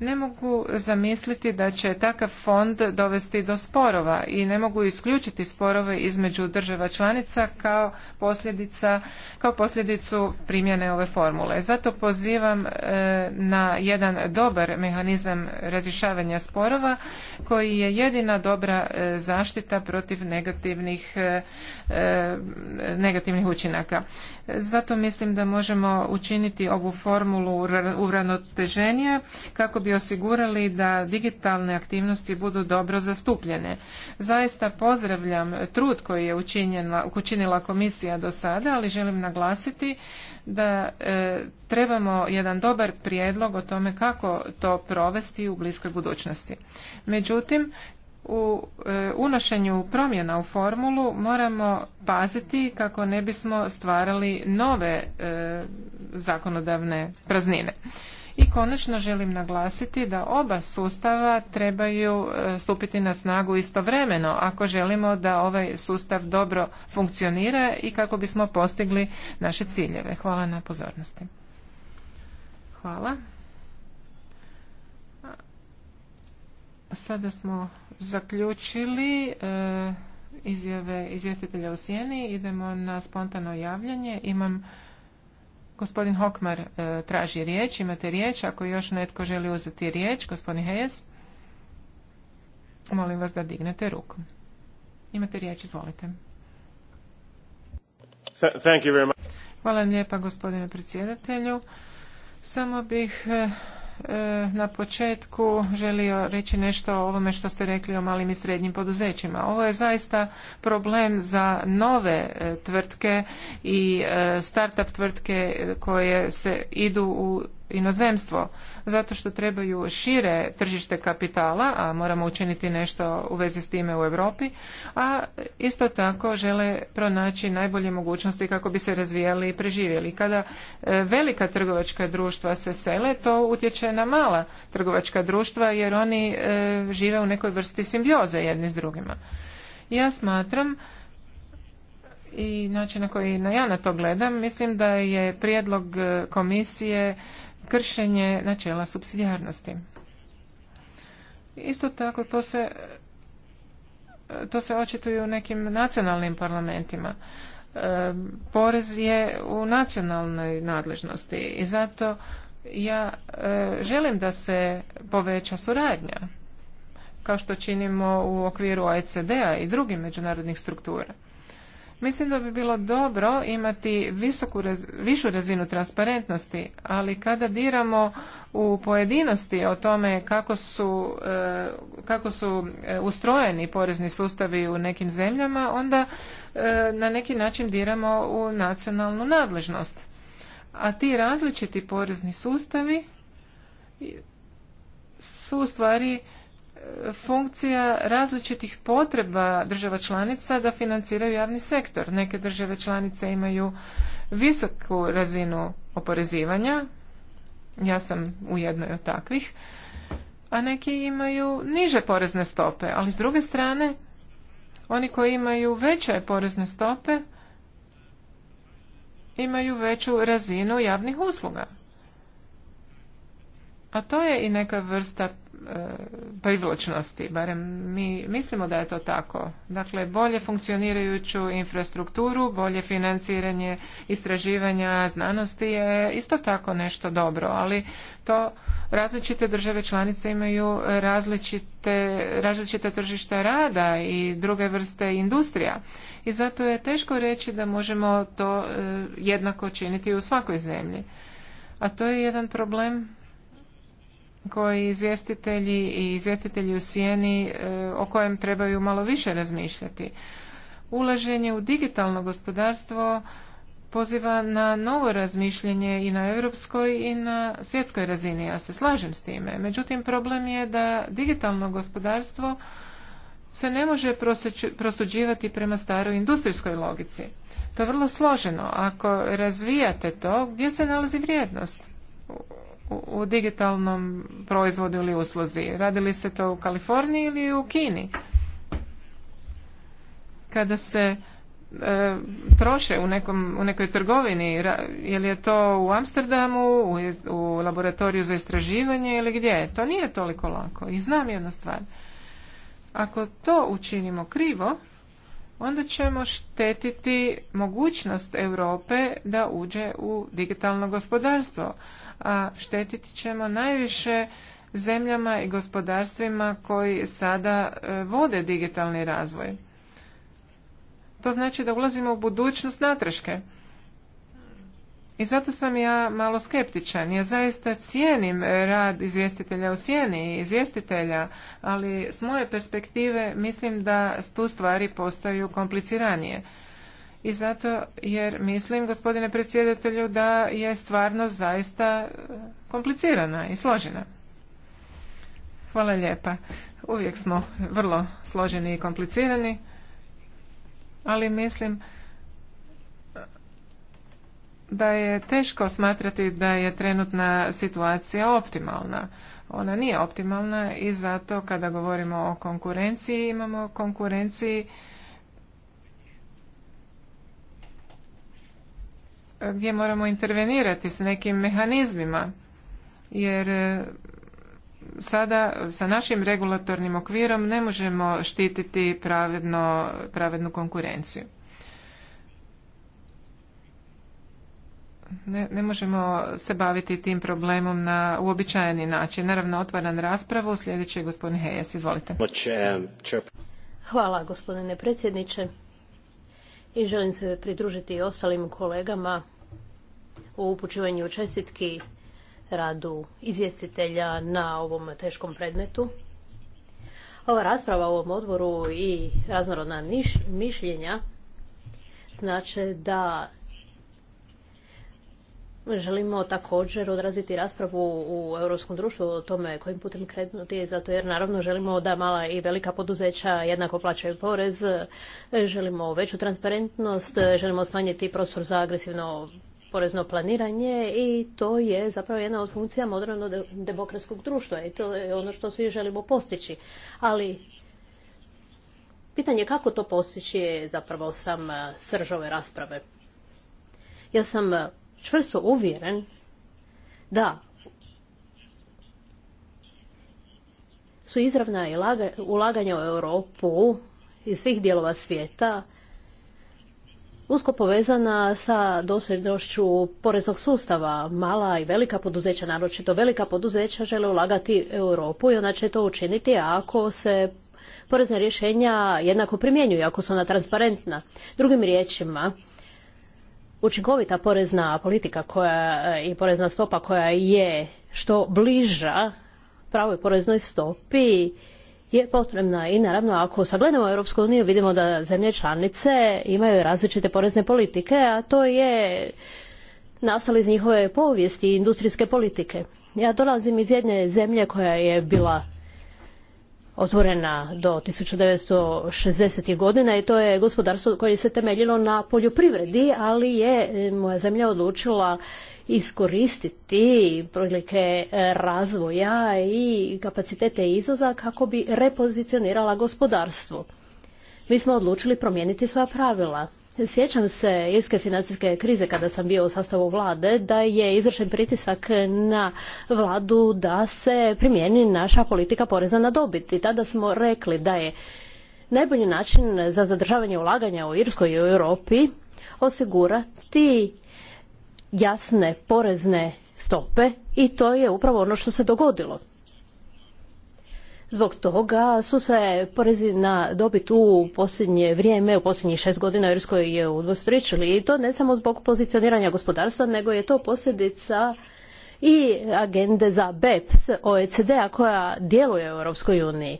D: Ne mogu zamisliti da će takav fond dovesti do sporova i ne mogu isključiti sporove između država članica kao posljedica, kao posljedicu primjene ove formule. Zato pozivam E, na jedan dobar mehanizam razrješavanja sporova koji je jedina dobra e, zaštita protiv negativnih e, negativnih učinaka. Zato mislim da možemo učiniti ovu formulu uravnoteženja kako bi osigurali da digitalne aktivnosti budu dobro zastupljene. Zaista pozdravljam trud koji je učinila komisija do sada, ali želim naglasiti da e, trebamo jedan dobar prijedlog o tome kako to provesti u bliskoj budućnosti. Međutim, u e, unošenju promjena u formulu moramo paziti kako ne bismo stvarali nove e, zakonodavne praznine. I konačno želim naglasiti da oba sustava trebaju e, stupiti na snagu istovremeno ako želimo da ovaj sustav dobro funkcionira i kako bismo postigli naše ciljeve. Hvala na pozornosti. Hvala. Sada smo zaključili e, izjave izvjestitelja u sjeni. Idemo na spontano javljanje. Imam Gospodin Hokmar e, traži riječ, imate riječ. Ako još netko želi uzeti riječ, gospodin Hejes, molim vas da dignete ruku. Imate riječ, izvolite.
E: Thank you
D: Hvala lijepa gospodine predsjedatelju. Samo bih e, E, na početku želio reći nešto o ovome što ste rekli o malim i srednjim poduzećima. Ovo je zaista problem za nove e, tvrtke i e, startup tvrtke koje se idu u inozemstvo zato što trebaju šire tržište kapitala, a moramo učiniti nešto u vezi s time u Europi, a isto tako žele pronaći najbolje mogućnosti kako bi se razvijali i preživjeli. Kada e, velika trgovačka društva se sele, to utječe na mala trgovačka društva jer oni e, žive u nekoj vrsti simbioze jedni s drugima. Ja smatram i način na koji ja na to gledam, mislim da je prijedlog e, komisije kršenje načela subsidijarnosti. Isto tako to se to se očituje u nekim nacionalnim parlamentima. E, porez je u nacionalnoj nadležnosti i zato ja e, želim da se poveća suradnja kao što činimo u okviru OECD-a i drugih međunarodnih struktura. Mislim da bi bilo dobro imati visoku, višu razinu transparentnosti, ali kada diramo u pojedinosti o tome kako su, e, kako su e, ustrojeni porezni sustavi u nekim zemljama, onda e, na neki način diramo u nacionalnu nadležnost. A ti različiti porezni sustavi su u stvari funkcija različitih potreba država članica da financiraju javni sektor. Neke države članice imaju visoku razinu oporezivanja, ja sam u jednoj od takvih, a neki imaju niže porezne stope, ali s druge strane oni koji imaju veće porezne stope imaju veću razinu javnih usluga. A to je i neka vrsta E, privlačnosti, barem mi mislimo da je to tako. Dakle, bolje funkcionirajuću infrastrukturu, bolje financiranje istraživanja znanosti je isto tako nešto dobro, ali to različite države članice imaju različite, različite tržišta rada i druge vrste industrija. I zato je teško reći da možemo to e, jednako činiti u svakoj zemlji. A to je jedan problem koji izvjestitelji i izvjestitelji u sjeni e, o kojem trebaju malo više razmišljati. Ulaženje u digitalno gospodarstvo poziva na novo razmišljenje i na europskoj i na svjetskoj razini. Ja se slažem s time. Međutim, problem je da digitalno gospodarstvo se ne može prosuđivati prema staroj industrijskoj logici. To je vrlo složeno. Ako razvijate to, gdje se nalazi vrijednost? u digitalnom proizvodu ili usluzi. li se to u Kaliforniji ili u Kini. Kada se e, troše u, nekom, u nekoj trgovini, ra, je li je to u Amsterdamu, u, u laboratoriju za istraživanje ili gdje? To nije toliko lako. I znam jednu stvar. Ako to učinimo krivo, onda ćemo štetiti mogućnost Europe da uđe u digitalno gospodarstvo a štetiti ćemo najviše zemljama i gospodarstvima koji sada e, vode digitalni razvoj. To znači da ulazimo u budućnost natreške. I zato sam ja malo skeptičan. Ja zaista cijenim rad izvjestitelja u sjeni i izvjestitelja, ali s moje perspektive mislim da tu stvari postaju kompliciranije i zato jer mislim, gospodine predsjedatelju, da je stvarnost zaista e, komplicirana i složena. Hvala lijepa. Uvijek smo vrlo složeni i komplicirani, ali mislim e, da je teško smatrati da je trenutna situacija optimalna. Ona nije optimalna i zato kada govorimo o konkurenciji, imamo konkurenciji gdje moramo intervenirati s nekim mehanizmima jer e, sada sa našim regulatornim okvirom ne možemo štititi pravedno, pravednu konkurenciju. Ne, ne možemo se baviti tim problemom na uobičajeni način. Naravno, otvaram raspravu. Sljedeći je gospodin Hejes. Izvolite. Um, Hvala, gospodine
A: predsjedniče i želim se pridružiti ostalim kolegama u upućivanju čestitki radu izvjestitelja na ovom teškom predmetu. Ova rasprava u ovom odboru i raznorodna mišljenja znače da želimo također odraziti raspravu u europskom društvu o tome kojim putem krenuti, zato jer naravno želimo da mala i velika poduzeća jednako plaćaju porez, želimo veću transparentnost, želimo smanjiti prostor za agresivno porezno planiranje i to je zapravo jedna od funkcija modernog demokratskog društva i to je ono što svi želimo postići. Ali pitanje kako to postići je zapravo sam srž ove rasprave. Ja sam čvrsto uvjeren da su izravna ulaganja u Europu iz svih dijelova svijeta usko povezana sa dosljednošću poreznog sustava. Mala i velika poduzeća, naročito velika poduzeća, žele ulagati u Europu i ona će to učiniti ako se porezna rješenja jednako primjenjuju, ako su ona transparentna. Drugim riječima, učinkovita porezna politika koja, e, i porezna stopa koja je što bliža pravoj poreznoj stopi je potrebna i naravno ako sagledamo Europsku uniju vidimo da zemlje članice imaju različite porezne politike, a to je nastalo iz njihove povijesti i industrijske politike. Ja dolazim iz jedne zemlje koja je bila otvorena do 1960. godina i to je gospodarstvo koje se temeljilo na poljoprivredi, ali je e, moja zemlja odlučila iskoristiti prilike e, razvoja i kapacitete izvoza kako bi repozicionirala gospodarstvo. Mi smo odlučili promijeniti svoja pravila. Sjećam se irske financijske krize kada sam bio u sastavu vlade da je izvršen pritisak na vladu da se primijeni naša politika poreza na dobit i tada smo rekli da je najbolji način za zadržavanje ulaganja u Irskoj i u Europi osigurati jasne porezne stope i to je upravo ono što se dogodilo. Zbog toga su se porezi na dobit u posljednje vrijeme, u posljednjih šest godina u Irskoj je udvostričili i to ne samo zbog pozicioniranja gospodarstva, nego je to posljedica i agende za BEPS OECD-a koja djeluje u Europskoj uniji.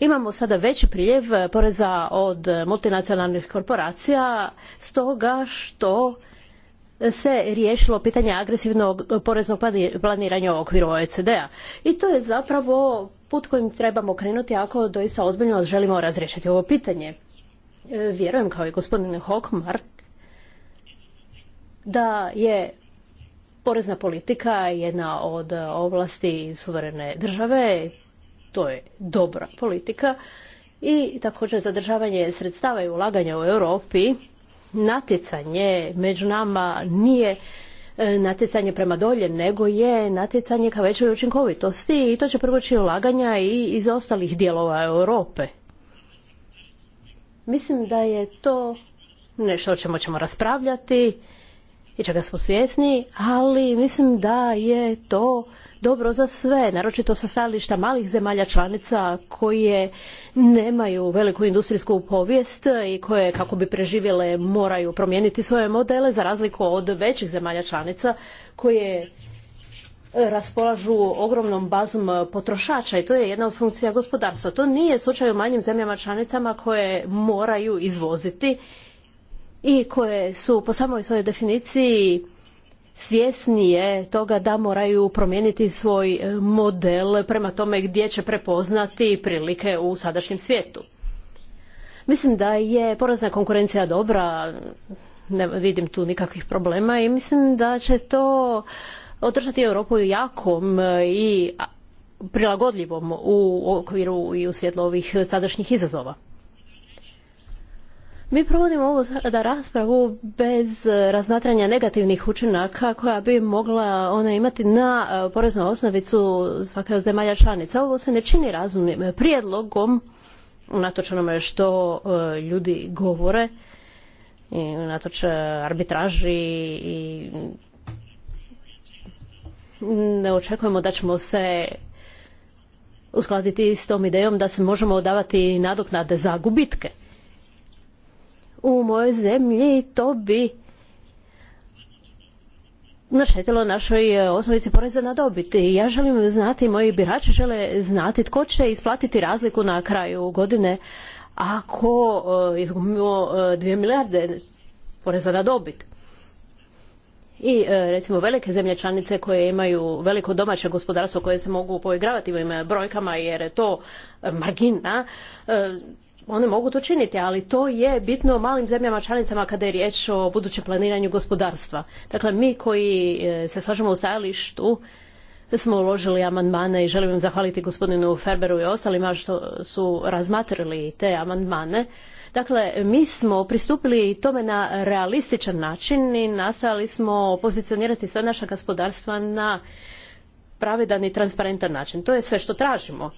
A: Imamo sada veći priljev poreza od multinacionalnih korporacija stoga što se riješilo pitanje agresivnog poreznog planiranja u okviru OECD-a. I to je zapravo put kojim trebamo krenuti ako doista ozbiljno želimo razriješiti ovo pitanje. E, vjerujem kao i gospodin Hockmark da je porezna politika jedna od ovlasti suverene države, to je dobra politika i također zadržavanje sredstava i ulaganja u Europi, natjecanje među nama nije E, natjecanje prema dolje, nego je natjecanje ka većoj učinkovitosti i to će provući ulaganja i iz ostalih dijelova Europe. Mislim da je to nešto o čemu ćemo raspravljati i čega smo svjesni, ali mislim da je to dobro za sve, naročito sa stajališta malih zemalja članica koje nemaju veliku industrijsku povijest i koje kako bi preživjele moraju promijeniti svoje modele za razliku od većih zemalja članica koje raspolažu ogromnom bazom potrošača i to je jedna od funkcija gospodarstva. To nije slučaj u manjim zemljama članicama koje moraju izvoziti i koje su po samoj svojoj definiciji svjesnije toga da moraju promijeniti svoj e, model prema tome gdje će prepoznati prilike u sadašnjem svijetu. Mislim da je porazna konkurencija dobra, ne vidim tu nikakvih problema i mislim da će to održati Europu jakom e, i prilagodljivom u okviru i u svjetlu ovih sadašnjih izazova. Mi provodimo ovu sada raspravu bez razmatranja negativnih učinaka koja bi mogla ona imati na e, poreznu osnovicu svake od zemalja članica. Ovo se ne čini razumnim prijedlogom, unatoč onome što e, ljudi govore, i unatoč e, arbitraži i ne očekujemo da ćemo se uskladiti s tom idejom da se možemo odavati nadoknade za gubitke u mojoj zemlji to bi naštetilo našoj e, osnovici poreza na dobit. I ja želim znati, moji birači žele znati tko će isplatiti razliku na kraju godine ako e, izgubimo e, dvije milijarde poreza na dobit. I recimo velike zemlje članice koje imaju veliko domaće gospodarstvo koje se mogu poigravati ovim brojkama jer je to margina, one mogu to činiti, ali to je bitno malim zemljama članicama kada je riječ o budućem planiranju gospodarstva. Dakle, mi koji e, se slažemo u stajalištu smo uložili amandmane i želim vam zahvaliti gospodinu Ferberu i ostalima što su razmatrali te amandmane. Dakle, mi smo pristupili tome na realističan način i nastojali smo pozicionirati sve naša gospodarstva na pravedan i transparentan način. To je sve što tražimo.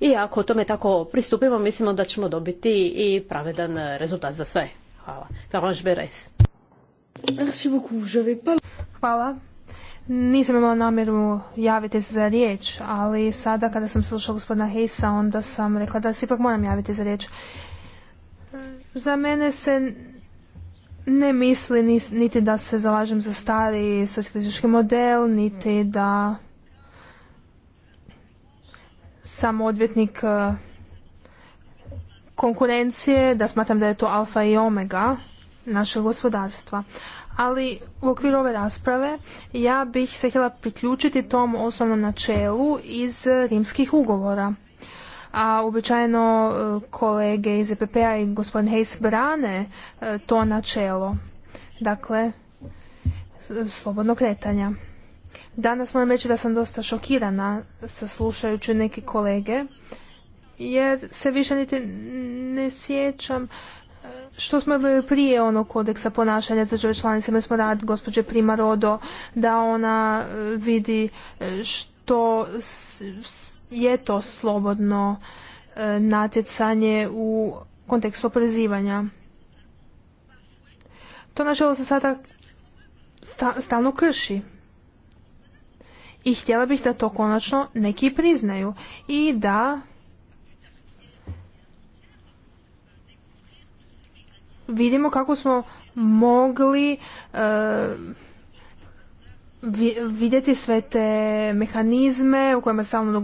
A: I ako tome tako pristupimo, mislimo da ćemo dobiti i pravedan rezultat za sve. Hvala.
C: Hvala. Nisam imala namjeru javiti se za riječ, ali sada kada sam slušala gospodina Heisa, onda sam rekla da se ipak moram javiti za riječ. Za mene se ne misli niti da se zalažem za stari socijalistički model, niti da sam odvjetnik e, konkurencije, da smatram da je to alfa i omega našeg gospodarstva. Ali u okviru ove rasprave ja bih se htjela priključiti tom osnovnom načelu iz rimskih ugovora. A uobičajeno e, kolege iz EPP-a i gospodin Hejs brane e, to načelo. Dakle, slobodno kretanja. Danas moram reći da sam dosta šokirana saslušajući neke kolege, jer se više niti ne sjećam e, što smo imali prije onog kodeksa ponašanja države članice, Mi smo rad gospođe rodo da ona e, vidi e, što je to slobodno natjecanje u kontekstu oprezivanja. To nažalost se sada stalno krši i htjela bih da to konačno neki priznaju i da vidimo kako smo mogli e, vidjeti sve te mehanizme u kojima se stalno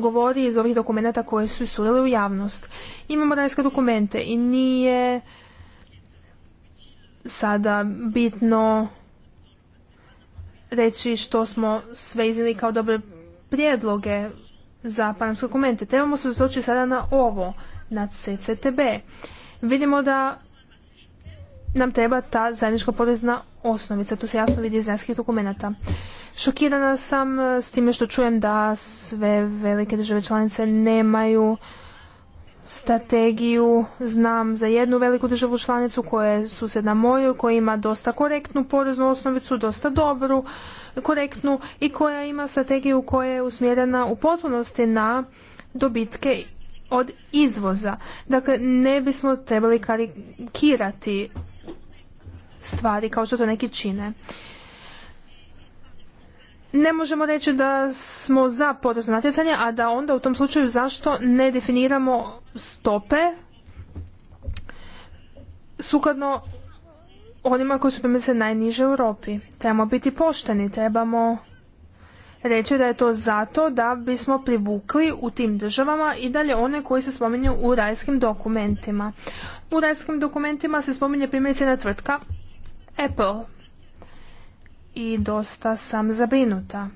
C: govori iz ovih dokumenta koje su surili u javnost. Imamo danske dokumente i nije sada bitno reći što smo sve iznijeli kao dobre prijedloge za panamske dokumente. Trebamo se uzročiti sada na ovo, na CCTB. Vidimo da nam treba ta zajednička porezna osnovica. To se jasno vidi iz zajednjskih dokumenata. Šokirana sam eh, s time što čujem da sve velike države članice nemaju strategiju znam za jednu veliku državu članicu koja je susjedna moju, koja ima dosta korektnu poreznu osnovicu, dosta dobru, korektnu i koja ima strategiju koja je usmjerena u potpunosti na dobitke od izvoza. Dakle, ne bismo trebali karikirati stvari kao što to neki čine ne možemo reći da smo za porezno natjecanje, a da onda u tom slučaju zašto ne definiramo stope sukladno onima koji su primjerice najniže u Europi. Trebamo biti pošteni, trebamo reći da je to zato da bismo privukli u tim državama i dalje one koji se spominju u rajskim dokumentima. U rajskim dokumentima se spominje primjerice jedna tvrtka Apple i dosta sam zabrinuta.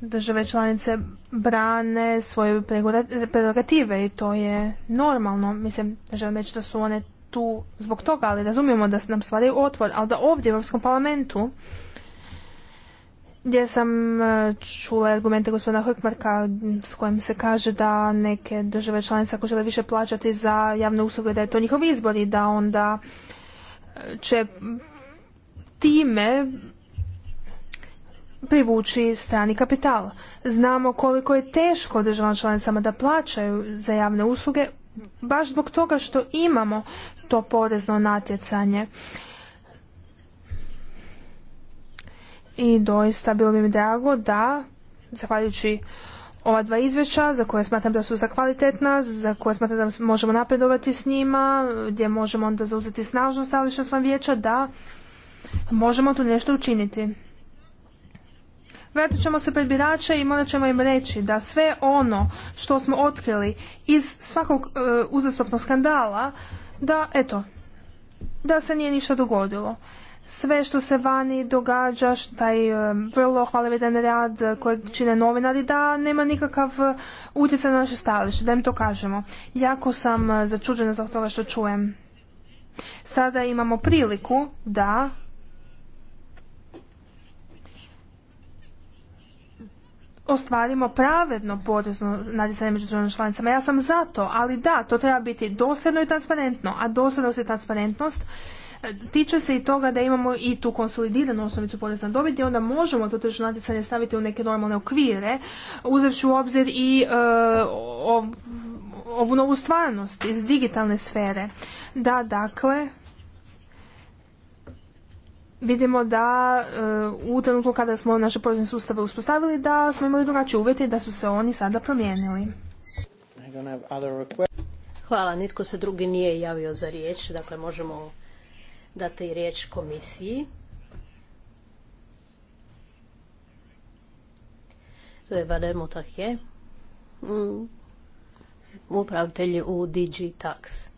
C: Države članice brane svoje prerogative i to je normalno. Mislim, želim reći da su one tu zbog toga, ali razumijemo da nam stvaraju otvor, ali da ovdje u Europskom parlamentu gdje sam e, čula argumente gospodina Hrkmarka s kojim se kaže da neke države članice ako žele više plaćati za javne usluge da je to njihov izbor i da onda e, će time privući strani kapital. Znamo koliko je teško državama članicama da plaćaju za javne usluge baš zbog toga što imamo to porezno natjecanje. I doista bilo bi mi drago da, zahvaljujući ova dva izvješća za koje smatram da su za kvalitetna, za koje smatram da možemo napredovati s njima, gdje možemo onda zauzeti snažno stajalište svam vijeća, da možemo tu nešto učiniti. Vratit ćemo se pred birače i morat ćemo im reći da sve ono što smo otkrili iz svakog e, uzastopnog skandala, da eto, da se nije ništa dogodilo. Sve što se vani događa, taj e, vrlo hvalevedan rad koji čine novinari, da nema nikakav e, utjecaj na naše stajalište, da im to kažemo. Jako sam e, začuđena za toga što čujem. Sada imamo priliku da ostvarimo pravedno porezno natjecanje među državnim članicama. Ja sam za to, ali da, to treba biti dosljedno i transparentno, a dosljednost i transparentnost e, tiče se i toga da imamo i tu konsolidiranu osnovicu poreza na dobit i onda možemo to tržišno natjecanje staviti u neke normalne okvire, uzevši u obzir i e, ovu novu stvarnost iz digitalne sfere. Da, dakle, vidimo da e, u trenutku kada smo naše porezne sustave uspostavili da smo imali drugačije uvjete i da su se oni sada promijenili.
A: Hvala, nitko se drugi nije javio za riječ, dakle možemo dati riječ komisiji. To je Vademo Tahje, mm, upravitelj u DG Tax.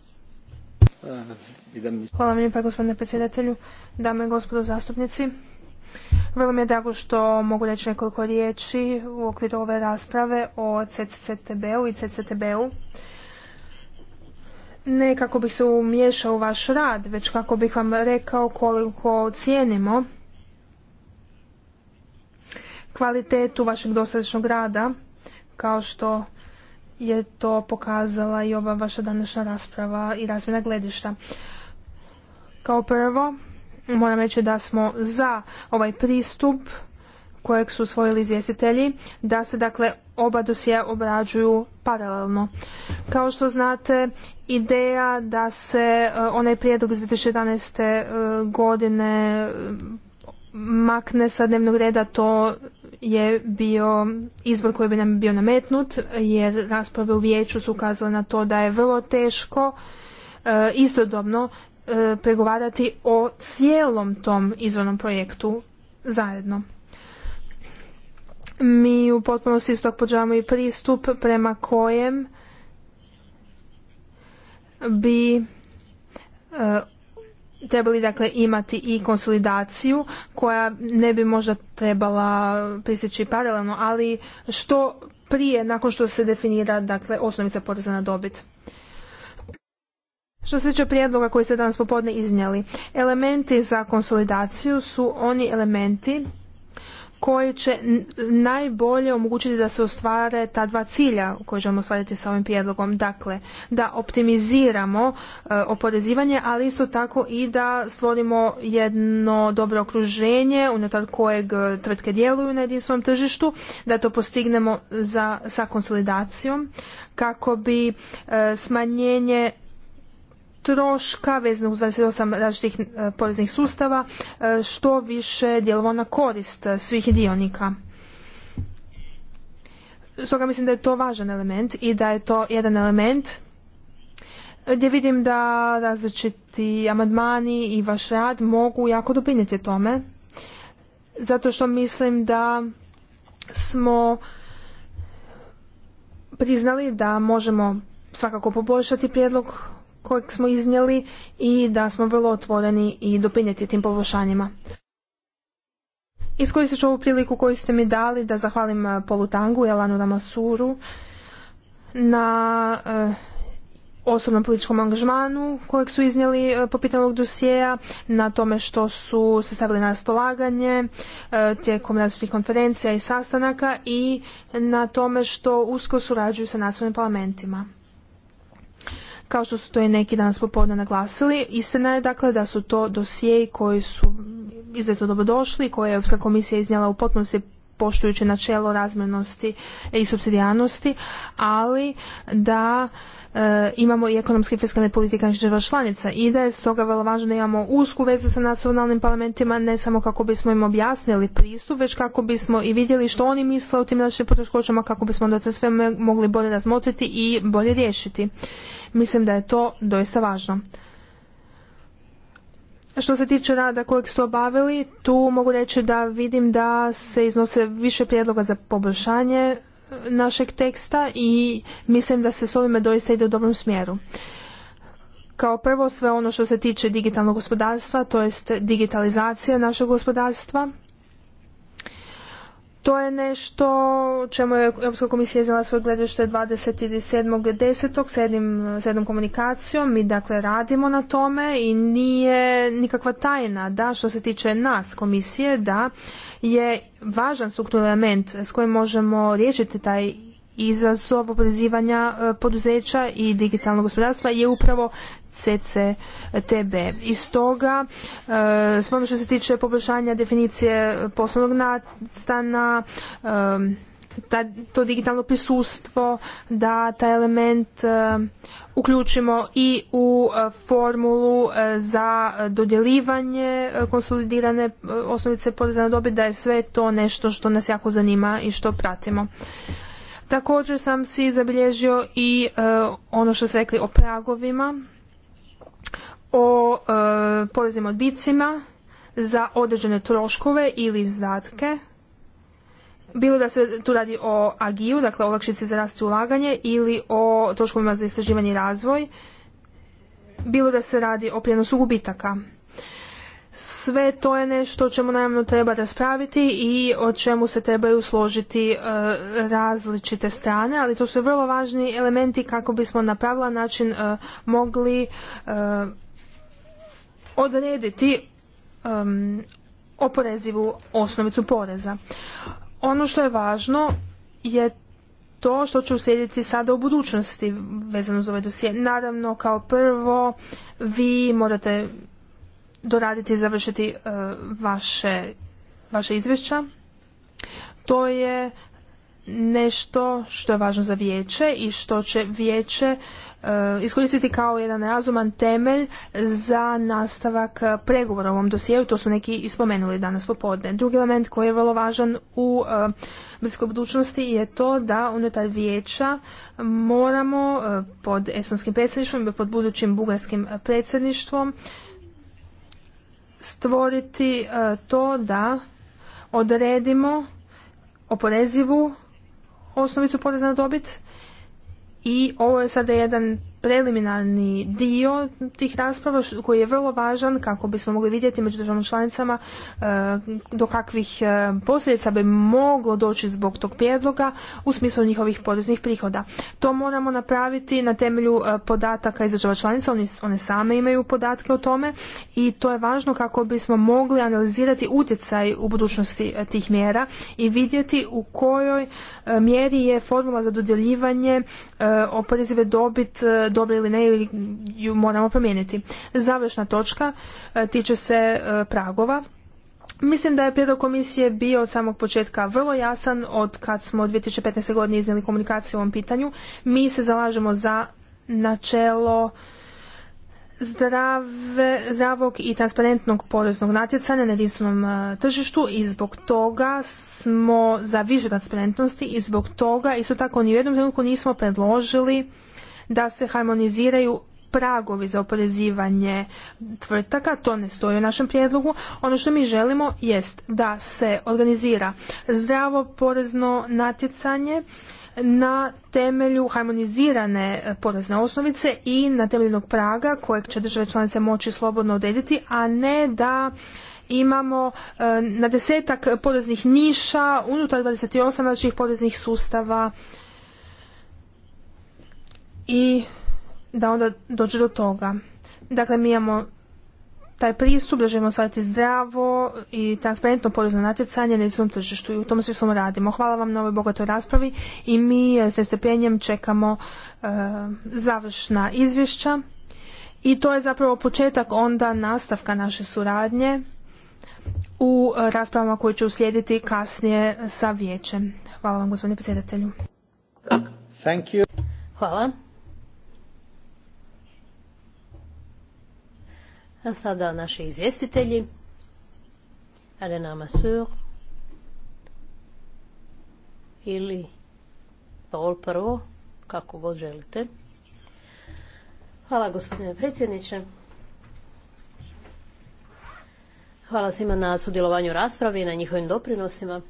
C: Hvala vam lijepa gospodine predsjedatelju, dame i gospodo zastupnici. Vrlo mi je drago što mogu reći nekoliko riječi u okviru ove rasprave o cctb u i CCTB-u. Ne kako bih se umiješao u vaš rad, već kako bih vam rekao koliko cijenimo kvalitetu vašeg dosadašnjeg rada, kao što je to pokazala i ova vaša današnja rasprava i razmjena gledišta. Kao prvo, moram reći da smo za ovaj pristup kojeg su usvojili izvjestitelji, da se dakle oba dosije obrađuju paralelno. Kao što znate, ideja da se e, onaj prijedlog iz 2011. E, godine e, makne sa dnevnog reda, to je bio izbor koji bi nam bio nametnut jer rasprave u vijeću su ukazale na to da je vrlo teško e, istodobno e, pregovarati o cijelom tom izvornom projektu zajedno. Mi u potpunosti isto podržavamo i pristup prema kojem bi e, trebali dakle imati i konsolidaciju koja ne bi možda trebala prisjeći paralelno, ali što prije nakon što se definira dakle osnovica poreza na dobit. Što se tiče prijedloga koji ste danas popodne iznijeli, elementi za konsolidaciju su oni elementi koji će najbolje omogućiti da se ostvare ta dva cilja koje želimo ostvariti sa ovim prijedlogom. Dakle, da optimiziramo e, oporezivanje, ali isto tako i da stvorimo jedno dobro okruženje unutar kojeg tvrtke djeluju na jedinstvenom tržištu, da to postignemo za, sa konsolidacijom kako bi e, smanjenje troška vezano uz 28 različitih e, poreznih sustava e, što više djelovao na korist e, svih dionika. Stoga mislim da je to važan element i da je to jedan element gdje vidim da različiti amandmani i vaš rad mogu jako doprinijeti tome zato što mislim da smo priznali da možemo svakako poboljšati prijedlog kojeg smo iznijeli i da smo vrlo otvoreni i doprinijeti tim poboljšanjima. Iskoristit ću ovu priliku koju ste mi dali da zahvalim e, Polutangu i Alanu Ramasuru na e, osobnom političkom angažmanu kojeg su iznijeli e, po pitanju ovog dosijeja, na tome što su se stavili na raspolaganje tijekom različitih konferencija i sastanaka i na tome što usko surađuju sa nacionalnim parlamentima. Kao što su to i neki danas popodne naglasili, istina je dakle da su to dosjei koji su izuzetno dobrodošli, koje je Europska komisija iznijela u potpunosti poštujući načelo razmjernosti i subsidijarnosti, ali da E, imamo i ekonomske i fiskalne politike država članica i da je stoga vrlo važno da imamo usku vezu sa nacionalnim parlamentima ne samo kako bismo im objasnili pristup već kako bismo i vidjeli što oni misle o tim našim poteškoćama kako bismo onda se sve mogli bolje razmotriti i bolje riješiti. Mislim da je to doista važno. Što se tiče rada kojeg ste obavili, tu mogu reći da vidim da se iznose više prijedloga za poboljšanje našeg teksta i mislim da se s ovime doista ide u dobrom smjeru. Kao prvo sve ono što se tiče digitalnog gospodarstva, to jest digitalizacija našeg gospodarstva, to je nešto čemu je Europska komisija izdala svoje gledište 27.10. s s jednom komunikacijom. Mi dakle radimo na tome i nije nikakva tajna da što se tiče nas komisije da je važan strukturni element s kojim možemo riješiti taj izazov oporezivanja e, poduzeća i digitalnog gospodarstva je upravo CCTB. I stoga, e, eh, ono što se tiče poboljšanja definicije poslovnog nastana, eh, to digitalno prisustvo, da taj element eh, uključimo i u formulu za dodjelivanje konsolidirane osnovice poreza na dobit, da je sve to nešto što nas jako zanima i što pratimo. Također sam si zabilježio i ono što ste rekli o pragovima o e, poreznim odbicima za određene troškove ili izdatke bilo da se tu radi o agiju, dakle olakšici za rast i ulaganje ili o troškovima za istraživanje i razvoj, bilo da se radi o prijenosu gubitaka. Sve to je nešto o čemu naravno treba raspraviti i o čemu se trebaju složiti e, različite strane, ali to su vrlo važni elementi kako bismo na pravilan način e, mogli e, odrediti oporezivu osnovicu poreza. Ono što je važno je to što će uslijediti sada u budućnosti vezano za ovaj dosije. Naravno, kao prvo, vi morate doraditi i završiti e, vaše, vaše izvješća. To je nešto što je važno za vijeće i što će vijeće Eh, iskoristiti kao jedan razuman temelj za nastavak eh, pregovora u ovom dosijelu. To su neki ispomenuli danas popodne. Drugi element koji je vrlo važan u eh, bliskoj budućnosti je to da unutar vijeća moramo pod estonskim predsjedništvom i pod budućim bugarskim predsjedništvom stvoriti to da odredimo oporezivu osnovicu poreza na dobit i ovo je sada jedan preliminarni dio tih rasprava koji je vrlo važan kako bismo mogli vidjeti među državama članicama eh, do kakvih eh, posljedica bi moglo doći zbog tog prijedloga u smislu njihovih poreznih prihoda. To moramo napraviti na temelju eh, podataka iz država članica, one same imaju podatke o tome i to je važno kako bismo mogli analizirati utjecaj u budućnosti tih mjera i vidjeti u kojoj mjeri je formula za dodjeljivanje oporezive dobit dobro ili ne ili ju moramo promijeniti. Završna točka e, tiče se e, pragova. Mislim da je prijedlog komisije bio od samog početka vrlo jasan od kad smo od 2015. godine iznijeli komunikaciju u ovom pitanju. Mi se zalažemo za načelo zdrave, zdravog i transparentnog poreznog natjecanja na jedinstvenom e, tržištu i zbog toga smo za više transparentnosti i zbog toga isto tako ni u jednom trenutku nismo predložili da se harmoniziraju pragovi za oporezivanje tvrtaka, to ne stoji u našem prijedlogu. Ono što mi želimo jest da se organizira zdravo porezno natjecanje na temelju harmonizirane porezne osnovice i na temeljnog praga kojeg će države članice moći slobodno odrediti, a ne da imamo e, na desetak poreznih niša unutar 28 naših poreznih sustava i da onda dođe do toga. Dakle, mi imamo taj pristup da želimo zdravo i transparentno porezno natjecanje na svom tržištu i u tom smislu radimo. Hvala vam na ovoj bogatoj raspravi i mi eh, s nestepenjem čekamo eh, završna izvješća i to je zapravo početak onda nastavka naše suradnje u eh, raspravama koje će uslijediti kasnije sa vijećem. Hvala vam gospodine predsjedatelju.
B: Hvala.
A: A sada naši izvjestitelji. Arena Masur. Ili Paul prvo, kako god želite. Hvala gospodine predsjedniče. Hvala svima na sudjelovanju u raspravi i na njihovim doprinosima.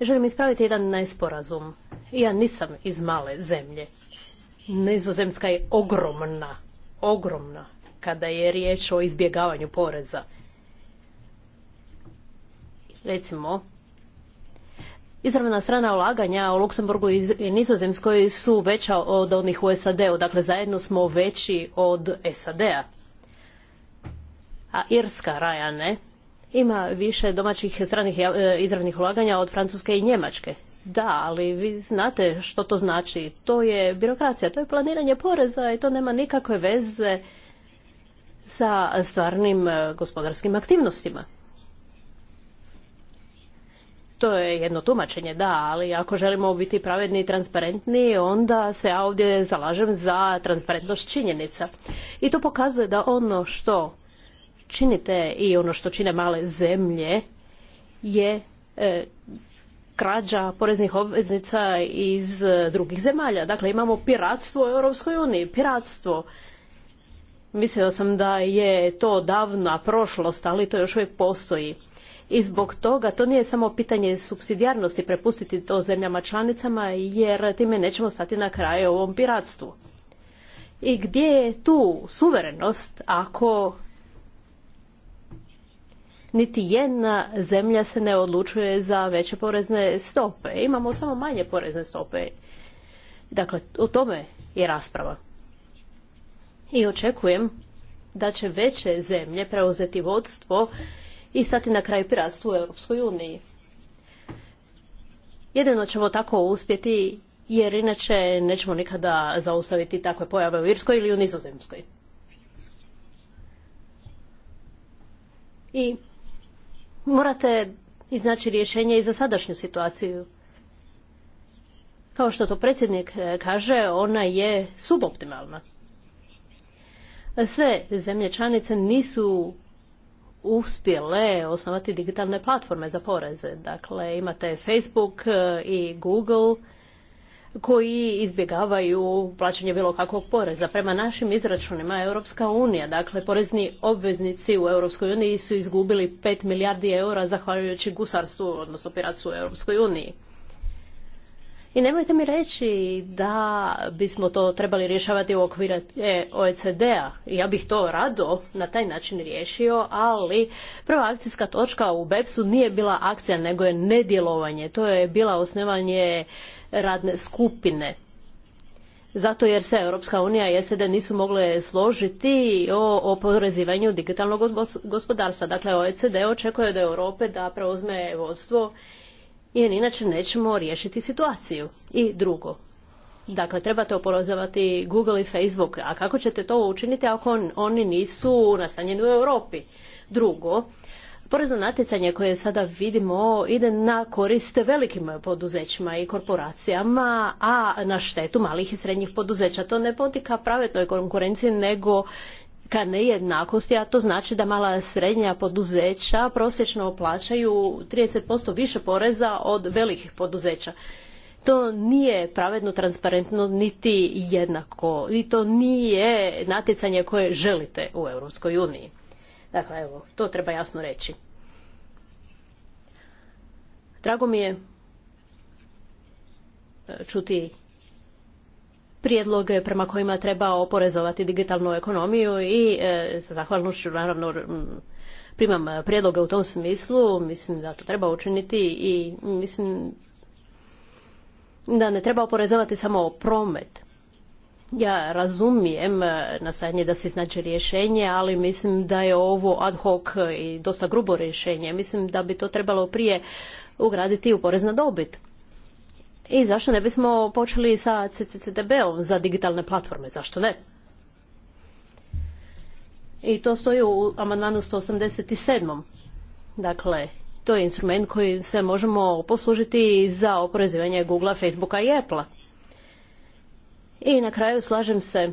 A: Želim ispraviti jedan nesporazum. Ja nisam iz male zemlje. Nizozemska je ogromna, ogromna kada je riječ o izbjegavanju poreza. Recimo, Izravna strana ulaganja u Luksemburgu i Nizozemskoj su veća od onih u SAD-u, dakle zajedno smo veći od SAD-a. A Irska, Rajane, ima više domaćih stranih e, izravnih ulaganja od Francuske i Njemačke. Da, ali vi znate što to znači. To je birokracija, to je planiranje poreza i to nema nikakve veze sa stvarnim e, gospodarskim aktivnostima. To je jedno tumačenje, da, ali ako želimo biti pravedni i transparentni, onda se ja ovdje zalažem za transparentnost činjenica. I to pokazuje da ono što činite i ono što čine male zemlje je e, krađa poreznih obveznica iz e, drugih zemalja. Dakle, imamo piratstvo u Europskoj uniji, piratstvo Mislio sam da je to davna prošlost, ali to još uvijek postoji. I zbog toga to nije samo pitanje subsidijarnosti prepustiti to zemljama članicama jer time nećemo stati na kraju ovom piratstvu. I gdje je tu suverenost ako niti jedna zemlja se ne odlučuje za veće porezne stope. Imamo samo manje porezne stope. Dakle, o tome je rasprava i očekujem da će veće zemlje preuzeti vodstvo i stati na kraj piratstvu u Europskoj uniji. Jedino ćemo tako uspjeti jer inače nećemo nikada zaustaviti takve pojave u Irskoj ili u Nizozemskoj. I morate iznaći rješenje i za sadašnju situaciju. Kao što to predsjednik eh, kaže, ona je suboptimalna. Sve zemlje članice nisu uspjele osnovati digitalne platforme za poreze. Dakle, imate Facebook e, i Google koji izbjegavaju plaćanje bilo kakvog poreza. Prema našim izračunima Europska unija, dakle porezni obveznici u Europskoj uniji su izgubili 5 milijardi eura zahvaljujući gusarstvu, odnosno piratstvu u Europskoj uniji. I nemojte mi reći da bismo to trebali rješavati u okviru e OECD-a. Ja bih to rado na taj način riješio, ali prva akcijska točka u BEPS-u nije bila akcija, nego je nedjelovanje. To je bila osnivanje radne skupine. Zato jer se Europska unija i SED nisu mogle složiti o oporezivanju digitalnog gospodarstva. Dakle, OECD očekuje od Europe da preuzme vodstvo jer inače nećemo riješiti situaciju. I drugo, dakle trebate oporozovati Google i Facebook, a kako ćete to učiniti ako oni nisu nastanjeni u Europi? Drugo, porezno natjecanje koje sada vidimo ide na korist velikim poduzećima i korporacijama, a na štetu malih i srednjih poduzeća. To ne potika pravetnoj konkurenciji, nego nejednakosti, a to znači da mala srednja poduzeća prosječno plaćaju 30% više poreza od velikih poduzeća. To nije pravedno, transparentno, niti jednako. I to nije natjecanje koje želite u Europskoj uniji. Dakle, evo, to treba jasno reći. Drago mi je e, čuti prijedloge prema kojima treba oporezovati digitalnu ekonomiju i e, sa zahvalnošću naravno primam prijedloge u tom smislu, mislim da to treba učiniti i mislim da ne treba oporezovati samo promet. Ja razumijem e, nastojanje da se iznađe rješenje, ali mislim da je ovo ad hoc i dosta grubo rješenje. Mislim da bi to trebalo prije ugraditi u porez na dobit. I zašto ne bismo počeli sa cccdb om za digitalne platforme? Zašto ne? I to stoji u amandmanu 187. Dakle, to je instrument koji se možemo poslužiti za oporezivanje google Facebooka i Applea. I na kraju slažem se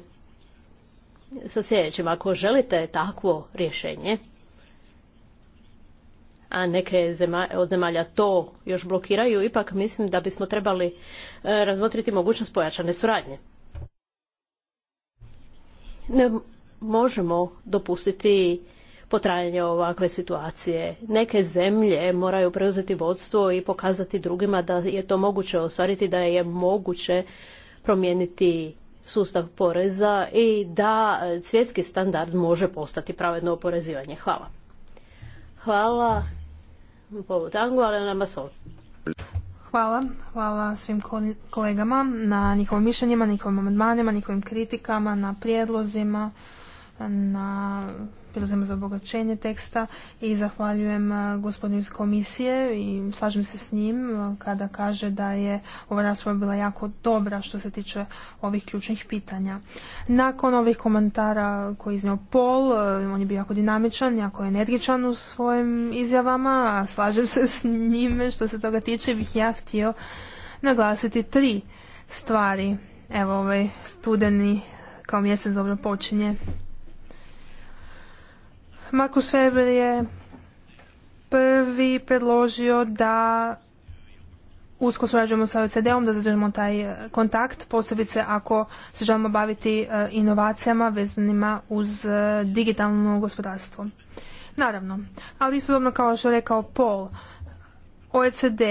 A: sa sljedećim. Ako želite takvo rješenje, a neke od zemalja to još blokiraju, ipak mislim da bismo trebali e, razmotriti mogućnost pojačane suradnje. Ne možemo dopustiti potrajanje ovakve situacije. Neke zemlje moraju preuzeti vodstvo i pokazati drugima da je to moguće ostvariti, da je moguće promijeniti sustav poreza i da svjetski standard može postati pravedno oporezivanje. Hvala. Hvala
C: polu ali Hvala. Hvala svim kolegama na njihovim mišljenjima, njihovim amandmanima, njihovim kritikama, na prijedlozima, na prilozima za obogaćenje teksta i zahvaljujem gospodinu iz komisije i slažem se s njim kada kaže da je ova rasprava bila jako dobra što se tiče ovih ključnih pitanja. Nakon ovih komentara koji je iznio Pol, on je bio jako dinamičan, jako energičan u svojim izjavama, a slažem se s njime što se toga tiče, bih ja htio naglasiti tri stvari. Evo ovaj studeni kao mjesec dobro počinje. Markus Weber je prvi predložio da usko surađujemo sa OECD-om, da zadržimo taj e, kontakt, posebice ako se želimo baviti e, inovacijama vezanima uz e, digitalno gospodarstvo. Naravno, ali istodobno kao što je rekao Paul, OECD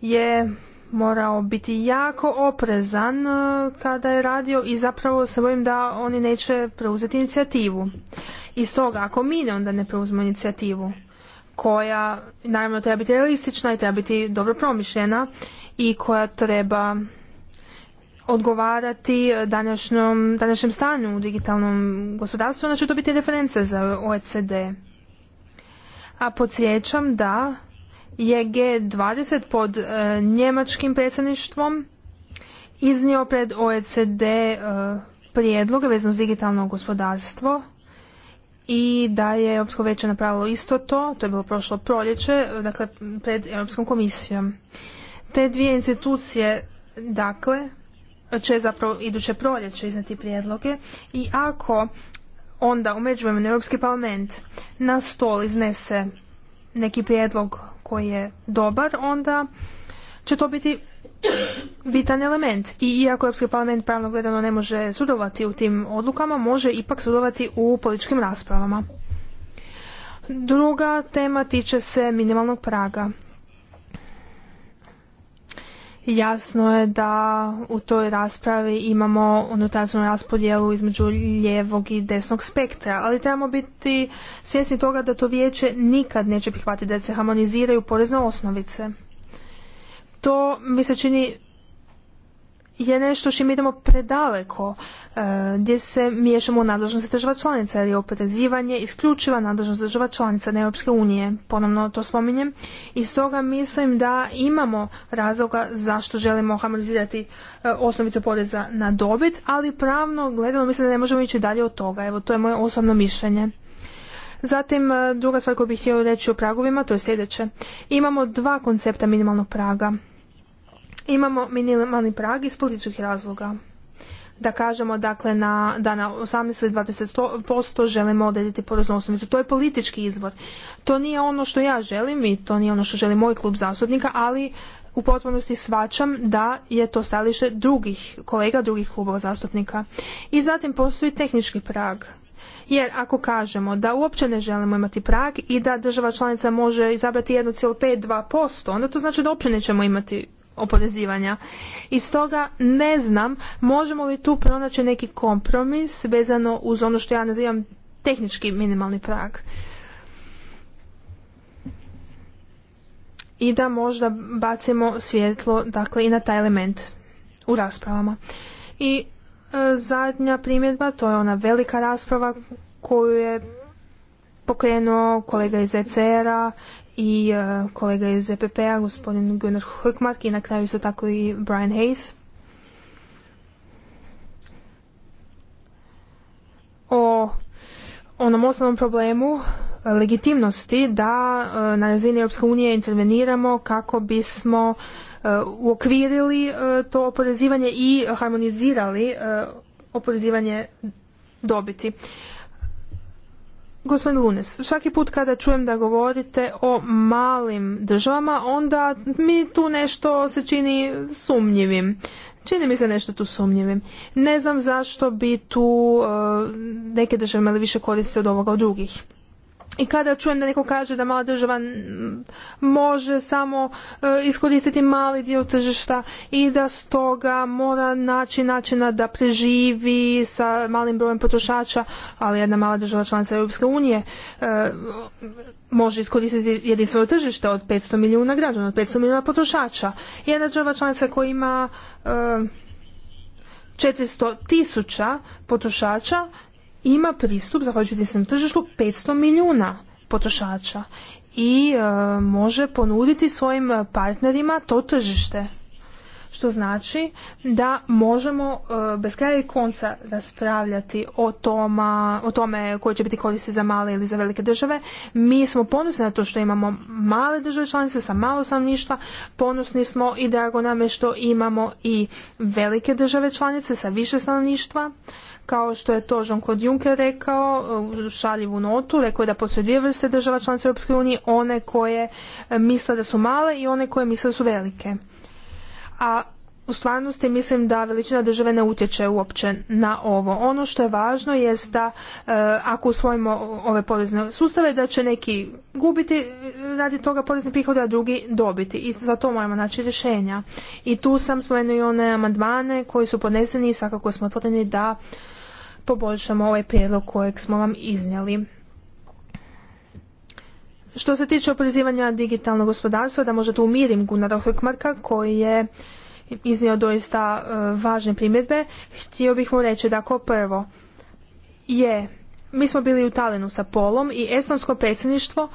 C: je morao biti jako oprezan e, kada je radio i zapravo se bojim da oni neće preuzeti inicijativu. I stoga, ako mi ne onda ne preuzmemo inicijativu, koja naravno treba biti realistična i treba biti dobro promišljena i koja treba odgovarati današnjom, današnjem stanju u digitalnom gospodarstvu, onda će to biti reference za OECD. A podsjećam da je G20 pod e, njemačkim predsjedništvom iznio pred OECD e, prijedloge vezano s digitalno gospodarstvo i da je Europsko veće napravilo isto to, to je bilo prošlo proljeće, e, dakle pred Europskom komisijom. Te dvije institucije, dakle, će zapravo iduće proljeće iznati prijedloge i ako onda u međuvremenu Europski parlament na stol iznese neki prijedlog koji je dobar, onda će to biti bitan element. I iako Europski parlament pravno gledano ne može sudovati u tim odlukama, može ipak sudovati u političkim raspravama. Druga tema tiče se minimalnog praga. Jasno je da u toj raspravi imamo unutarnju raspodjelu između lijevog i desnog spektra, ali trebamo biti svjesni toga da to vijeće nikad neće prihvatiti da se harmoniziraju porezne osnovice. To mi se čini je nešto što mi idemo predaleko, e, gdje se miješamo u nadležnosti država članica, jer je oporezivanje isključiva nadležnost država članica na Europske unije, ponovno to spominjem, i stoga mislim da imamo razloga zašto želimo harmonizirati e, osnovicu poreza na dobit, ali pravno gledano mislim da ne možemo ići dalje od toga, evo to je moje osobno mišljenje. Zatim, e, druga stvar koju bih htio reći o pragovima, to je sljedeće. Imamo dva koncepta minimalnog praga imamo minimalni prag iz političkih razloga. Da kažemo dakle na, da na 18 ili 20% želimo odrediti poreznu osnovicu. To je politički izvor. To nije ono što ja želim i to nije ono što želi moj klub zastupnika, ali u potpunosti svačam da je to stajalište drugih kolega, drugih klubova zastupnika. I zatim postoji tehnički prag. Jer ako kažemo da uopće ne želimo imati prag i da država članica može izabrati 1,5-2%, onda to znači da uopće nećemo imati oporezivanja. I stoga ne znam možemo li tu pronaći neki kompromis vezano uz ono što ja nazivam tehnički minimalni prag. I da možda bacimo svjetlo dakle i na taj element u raspravama. I e, zadnja primjedba, to je ona velika rasprava koju je pokrenuo kolega iz ECR-a i e, kolega iz EPP-a, gospodin Gunnar Hökmark i na kraju su tako i Brian Hayes. O onom osnovnom problemu e, legitimnosti da e, na razini Europske unije interveniramo kako bismo uokvirili to oporezivanje i harmonizirali oporezivanje dobiti. Gospodin Lunes, svaki put kada čujem da govorite o malim državama, onda mi tu nešto se čini sumnjivim. Čini mi se nešto tu sumnjivim. Ne znam zašto bi tu e, neke države imali više koristi od ovoga od drugih i kada čujem da neko kaže da mala država može samo e, iskoristiti mali dio tržišta i da stoga mora naći načina da preživi sa malim brojem potrošača, ali jedna mala država članica Europske unije e, može iskoristiti jedinstveno tržište od 500 milijuna građana, od 500 milijuna potrošača. Jedna država članica koja ima 400 e, tisuća potrošača ima pristup, zahvaljujući na tržištu, 500 milijuna potrošača i e, može ponuditi svojim partnerima to tržište. Što znači da možemo e, bez kraja i konca raspravljati o, toma, o tome koje će biti koristi za male ili za velike države. Mi smo ponosni na to što imamo male države članice sa malo stanovništva, ponosni smo i drago nam je što imamo i velike države članice sa više stanovništva kao što je to Jean-Claude Juncker rekao, šaljivu notu, rekao je da postoje dvije vrste država članica Europske unije, one koje e, misle da su male i one koje misle da su velike. A u stvarnosti mislim da veličina države ne utječe uopće na ovo. Ono što je važno jest da e, ako usvojimo ove porezne sustave da će neki gubiti e, radi toga porezne prihode, a drugi dobiti. I za to moramo naći rješenja. I tu sam spomenuo i one amandmane koji su podneseni i svakako smo otvoreni da poboljšamo ovaj prijedlog kojeg smo vam iznijeli. Što se tiče oporezivanja digitalnog gospodarstva, da možete umirim Gunara Hrkmarka koji je iznio doista e, važne primjedbe, htio bih mu reći da ako prvo je, mi smo bili u Talinu sa Polom i estonsko predsjedništvo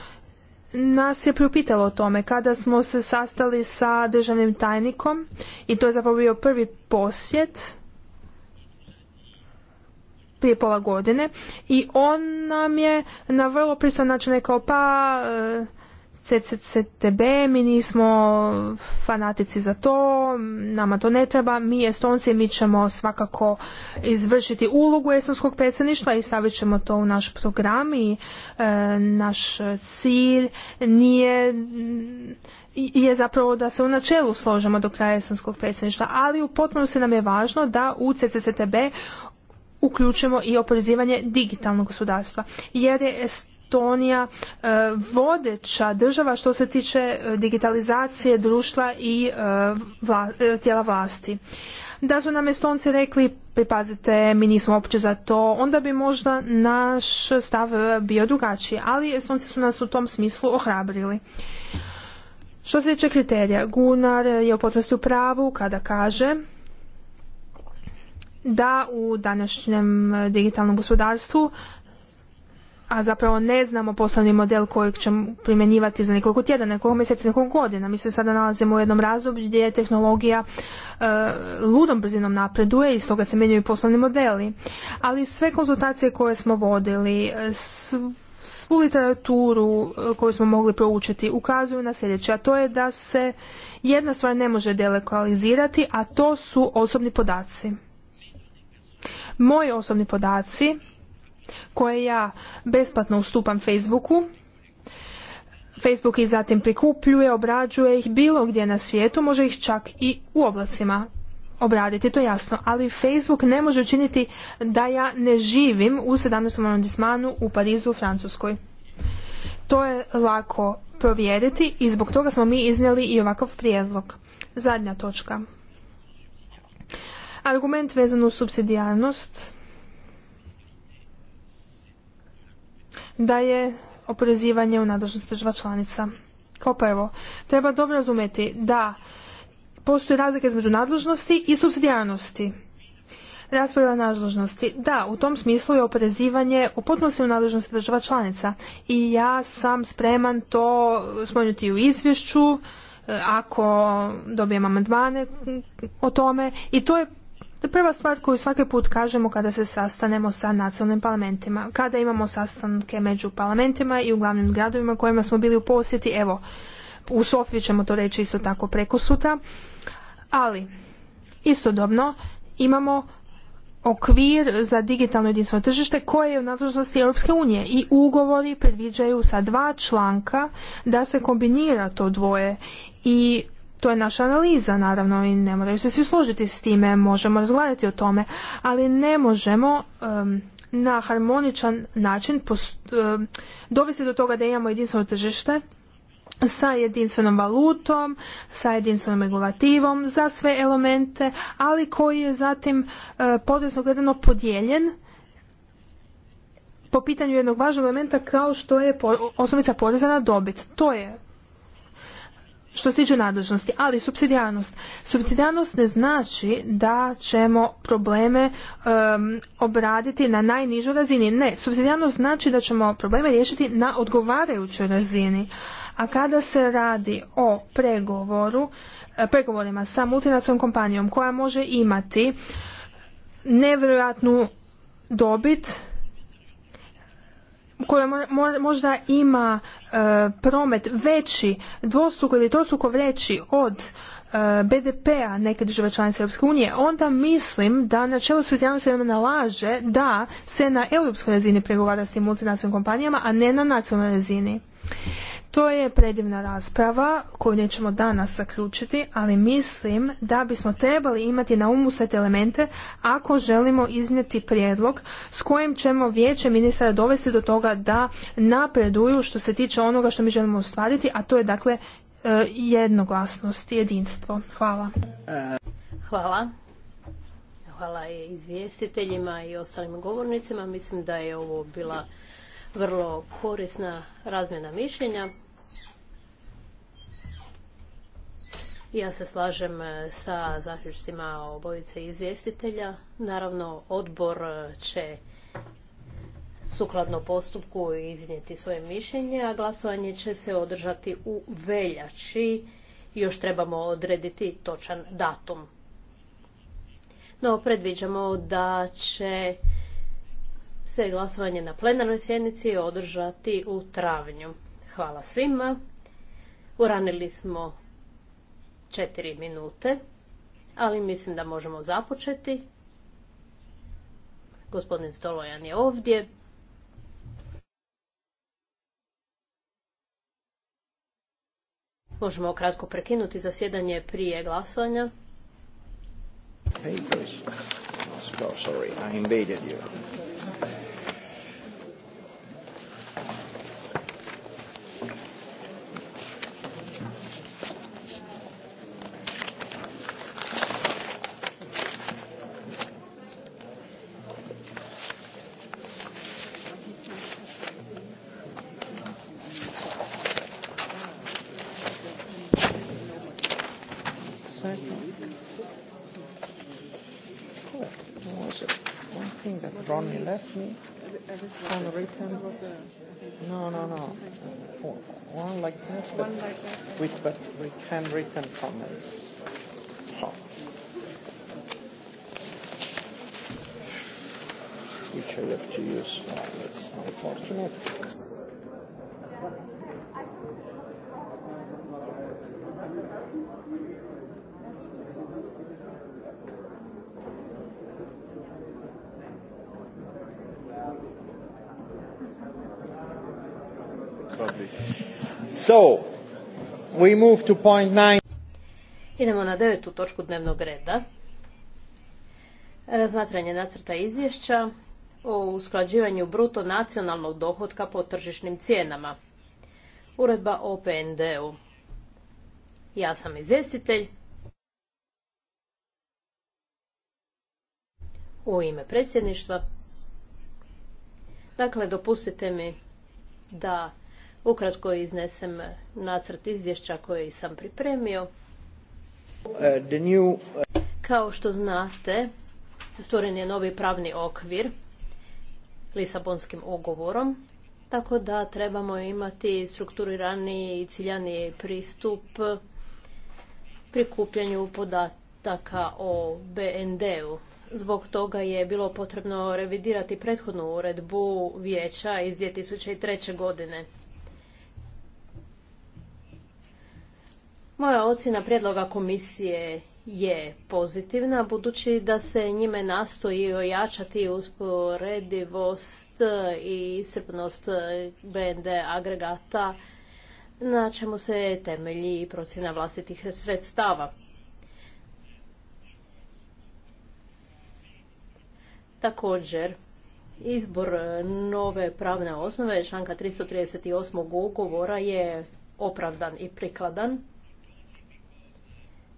C: nas je priupitalo o tome kada smo se sastali sa državnim tajnikom i to je zapravo bio prvi posjet prije pola godine i on nam je na vrlo pristojan način rekao pa e, CCCTB, mi nismo fanatici za to, nama to ne treba, mi Estonci mi ćemo svakako izvršiti ulogu estonskog predsjedništva i stavit ćemo to u naš program i e, naš cilj nije je zapravo da se u načelu složimo do kraja estonskog predsjedništva, ali u potpunosti nam je važno da u CCCTB uključimo i oporezivanje digitalnog gospodarstva. Jer je Estonija e, vodeća država što se tiče e, digitalizacije društva i e, tijela vlasti. Da su nam Estonci rekli pripazite mi nismo uopće za to, onda bi možda naš stav bio drugačiji, ali Estonci su nas u tom smislu ohrabrili. Što se tiče kriterija, Gunar je u potpunosti u pravu kada kaže da u današnjem digitalnom gospodarstvu a zapravo ne znamo poslovni model kojeg ćemo primjenjivati za nekoliko tjedana, nekoliko mjeseci, nekoliko godina. Mi se sada nalazimo u jednom razdoblju gdje je tehnologija e, ludom brzinom napreduje i stoga se mijenjaju poslovni modeli. Ali sve konzultacije koje smo vodili, e, svu literaturu e, koju smo mogli proučiti ukazuju na sljedeće, a to je da se jedna stvar ne može delekalizirati, a to su osobni podaci moji osobni podaci koje ja besplatno ustupam Facebooku, Facebook ih zatim prikupljuje, obrađuje ih bilo gdje na svijetu, može ih čak i u oblacima obraditi, to je jasno, ali Facebook ne može učiniti da ja ne živim u 17. arondismanu u Parizu u Francuskoj. To je lako provjeriti i zbog toga smo mi iznijeli i ovakav prijedlog. Zadnja točka. Argument vezan uz subsidijarnost da je oporezivanje u nadležnosti država članica. Kao prvo, treba dobro razumjeti da postoji razlika između nadležnosti i subsidijarnosti. Raspodjela nadležnosti. Da, u tom smislu je oporezivanje u potpunosti u nadležnosti država članica. I ja sam spreman to spomenuti u izvješću, e, ako dobijem amandmane o tome i to je prva stvar koju svaki put kažemo kada se sastanemo sa nacionalnim parlamentima. Kada imamo sastanke među parlamentima i u glavnim gradovima kojima smo bili u posjeti, evo, u Sofiji ćemo to reći isto tako preko sutra, ali istodobno imamo okvir za digitalno jedinstveno tržište koje je u nadležnosti Europske unije i ugovori predviđaju sa dva članka da se kombinira to dvoje i to je naša analiza, naravno, i ne moraju se svi složiti s time, možemo razgledati o tome, ali ne možemo na harmoničan način post, dovesti do toga da imamo jedinstveno tržište sa jedinstvenom valutom, sa jedinstvenom regulativom za sve elemente, ali koji je zatim uh, gledano podijeljen po pitanju jednog važnog elementa kao što je osnovica poreza na dobit. To je što se tiče nadležnosti, ali subsidijarnost. Subsidijarnost ne znači da ćemo probleme obraditi na najnižoj razini. Ne, subsidijarnost znači da ćemo probleme riješiti na odgovarajućoj razini. A kada se radi o pregovoru, e, pregovorima sa multinacionalnom kompanijom koja može imati nevjerojatnu dobit koja možda ima e, promet veći, dvostruko ili trostruko veći od e, BDP-a neke države članice Europske unije, onda mislim da načelo specijalnosti nam nalaže da se na europskoj razini pregovara s tim multinacionalnim kompanijama, a ne na nacionalnoj razini. To je predivna rasprava koju nećemo danas zaključiti, ali mislim da bismo trebali imati na umu sve te elemente ako želimo iznijeti prijedlog s kojim ćemo vijeće ministara dovesti do toga da napreduju što se tiče onoga što mi želimo ostvariti, a to je dakle e, jednoglasnost i jedinstvo. Hvala.
A: Hvala. Hvala i izvjestiteljima i ostalim govornicima. Mislim da je ovo bila vrlo korisna razmjena mišljenja. Ja se slažem e, sa zaključcima obojice izvjestitelja. Naravno, odbor e, će sukladno postupku iznijeti svoje mišljenje, a glasovanje će se održati u veljači. Još trebamo odrediti točan datum. No, predviđamo da će se glasovanje na plenarnoj sjednici održati u travnju. Hvala svima. Uranili smo četiri minute, ali mislim da možemo započeti. Gospodin Stolojan je ovdje. Možemo kratko prekinuti zasjedanje prije glasanja.
B: No, no, no. One like that. But One like that. With, but with handwritten comments. Which I have to use. Well, unfortunate. So, we move to point nine.
A: Idemo na devetu točku dnevnog reda. Razmatranje nacrta izvješća o usklađivanju bruto nacionalnog dohotka po tržišnim cijenama. Uredba o PND-u. Ja sam izvjestitelj. U ime predsjedništva. Dakle, dopustite mi da ukratko iznesem nacrt izvješća koji sam pripremio. Kao što znate, stvoren je novi pravni okvir Lisabonskim ugovorom, tako da trebamo imati strukturirani i ciljani pristup prikupljanju podataka o BND-u. Zbog toga je bilo potrebno revidirati prethodnu uredbu vijeća iz 2003. godine. Moja ocjena prijedloga komisije je pozitivna, budući da se njime nastoji ojačati usporedivost i srpnost BND agregata, na čemu se temelji i procjena vlastitih sredstava. Također, izbor nove pravne osnove članka 338. ugovora je opravdan i prikladan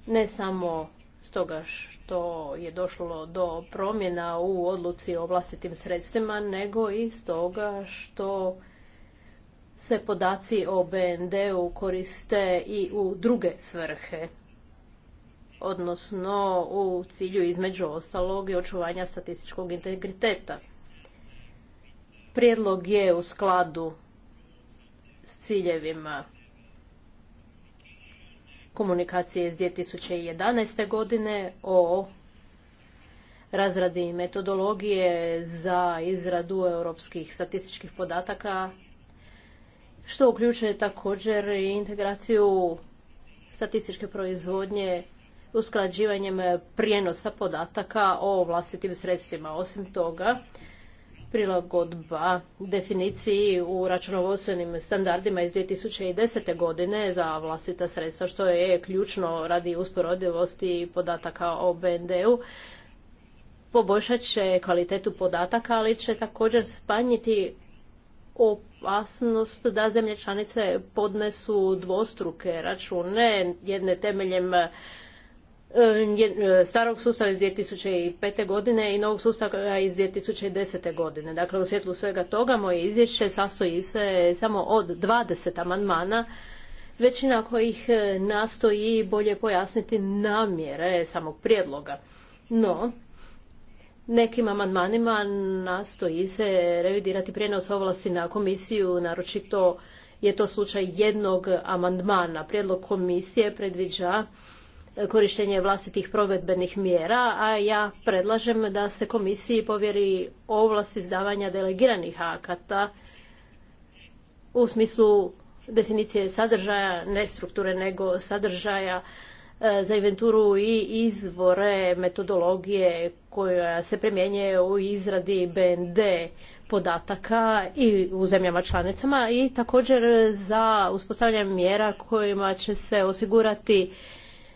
A: ne samo stoga što je došlo do promjena u odluci o vlastitim sredstvima, nego i stoga što se podaci o BND-u koriste i u druge svrhe, odnosno u cilju između ostalog i očuvanja statističkog integriteta. Prijedlog je u skladu s ciljevima komunikacije iz 2011. godine o razradi metodologije za izradu europskih statističkih podataka, što uključuje također i integraciju statističke proizvodnje usklađivanjem prijenosa podataka o vlastitim sredstvima. Osim toga, prilagodba definiciji u računovodstvenim standardima iz 2010. godine za vlastita sredstva, što je ključno radi usporedivosti podataka o BND-u. Poboljšat će kvalitetu podataka, ali će također spanjiti opasnost da zemlje članice podnesu dvostruke račune, jedne temeljem E, starog sustava iz 2005. godine i novog sustava iz 2010. godine. Dakle, u svjetlu svega toga moje izvješće sastoji se samo od 20 amandmana, većina kojih e, nastoji bolje pojasniti namjere samog prijedloga. No, nekim amandmanima nastoji se revidirati prijenos ovlasti na komisiju, naročito je to slučaj jednog amandmana. Prijedlog komisije predviđa korištenje vlastitih provedbenih mjera, a ja predlažem da se komisiji povjeri ovlast izdavanja delegiranih akata u smislu definicije sadržaja, ne strukture, nego sadržaja e, za inventuru i izvore metodologije koja se primjenjuje u izradi BND podataka i u zemljama članicama i također za uspostavljanje mjera kojima će se osigurati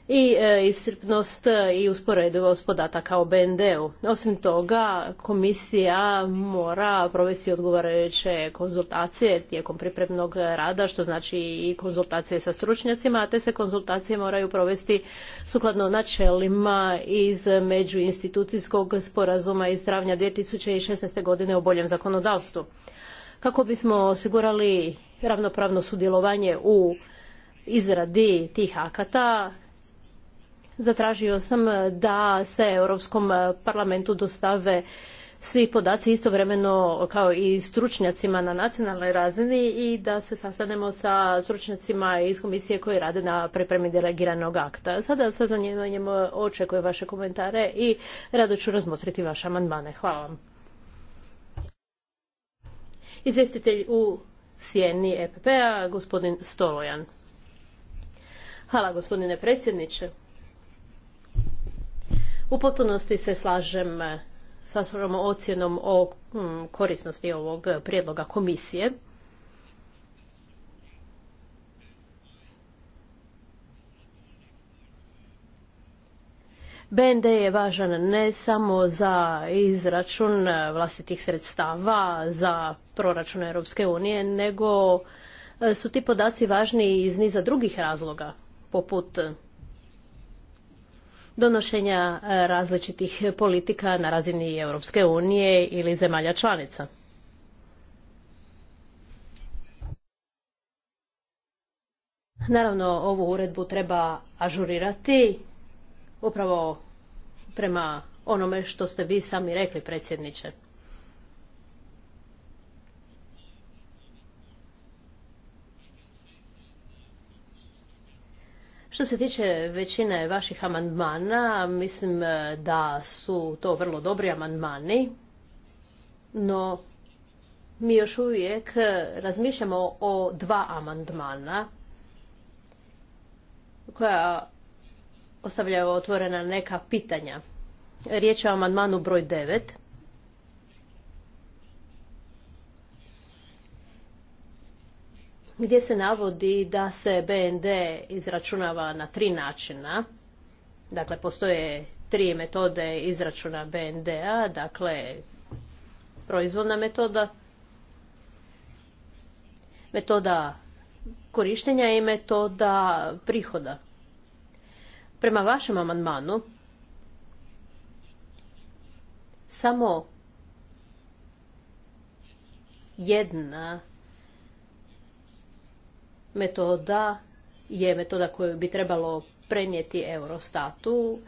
A: i e, iscrpnost e, i usporedivost podataka o BND-u. Osim toga, komisija mora provesti odgovarajuće konzultacije tijekom pripremnog rada, što znači i konzultacije sa stručnjacima, a te se konzultacije moraju provesti sukladno načelima iz međuinstitucijskog sporazuma iz travnja 2016. godine o boljem zakonodavstvu. Kako bismo osigurali ravnopravno sudjelovanje u izradi tih akata, zatražio sam e, da se Europskom e, parlamentu dostave svi podaci istovremeno kao i stručnjacima na nacionalnoj razini i da se sastanemo sa stručnjacima iz komisije koji rade na pripremi delegiranog akta. Sada sa zanimanjem e, očekujem vaše komentare i rado ću razmotriti vaše amandmane. Hvala vam. Izvjestitelj u sjeni EPP-a, gospodin Stolojan. Hvala gospodine predsjedniče. U potpunosti se slažem eh, sa svojom ocjenom o hmm, korisnosti ovog eh, prijedloga komisije. BND je važan ne samo za izračun eh, vlastitih sredstava za proračun Europske unije, nego su ti podaci važni iz niza drugih razloga, poput donošenja e, različitih politika na razini Europske unije ili zemalja članica. Naravno, ovu uredbu treba ažurirati upravo prema onome što ste vi sami rekli, predsjedniče. Što se tiče većine vaših amandmana, mislim e, da su to vrlo dobri amandmani, no mi još uvijek e, razmišljamo o dva amandmana koja ostavljaju otvorena neka pitanja. Riječ je o amandmanu broj 9 gdje se navodi da se BND izračunava na tri načina. Dakle, postoje tri metode izračuna BND-a, dakle, proizvodna metoda, metoda korištenja i metoda prihoda. Prema vašem amandmanu, samo jedna metoda je metoda koju bi trebalo prenijeti Eurostatu,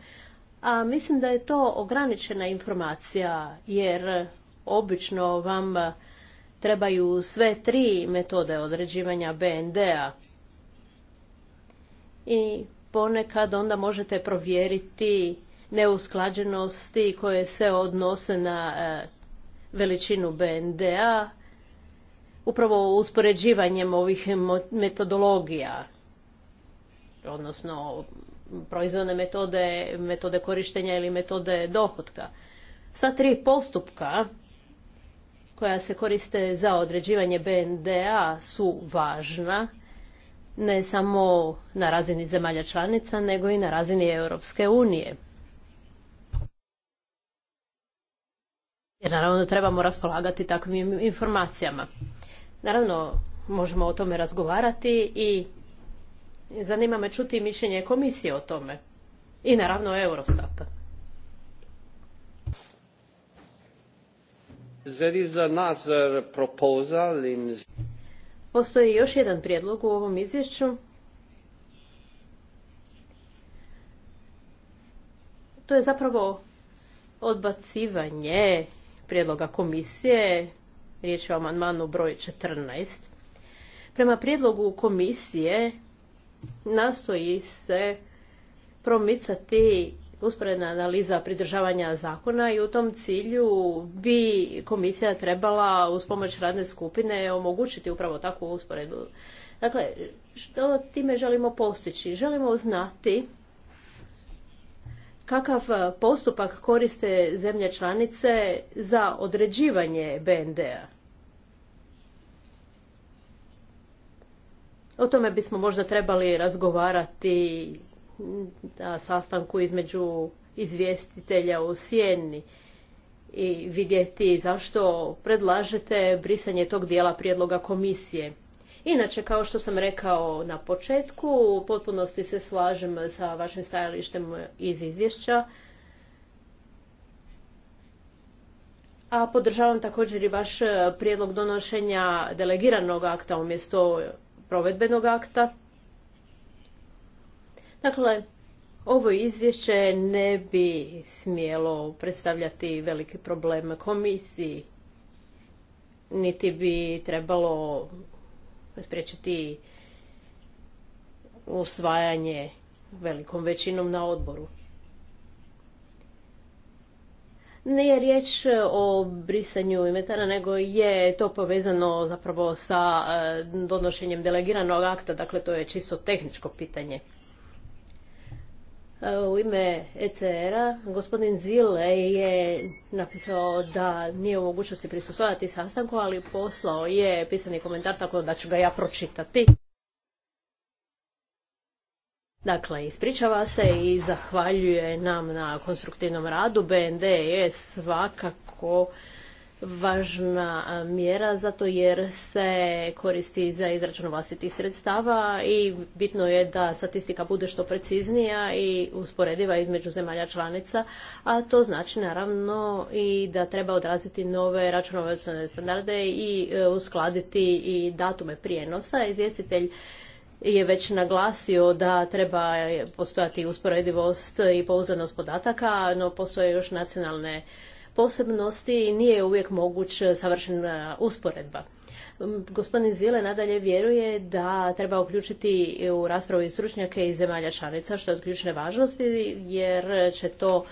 A: a mislim da je to ograničena informacija jer obično vam trebaju sve tri metode određivanja BND-a. I ponekad onda možete provjeriti neusklađenosti koje se odnose na e, veličinu BND-a upravo uspoređivanjem ovih metodologija, odnosno proizvodne metode, metode korištenja ili metode dohotka. Sva tri postupka koja se koriste za određivanje BND-a su važna ne samo na razini zemalja članica, nego i na razini Europske unije. Jer naravno trebamo raspolagati takvim informacijama. Naravno, možemo o tome razgovarati i zanima me čuti mišljenje komisije o tome i naravno Eurostata.
E: There
A: Postoji još jedan prijedlog u ovom izvješću. To je zapravo odbacivanje prijedloga komisije Riječ je o amandmanu broj 14. Prema prijedlogu komisije nastoji se promicati usporedna analiza pridržavanja zakona i u tom cilju bi komisija trebala uz pomoć radne skupine omogućiti upravo takvu usporedbu. Dakle, što time želimo postići? Želimo znati kakav postupak koriste zemlje članice za određivanje BND-a. O tome bismo možda trebali razgovarati na sastanku između izvjestitelja u Sjeni i vidjeti zašto predlažete brisanje tog dijela prijedloga komisije. Inače, kao što sam rekao na početku, u potpunosti se slažem sa vašim stajalištem iz izvješća. A podržavam također i vaš prijedlog donošenja delegiranog akta umjesto provedbenog akta. Dakle, ovo izvješće ne bi smjelo predstavljati velike probleme komisiji, niti bi trebalo spriječiti usvajanje velikom većinom na odboru. Nije riječ e, o brisanju inventara, nego je to povezano zapravo sa e, donošenjem delegiranog akta, dakle to je čisto tehničko pitanje. E, u ime ECR-a gospodin Zile je napisao da nije u mogućnosti prisustvovati sastanku, ali poslao je pisani komentar tako da ću ga ja pročitati. Dakle, ispričava se i zahvaljuje nam na konstruktivnom radu. BND je svakako važna mjera zato jer se koristi za izračun vlastitih sredstava i bitno je da statistika bude što preciznija i usporediva između zemalja članica, a to znači naravno i da treba odraziti nove računovodstvene standarde i e, uskladiti i datume prijenosa. Izvjestitelj je već naglasio da treba postojati usporedivost i pouzdanost podataka, no postoje još nacionalne posebnosti i nije uvijek moguć savršena usporedba. Mm, gospodin Zile nadalje vjeruje da treba uključiti u raspravu i stručnjake iz zemalja članica, što je od ključne važnosti, jer će to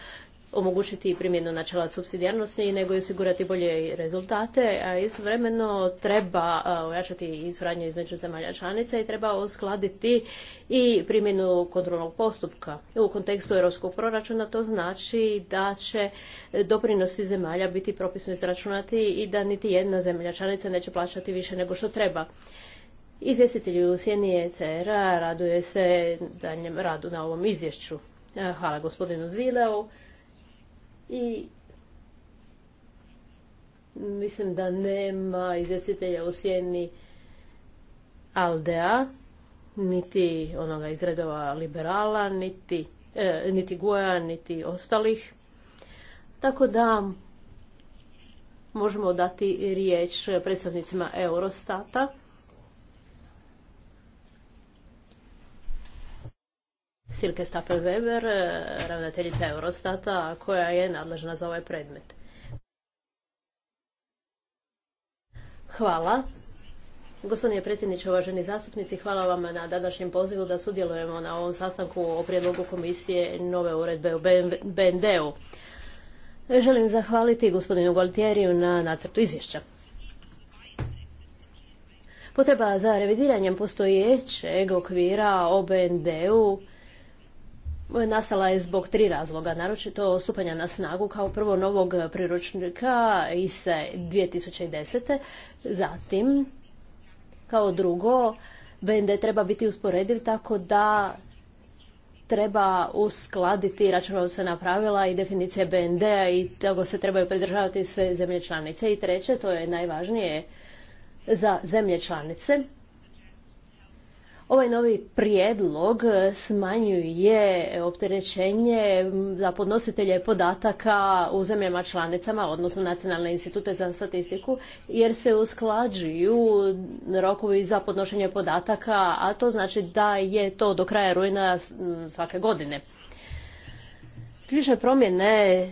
A: omogućiti primjenu načela subsidijarnosti nego i osigurati bolje rezultate, a istovremeno treba ojačati i suradnju između zemalja članica i treba uskladiti i primjenu kontrolnog postupka. U kontekstu europskog proračuna to znači da će doprinosi zemalja biti propisno izračunati i da niti jedna zemlja članica neće plaćati više nego što treba. Izvjestitelju u Sjeni ECR-a raduje se danjem radu na ovom izvješću. Hvala gospodinu Zileu i mislim da nema izvjestitelja u sjeni Aldea, niti onoga iz redova liberala, niti, e, niti Goja, niti ostalih. Tako da možemo dati riječ predstavnicima Eurostata Silke Stape-Weber, e, ravnateljica Eurostata, koja je nadležna za ovaj predmet. Hvala. Gospodine predsjedniče, uvaženi zastupnici, hvala vam na današnjem pozivu da sudjelujemo na ovom sastanku o prijedlogu komisije nove uredbe o BND-u. Želim zahvaliti gospodinu Gualtieriju na nacrtu izvješća. Potreba za revidiranjem postojećeg okvira o BND-u nasala je zbog tri razloga, naročito stupanja na snagu kao prvo novog priručnika e, ISE 2010. Zatim, kao drugo, BND treba biti usporediv tako da treba uskladiti računovodstvena pravila i definicije bnd i tako se trebaju pridržavati sve zemlje članice. I treće, to je najvažnije za zemlje članice, Ovaj novi prijedlog smanjuje opterećenje za podnositelje podataka u zemljama članicama, odnosno nacionalne institute za statistiku, jer se usklađuju rokovi za podnošenje podataka, a to znači da je to do kraja rujna svake godine. Ključne promjene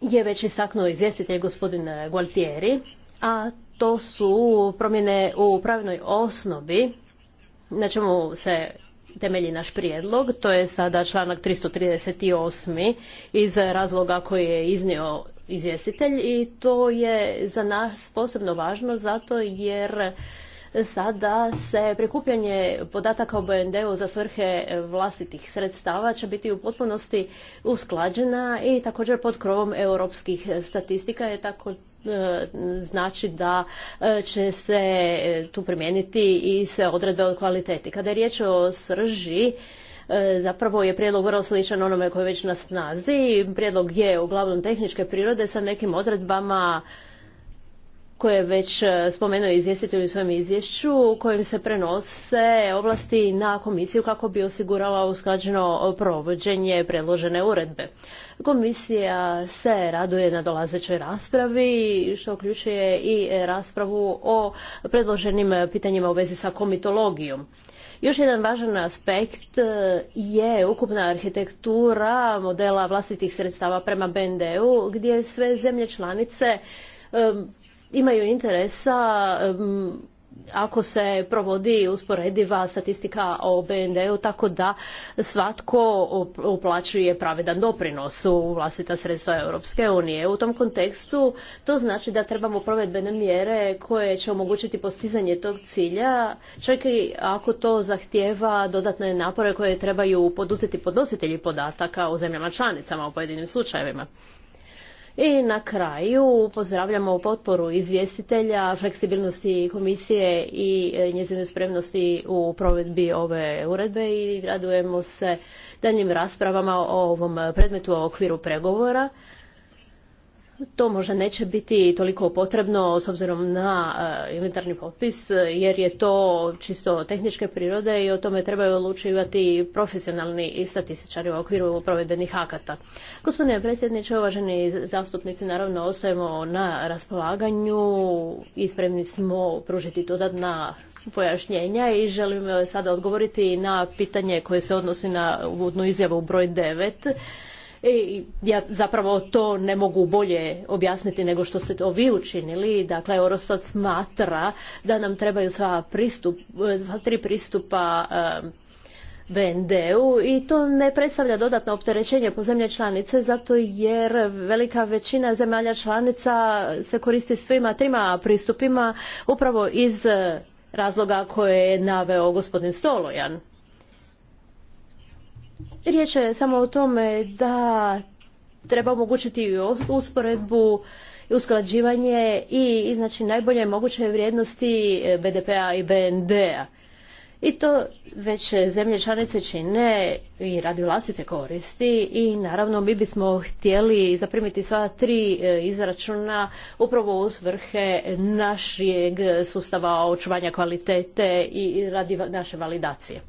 A: je već istaknuo izvjestitelj gospodin Gualtieri, a to su promjene u pravnoj osnovi na čemu se temelji naš prijedlog, to je sada članak 338. iz razloga koji je iznio izvjestitelj i to je za nas posebno važno zato jer sada se prikupljanje podataka o BND-u za svrhe vlastitih sredstava će biti u potpunosti usklađena i također pod krovom europskih statistika je tako E, znači da e, će se tu primijeniti i sve odredbe o kvaliteti. Kada je riječ o srži, e, zapravo je prijedlog vrlo sličan onome koji je već na snazi. Prijedlog je uglavnom tehničke prirode sa nekim odredbama koje je već e, spomenuo izvjestitelj u svojem izvješću kojim se prenose ovlasti na komisiju kako bi osigurala usklađeno provođenje predložene uredbe. Komisija se raduje na dolazećoj raspravi što uključuje i raspravu o predloženim pitanjima u vezi sa komitologijom. Još jedan važan aspekt e, je ukupna arhitektura modela vlastitih sredstava prema BND-u gdje sve zemlje članice e, imaju interesa ako se provodi usporediva statistika o BND-u, tako da svatko uplaćuje pravedan doprinos u vlastita sredstva Europske unije. U tom kontekstu to znači da trebamo provedbene mjere koje će omogućiti postizanje tog cilja, čak i ako to zahtjeva dodatne napore koje trebaju poduzeti podnositelji podataka u zemljama članicama u pojedinim slučajevima. I na kraju pozdravljamo potporu izvjestitelja, fleksibilnosti komisije i e, njezine spremnosti u provedbi ove uredbe i radujemo se daljnjim raspravama o ovom predmetu u okviru pregovora to možda neće biti toliko potrebno s obzirom na e, inventarni popis e, jer je to čisto tehničke prirode i o tome trebaju odlučivati profesionalni i statističari u okviru provedbenih akata. Gospodine predsjedniče, uvaženi zastupnici, naravno ostajemo na raspolaganju i spremni smo pružiti dodatna pojašnjenja i želim sada odgovoriti na pitanje koje se odnosi na uvodnu izjavu broj 9 E, ja zapravo to ne mogu bolje objasniti nego što ste to vi učinili. Dakle, Eurostat smatra da nam trebaju sva pristup, sva tri pristupa BND-u i to ne predstavlja dodatno opterećenje po zemlje članice zato jer velika većina zemalja članica se koristi svima trima pristupima upravo iz razloga koje je naveo gospodin Stolojan. Riječ je samo o tome da treba omogućiti usporedbu i usklađivanje i znači, najbolje moguće vrijednosti e, BDP-a i BND-a. I to već zemlje članice čine i radi vlastite koristi i naravno mi bismo htjeli zaprimiti sva tri e, izračuna upravo u svrhe našeg sustava očuvanja kvalitete i radi naše validacije.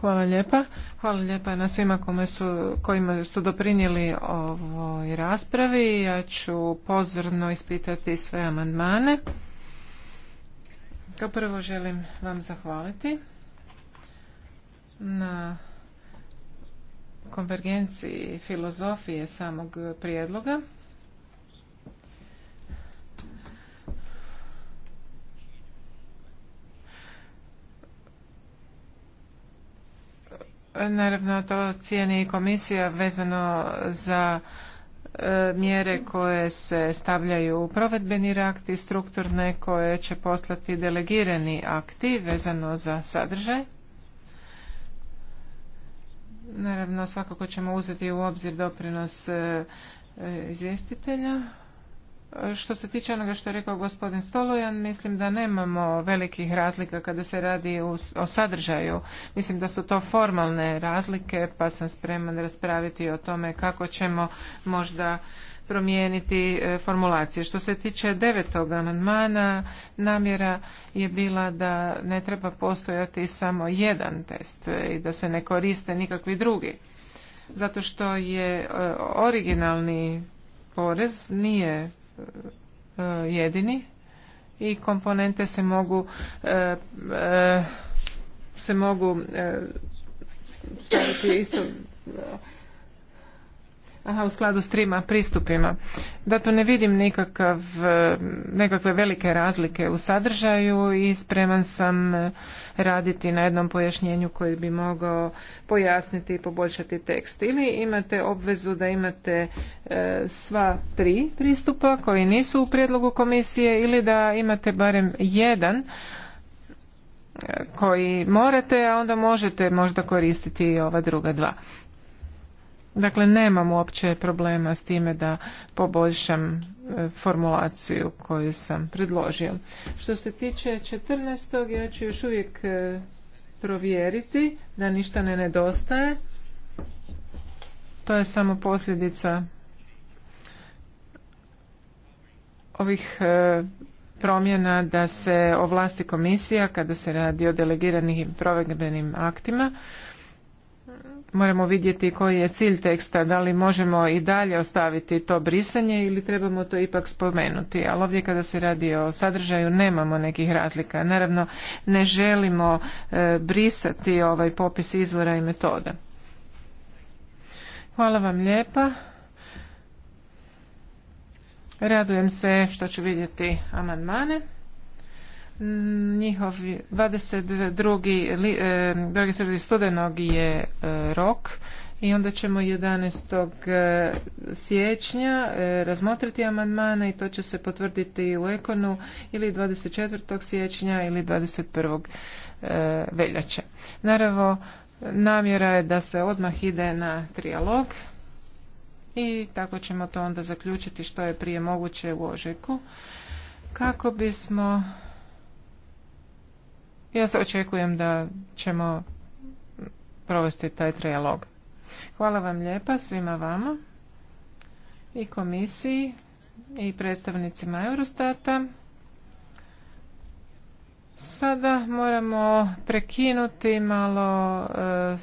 D: Hvala lijepa. Hvala lijepa na svima kome su, kojima su doprinijeli ovoj raspravi. Ja ću pozorno ispitati sve amandmane. Kao prvo želim vam zahvaliti na konvergenciji filozofije samog prijedloga. Naravno, to cijeni i komisija vezano za e, mjere koje se stavljaju u provedbeni akt i strukturne koje će poslati delegirani akti vezano za sadržaj. Naravno, svakako ćemo uzeti u obzir doprinos e, e, izvjestitelja. Što se tiče onoga što je rekao gospodin Stolojan, mislim da nemamo velikih razlika kada se radi o sadržaju. Mislim da su to formalne razlike, pa sam spreman raspraviti o tome kako ćemo možda promijeniti e, formulacije. Što se tiče devetog amandmana, namjera je bila da ne treba postojati samo jedan test e, i da se ne koriste nikakvi drugi. Zato što je e, originalni porez nije E, jedini i komponente se mogu e, e, se mogu staviti isto Aha, u skladu s trima pristupima. Da to ne vidim nikakav, e, nekakve velike razlike u sadržaju i spreman sam raditi na jednom pojašnjenju koji bi mogao pojasniti i poboljšati tekst. Ili imate obvezu da imate e, sva tri pristupa koji nisu u prijedlogu komisije ili da imate barem jedan e, koji morate, a onda možete možda koristiti i ova druga dva. Dakle, nemam uopće problema s time da poboljšam e, formulaciju koju sam predložio. Što se tiče 14. ja ću još uvijek e, provjeriti da ništa ne nedostaje. To je samo posljedica ovih e, promjena da se ovlasti komisija kada se radi o delegiranim i provedbenim aktima moramo vidjeti koji je cilj teksta, da li možemo i dalje ostaviti to brisanje ili trebamo to ipak spomenuti. Ali ovdje kada se radi o sadržaju nemamo nekih razlika. Naravno ne želimo e, brisati ovaj popis izvora i metoda. Hvala vam lijepa. Radujem se što ću vidjeti amandmane njihov 22. E, sredi studenog je e, rok i onda ćemo 11. E, siječnja razmotriti amandmane i to će se potvrditi u Ekonu ili 24. siječnja ili 21. veljače. Naravno, namjera je da se odmah ide na trijalog i tako ćemo to onda zaključiti što je prije moguće u ožeku kako bismo ja se očekujem da ćemo provesti taj trijalog. Hvala vam lijepa svima vama i komisiji i predstavnicima Eurostata. Sada moramo prekinuti malo e,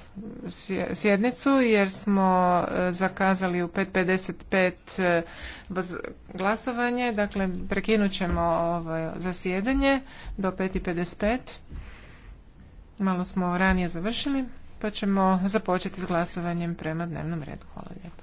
D: sjednicu jer smo e, zakazali u 5.55 e, glasovanje. Dakle, prekinut ćemo zasjedanje do 5.55. Malo smo ranije završili, pa ćemo započeti s glasovanjem prema dnevnom redu. Hvala lijepo.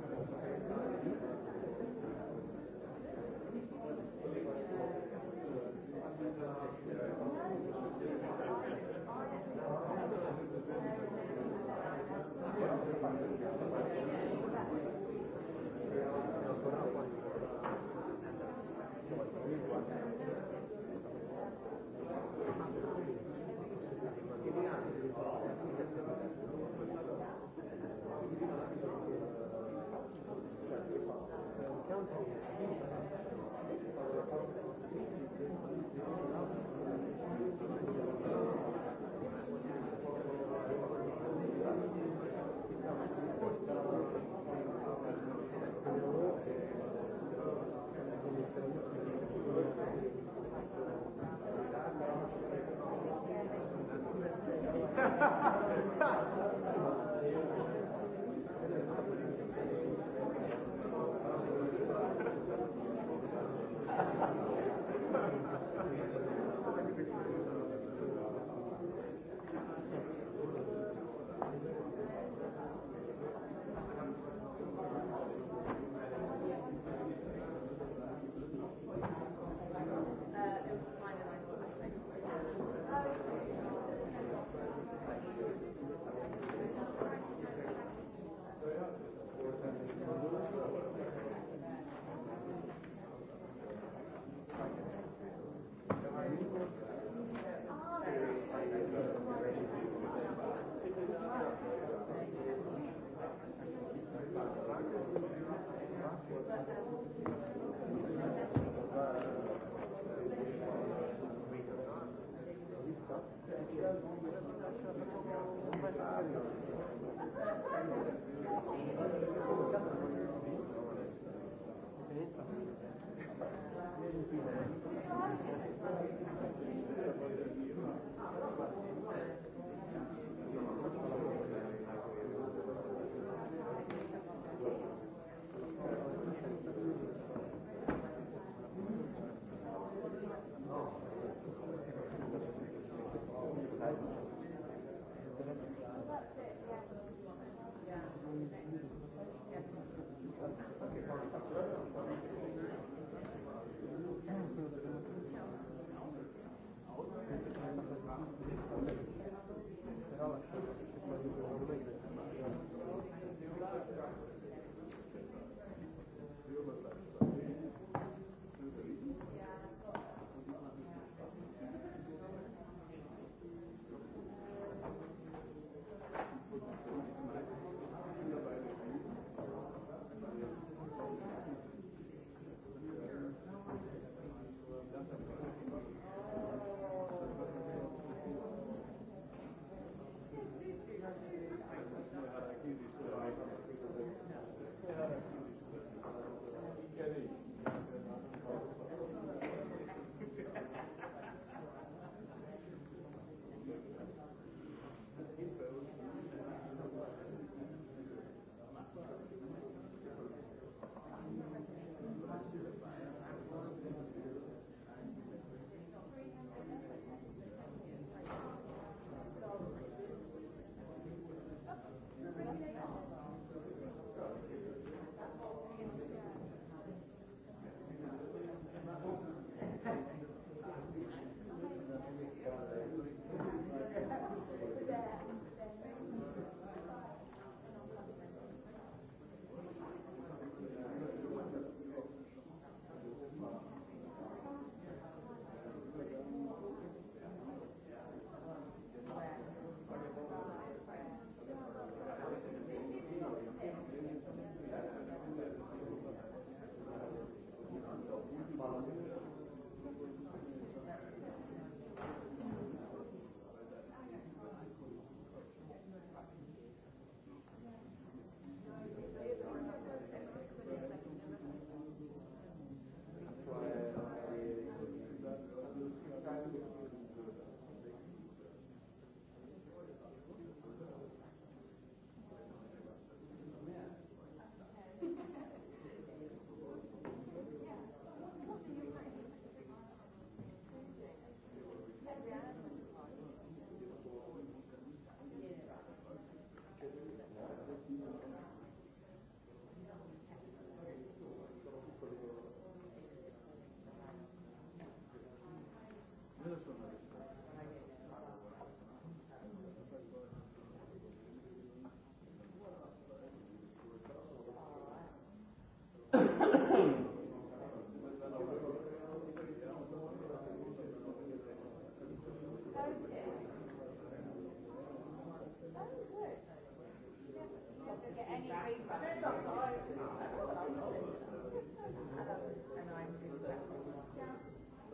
B: prvi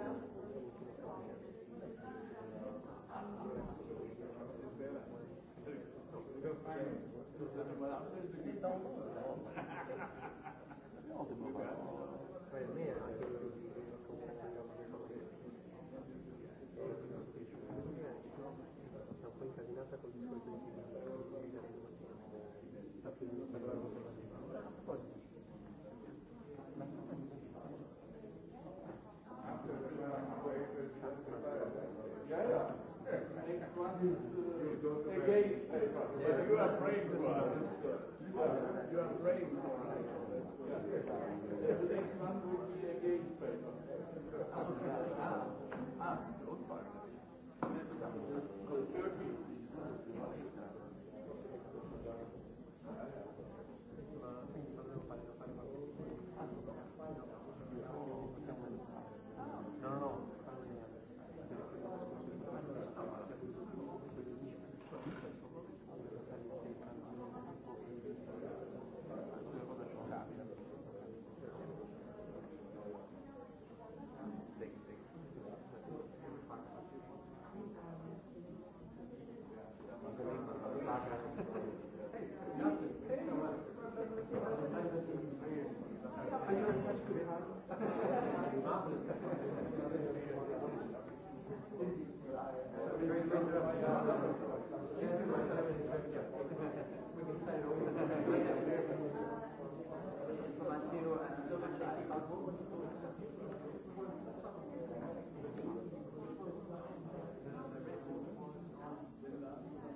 B: Hvala i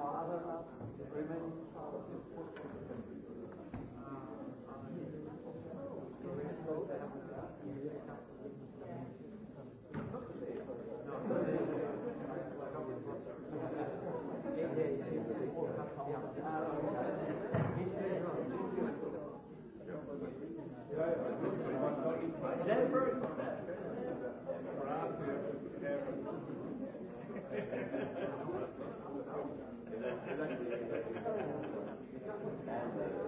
B: Amen. odavno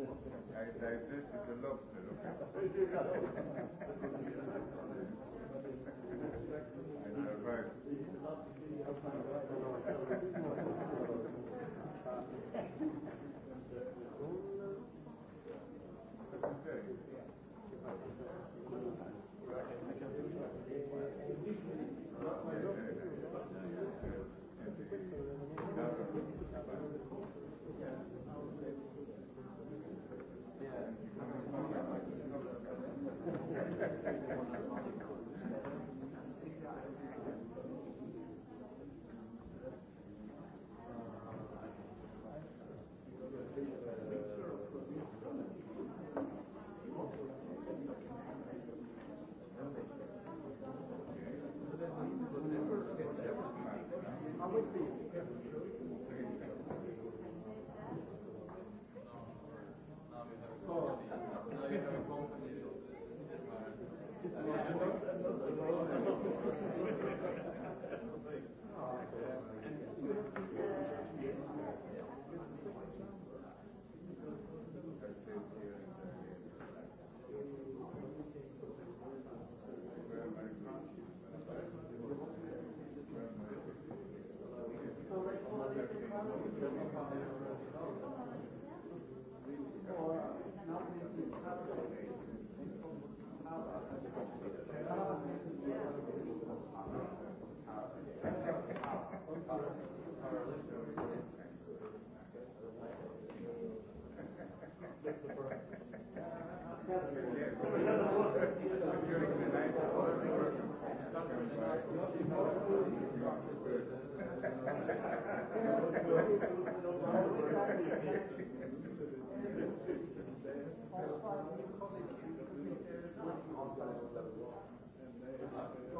B: I detto a lobster, Hvala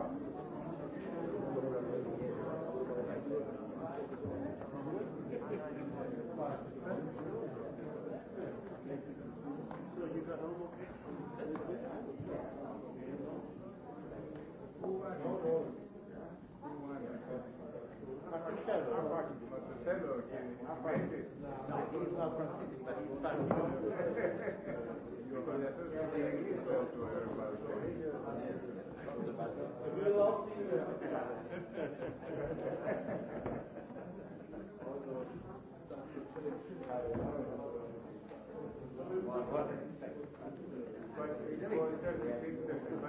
B: Hvala.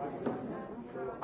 B: Hvala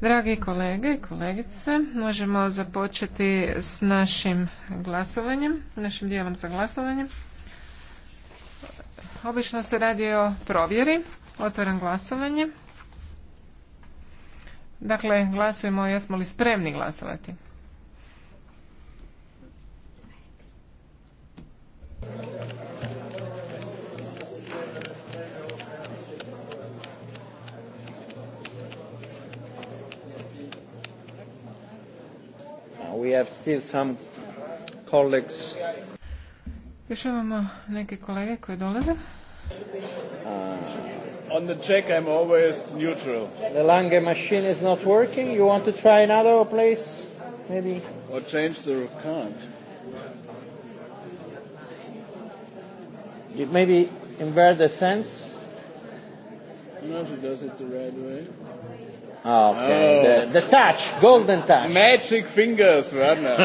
D: Dragi kolege i kolegice, možemo započeti s našim glasovanjem, našim dijelom za glasovanjem. Obično se radi o provjeri. Otvaram glasovanje. Dakle, glasujemo jesmo li spremni glasovati.
B: still some colleagues.
D: Još imamo neke kolege koje dolaze. Uh,
B: On the check I'm always neutral. The
D: Lange machine is not working. You want to try
B: another place? Maybe. Or change the card. It maybe invert the sense. No, she does it the right way. Okay. Oh. The, the touch, golden touch. Magic fingers, Werner.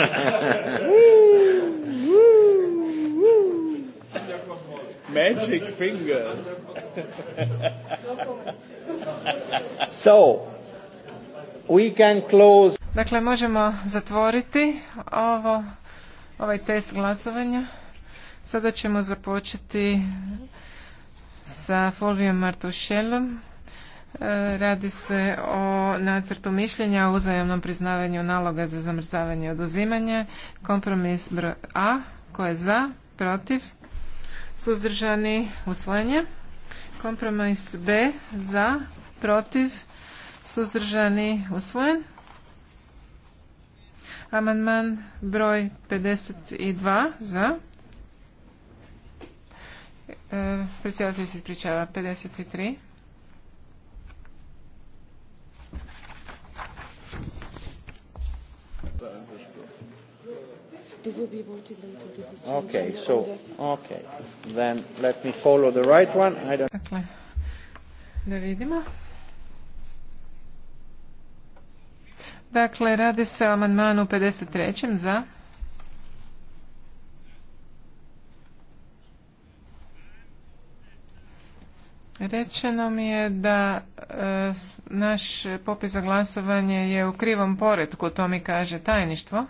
B: Magic fingers. so, we can close.
D: Dakle, možemo zatvoriti ovo, ovaj test glasovanja. Sada ćemo započeti sa Fulvijom Martušelom. E, radi se o nacrtu mišljenja o uzajamnom priznavanju naloga za zamrzavanje i oduzimanje. Kompromis broj A. Ko je za? Protiv? Suzdržani? Usvojenje. Kompromis B. Za? Protiv? Suzdržani? Usvojen. Amandman broj 52. Za? E, Predsjedatelj se ispričava. 53. This will be voted later. This was okay, so, okay.
B: Then let me follow the right one. I don't... Dakle,
D: da vidimo. Dakle, radi se o amandmanu 53. za... Rečeno mi je da e, naš popis za glasovanje je u krivom poredku, to mi kaže tajništvo.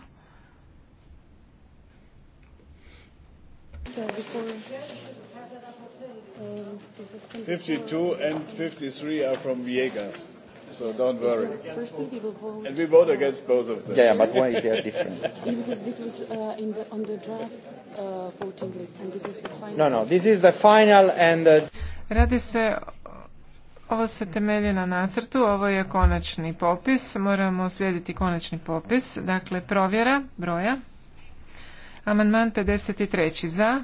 B: 52 and 53 are from Viegas, so don't worry. And we vote against
D: both of them. Yeah, but why they are different? because
B: this was uh, in the, on the draft uh,
D: voting list, and this is the final. No, no, this is the final and the... Radi se ovo se temelje na nacrtu, ovo je konačni popis, moramo slijediti konačni popis, dakle provjera broja. Amandman 53. Za?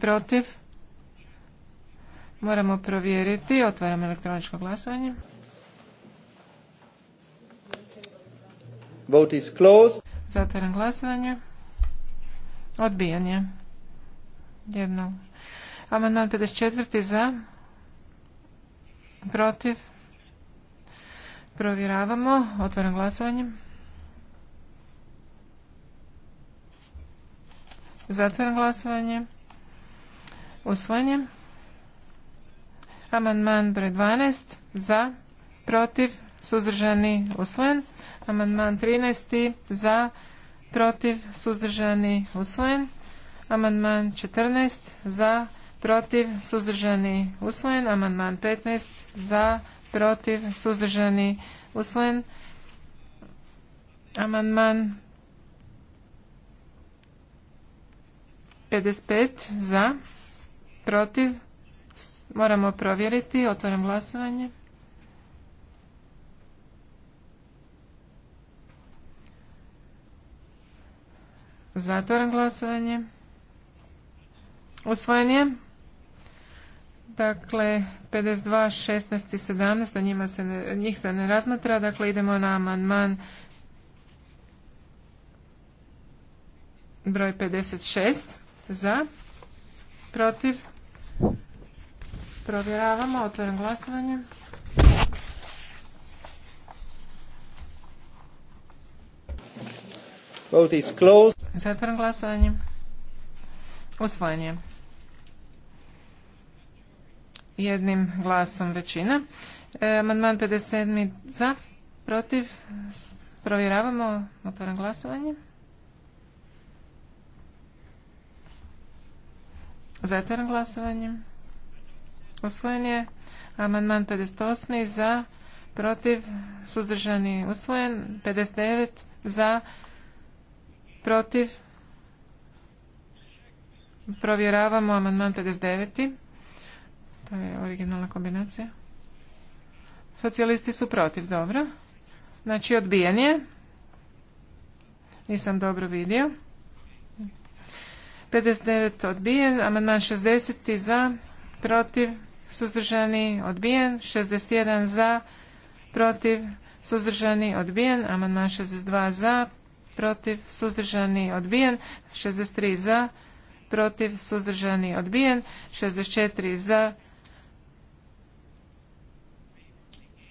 D: Protiv? Moramo provjeriti. Otvaram elektroničko glasovanje. Vote Zatvaram glasovanje. Odbijan je. Jedno. Amandman 54. za. Protiv. Provjeravamo. Otvaram glasovanje. Zatvaram glasovanje. Usvojenje. Amandman broj 12. Za. Protiv. Suzdržani. Usvojen. Amandman 13. Za. Protiv. Suzdržani. Usvojen. Amandman 14. Za. Protiv. Suzdržani. Usvojen. Amandman 15. Za. Protiv. Suzdržani. Usvojen. Amandman 55 za, protiv, moramo provjeriti, Otvorim glasovanje. Zatvorim glasovanje. Usvojen je. Dakle, 52, 16 i 17, njima se ne, njih se ne razmatra. Dakle, idemo na amandman broj 56 za, protiv, provjeravamo, otvoren glasovanje. Vote is closed. glasovanje. Usvojen Jednim glasom većina. E, amandman 57. za, protiv, provjeravamo, otvoren glasovanje. Zatvaram glasovanje. Usvojen je amandman 58. za, protiv, suzdržani usvojen, 59 za, protiv, provjeravamo amandman 59. To je originalna kombinacija. Socijalisti su protiv, dobro. Znači odbijen je. Nisam dobro vidio. 59 odbijen, amandman 60 za, protiv, suzdržani, odbijen, 61 za, protiv, suzdržani, odbijen, amandman 62 za, protiv, suzdržani, odbijen, 63 za, protiv, suzdržani, odbijen, 64 za,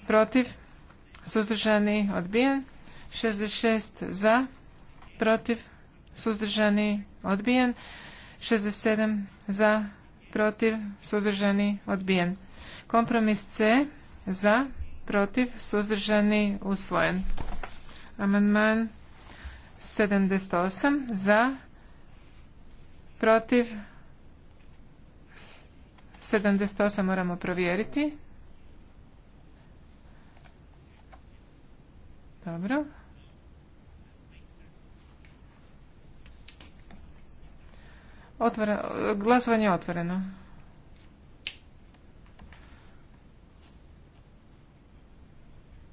D: protiv, suzdržani, odbijen, 66 za, protiv, suzdržani, odbijen. 67 za, protiv, suzdržani, odbijen. Kompromis C za, protiv, suzdržani, usvojen. Amandman 78 za, protiv, 78 moramo provjeriti. Dobro. Otvore, glasovanje je otvoreno.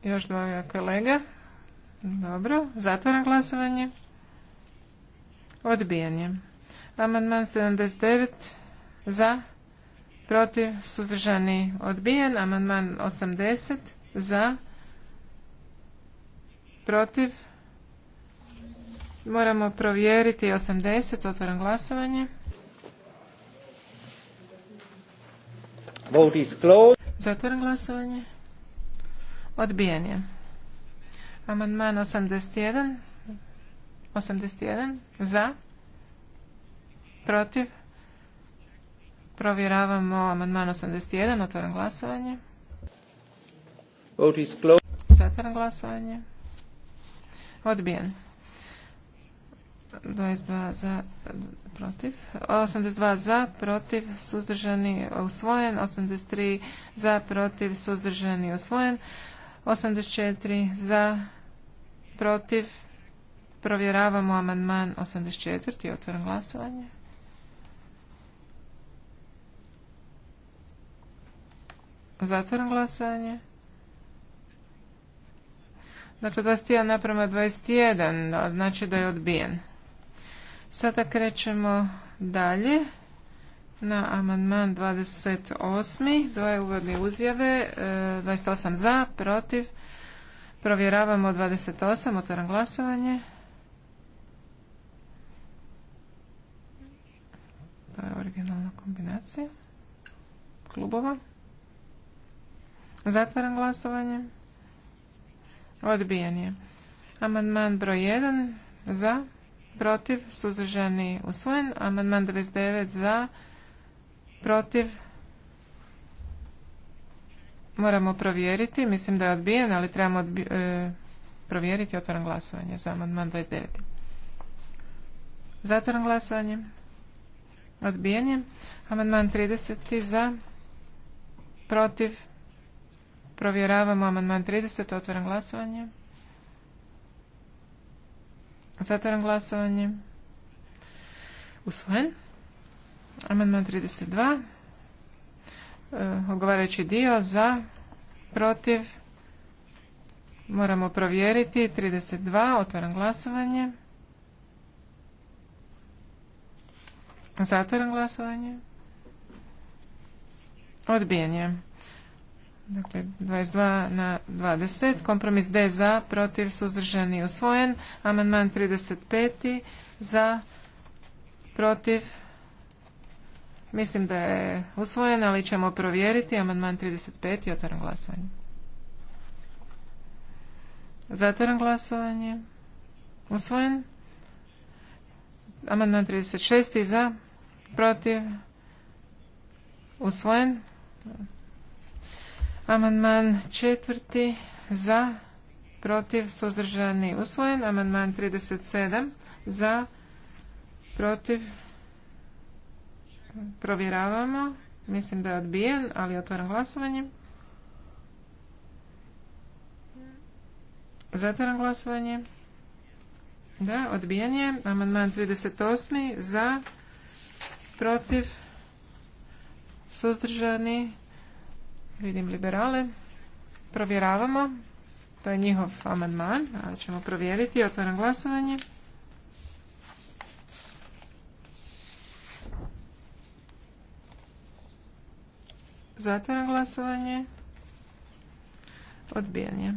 D: Još dva kolega. Dobro, zatvora glasovanje. Odbijanje. Amandman 79 za, protiv, suzdržani, odbijen. Amandman 80 za, protiv, Moramo provjeriti 80. Otvaram glasovanje. Vote is closed. Zatvaram glasovanje. Odbijen je. Amandman 81. 81. Za. Protiv. Provjeravamo amandman 81. Otvaram glasovanje.
E: Vote is closed.
D: Zatvaram glasovanje. Odbijen. 22 za, protiv, 82 za, protiv, suzdržani, usvojen, 83 za, protiv, suzdržani, usvojen, 84 za, protiv, provjeravamo amandman 84. Otvaram glasovanje. Zatvaram glasovanje. Dakle, 21 naprema 21, znači da je odbijen. Sada krećemo dalje na amandman 28. Dvoje uvodne uzjave, 28 e, za, protiv. Provjeravamo 28, otvoram glasovanje. To je originalna kombinacija klubova. Zatvaram glasovanje. Odbijen je. Amandman broj 1 za, protiv, suzdržani, usvojen. Amandman 29 za, protiv, moramo provjeriti. Mislim da je odbijen, ali trebamo e, provjeriti. Otvaram glasovanje za amandman 29. Zatvaram glasovanje. Odbijen je. Amandman 30 za, protiv, provjeravamo amandman 30. Otvaram glasovanje. Zatvaram glasovanje. Usvojen. Amandman 32. E, ogovarajući odgovarajući dio za, protiv. Moramo provjeriti. 32. Otvaram glasovanje. Zatvaram glasovanje. Odbijen je. Dakle, 22 na 20. Kompromis D za, protiv, suzdržani, usvojen. Amandman 35. Za, protiv, mislim da je usvojen, ali ćemo provjeriti. Amandman 35. Otvaram glasovanje. Zatvaram glasovanje. Usvojen. Amandman 36. Za, protiv, usvojen. Usvojen. Amandman četvrti za, protiv, suzdržani, usvojen. Amandman 37 za, protiv, provjeravamo. Mislim da je odbijen, ali otvaram glasovanje. Zatvaram glasovanje. Da, odbijen je. Amandman 38. Za, protiv, suzdržani, Vidim liberale. Provjeravamo. To je njihov amandman, ali ćemo provjeriti. Otvaram glasovanje. Zatvaram glasovanje. Odbijanje.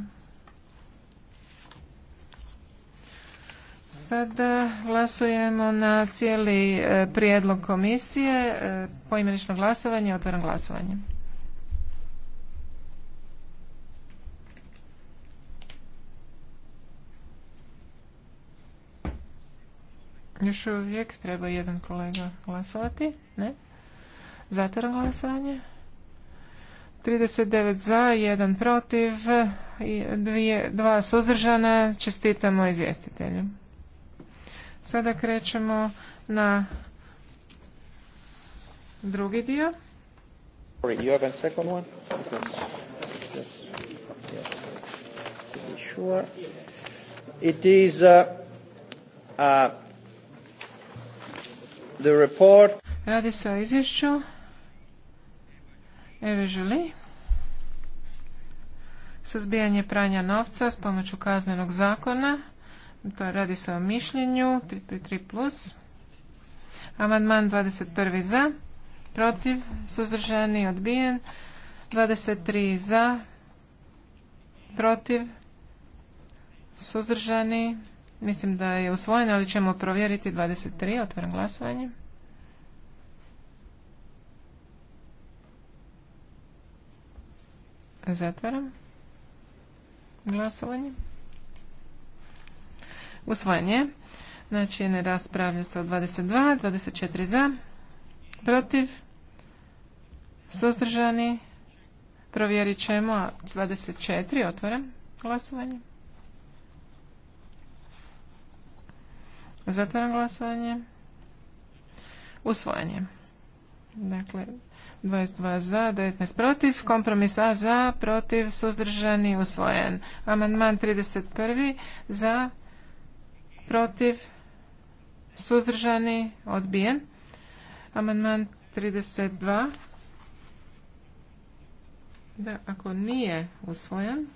D: Sada glasujemo na cijeli e, prijedlog komisije. E, poimenično glasovanje. Otvaram glasovanje. Još uvijek treba jedan kolega glasovati. Ne. Zatvaram glasovanje. 39 za, 1 protiv, dva suzdržana. Čestitamo izvjestitelju. Sada krećemo na drugi dio.
B: a It is uh, uh
D: Radi se o izvješću. Evi želi. Suzbijanje pranja novca s pomoću kaznenog zakona. To radi se o mišljenju plus Amandman 21. za. Protiv. Suzdržani odbijen. 23 za. Protiv. Suzdržani Mislim da je usvojeno, ali ćemo provjeriti 23. Otvaram glasovanje. Zatvaram glasovanje. Usvojen je. Znači ne raspravlja se o 22, 24 za, protiv, suzdržani, provjerit ćemo 24, otvaram glasovanje. Zatvaram glasovanje. Usvojen je. Dakle, 22 za, 19 protiv. Kompromis A za, protiv, suzdržani, usvojen. Amandman 31. Za, protiv, suzdržani, odbijen. Amandman 32. Da, ako nije usvojen,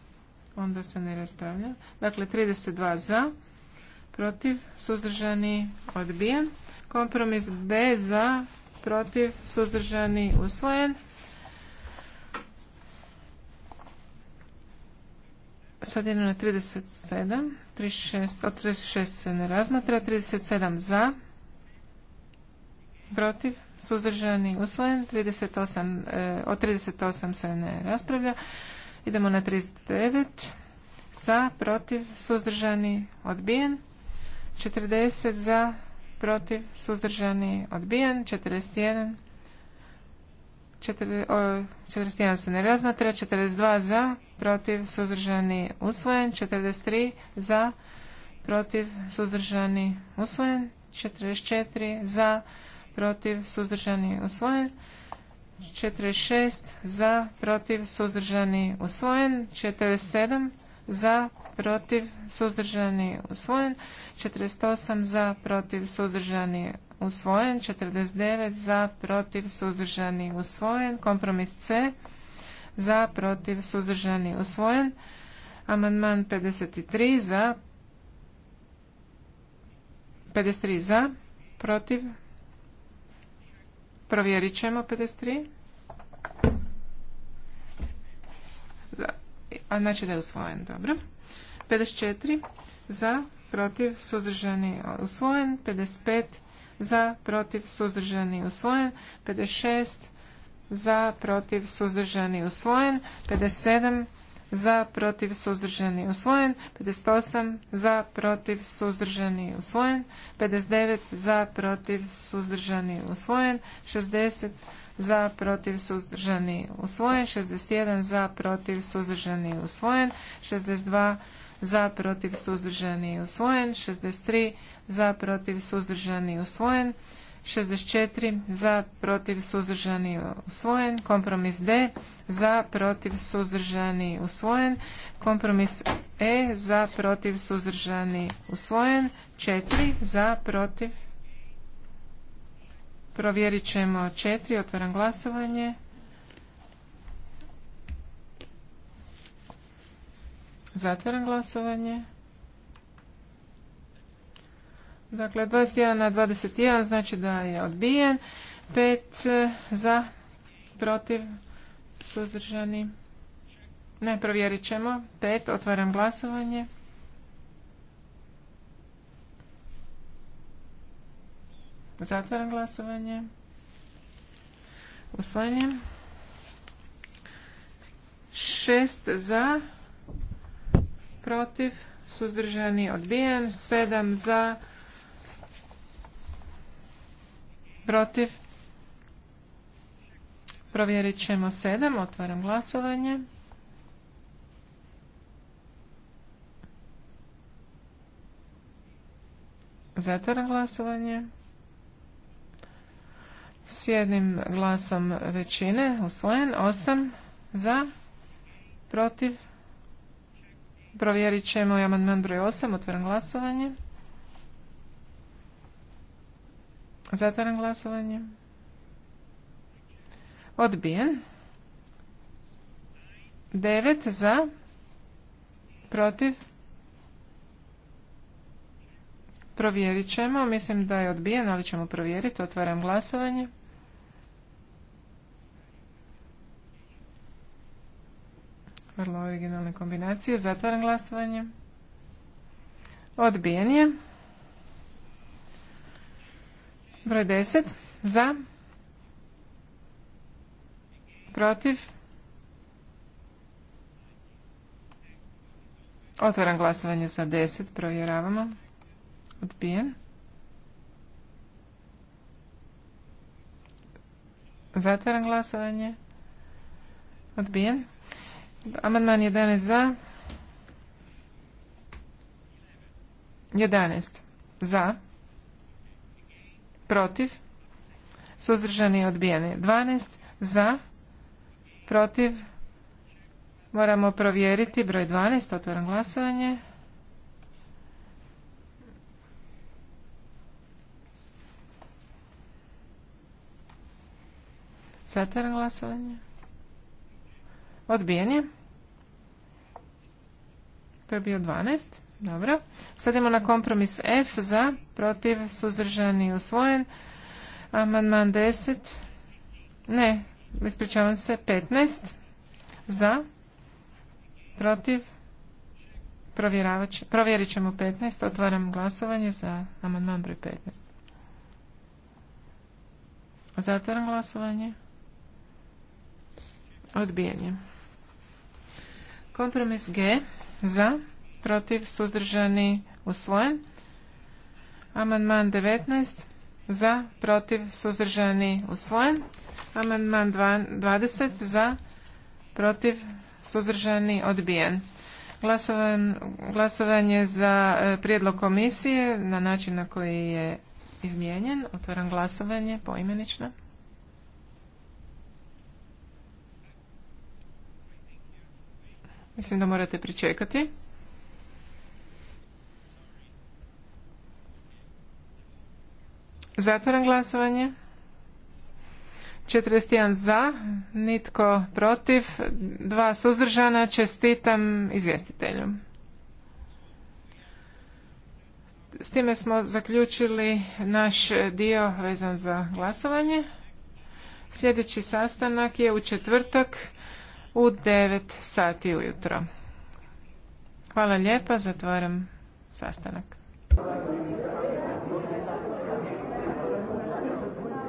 D: onda se ne raspravlja. Dakle, 32 za, protiv, suzdržani, odbijen. Kompromis B za, protiv, suzdržani, usvojen. Sad idemo na 37, 36, se ne razmatra, 37 za, protiv, suzdržani, usvojen, 38, od 38 se ne raspravlja. Idemo na 39, za, protiv, suzdržani, odbijen. 40 za, protiv, suzdržani, odbijen. 41. 41 se ne razmatra. 42 za, protiv, suzdržani, usvojen. 43 za, protiv, suzdržani, usvojen. 44 za, protiv, suzdržani, usvojen. 46 za, protiv, suzdržani, usvojen. 47 za, protiv, suzdržani, usvojen. 48 za, protiv, suzdržani, usvojen. 49 za, protiv, suzdržani, usvojen. Kompromis C za, protiv, suzdržani, usvojen. Amandman 53 za, 53 za, protiv, provjerit ćemo 53. a znači da je usvojen, dobro. 54 za, protiv, suzdržani, usvojen. 55 za, protiv, suzdržani, usvojen. 56 za, protiv, suzdržani, usvojen. 57 za, protiv, suzdržani, usvojen. 58 za, protiv, suzdržani, usvojen. 59 za, protiv, suzdržani, usvojen. 60 za protiv suzdržani usvojen, 61 za protiv suzdržani usvojen, 62 za protiv suzdržani usvojen, 63 za protiv suzdržani usvojen, 64 za protiv suzdržani usvojen, kompromis D za protiv suzdržani usvojen, kompromis E za protiv suzdržani usvojen, 4 za protiv Provjerit ćemo četiri. Otvaram glasovanje. Zatvaram glasovanje. Dakle, 21 na 21 znači da je odbijen. 5 e, za, protiv, suzdržani. Ne, provjerit ćemo. 5. Otvaram glasovanje. Zatvaram glasovanje. Usvojenje. Šest za, protiv, suzdržani, odbijen. Sedam za, protiv. Provjerit ćemo sedam. Otvaram glasovanje. Zatvaram glasovanje s jednim glasom većine usvojen. osam za, protiv. Provjerit ćemo i amandman broj osam, Otvaram glasovanje. Zatvaram glasovanje. Odbijen. devet za, protiv. Provjerit ćemo. Mislim da je odbijen, ali ćemo provjeriti. Otvaram glasovanje. Vrlo originalne kombinacije. Zatvaram glasovanje. Odbijen je. Broj 10. Za. Protiv. Otvaram glasovanje za 10. Provjeravamo. Odbijen. Zatvaram glasovanje. Odbijen. Amandman 11 za. 11 za. Protiv. Suzdržani i odbijeni. 12 za. Protiv. Moramo provjeriti broj 12. Otvoram glasovanje. Zatvaram glasovanje. Odbijen je. To je bio 12. Dobro. Sad idemo na kompromis F za, protiv, suzdržani, usvojen. Amandman 10. Ne, ispričavam se, 15. Za, protiv, provjerit ćemo 15. Otvaram glasovanje za amandman broj 15. Zatvaram glasovanje. Odbijanje. Kompromis G za, protiv, suzdržani, usvojen. Amandman 19 za, protiv, suzdržani, usvojen. Amandman 20 za, protiv, suzdržani, odbijen. glasovanje za e, prijedlog komisije na način na koji je izmijenjen. Otvaram glasovanje poimenično. Mislim da morate pričekati. Zatvaram glasovanje. 41 za, nitko protiv, dva suzdržana. Čestitam izvjestitelju. S time smo zaključili naš dio vezan za glasovanje. Sljedeći sastanak je u četvrtak u 9 sati ujutro. Hvala lijepa, zatvaram sastanak.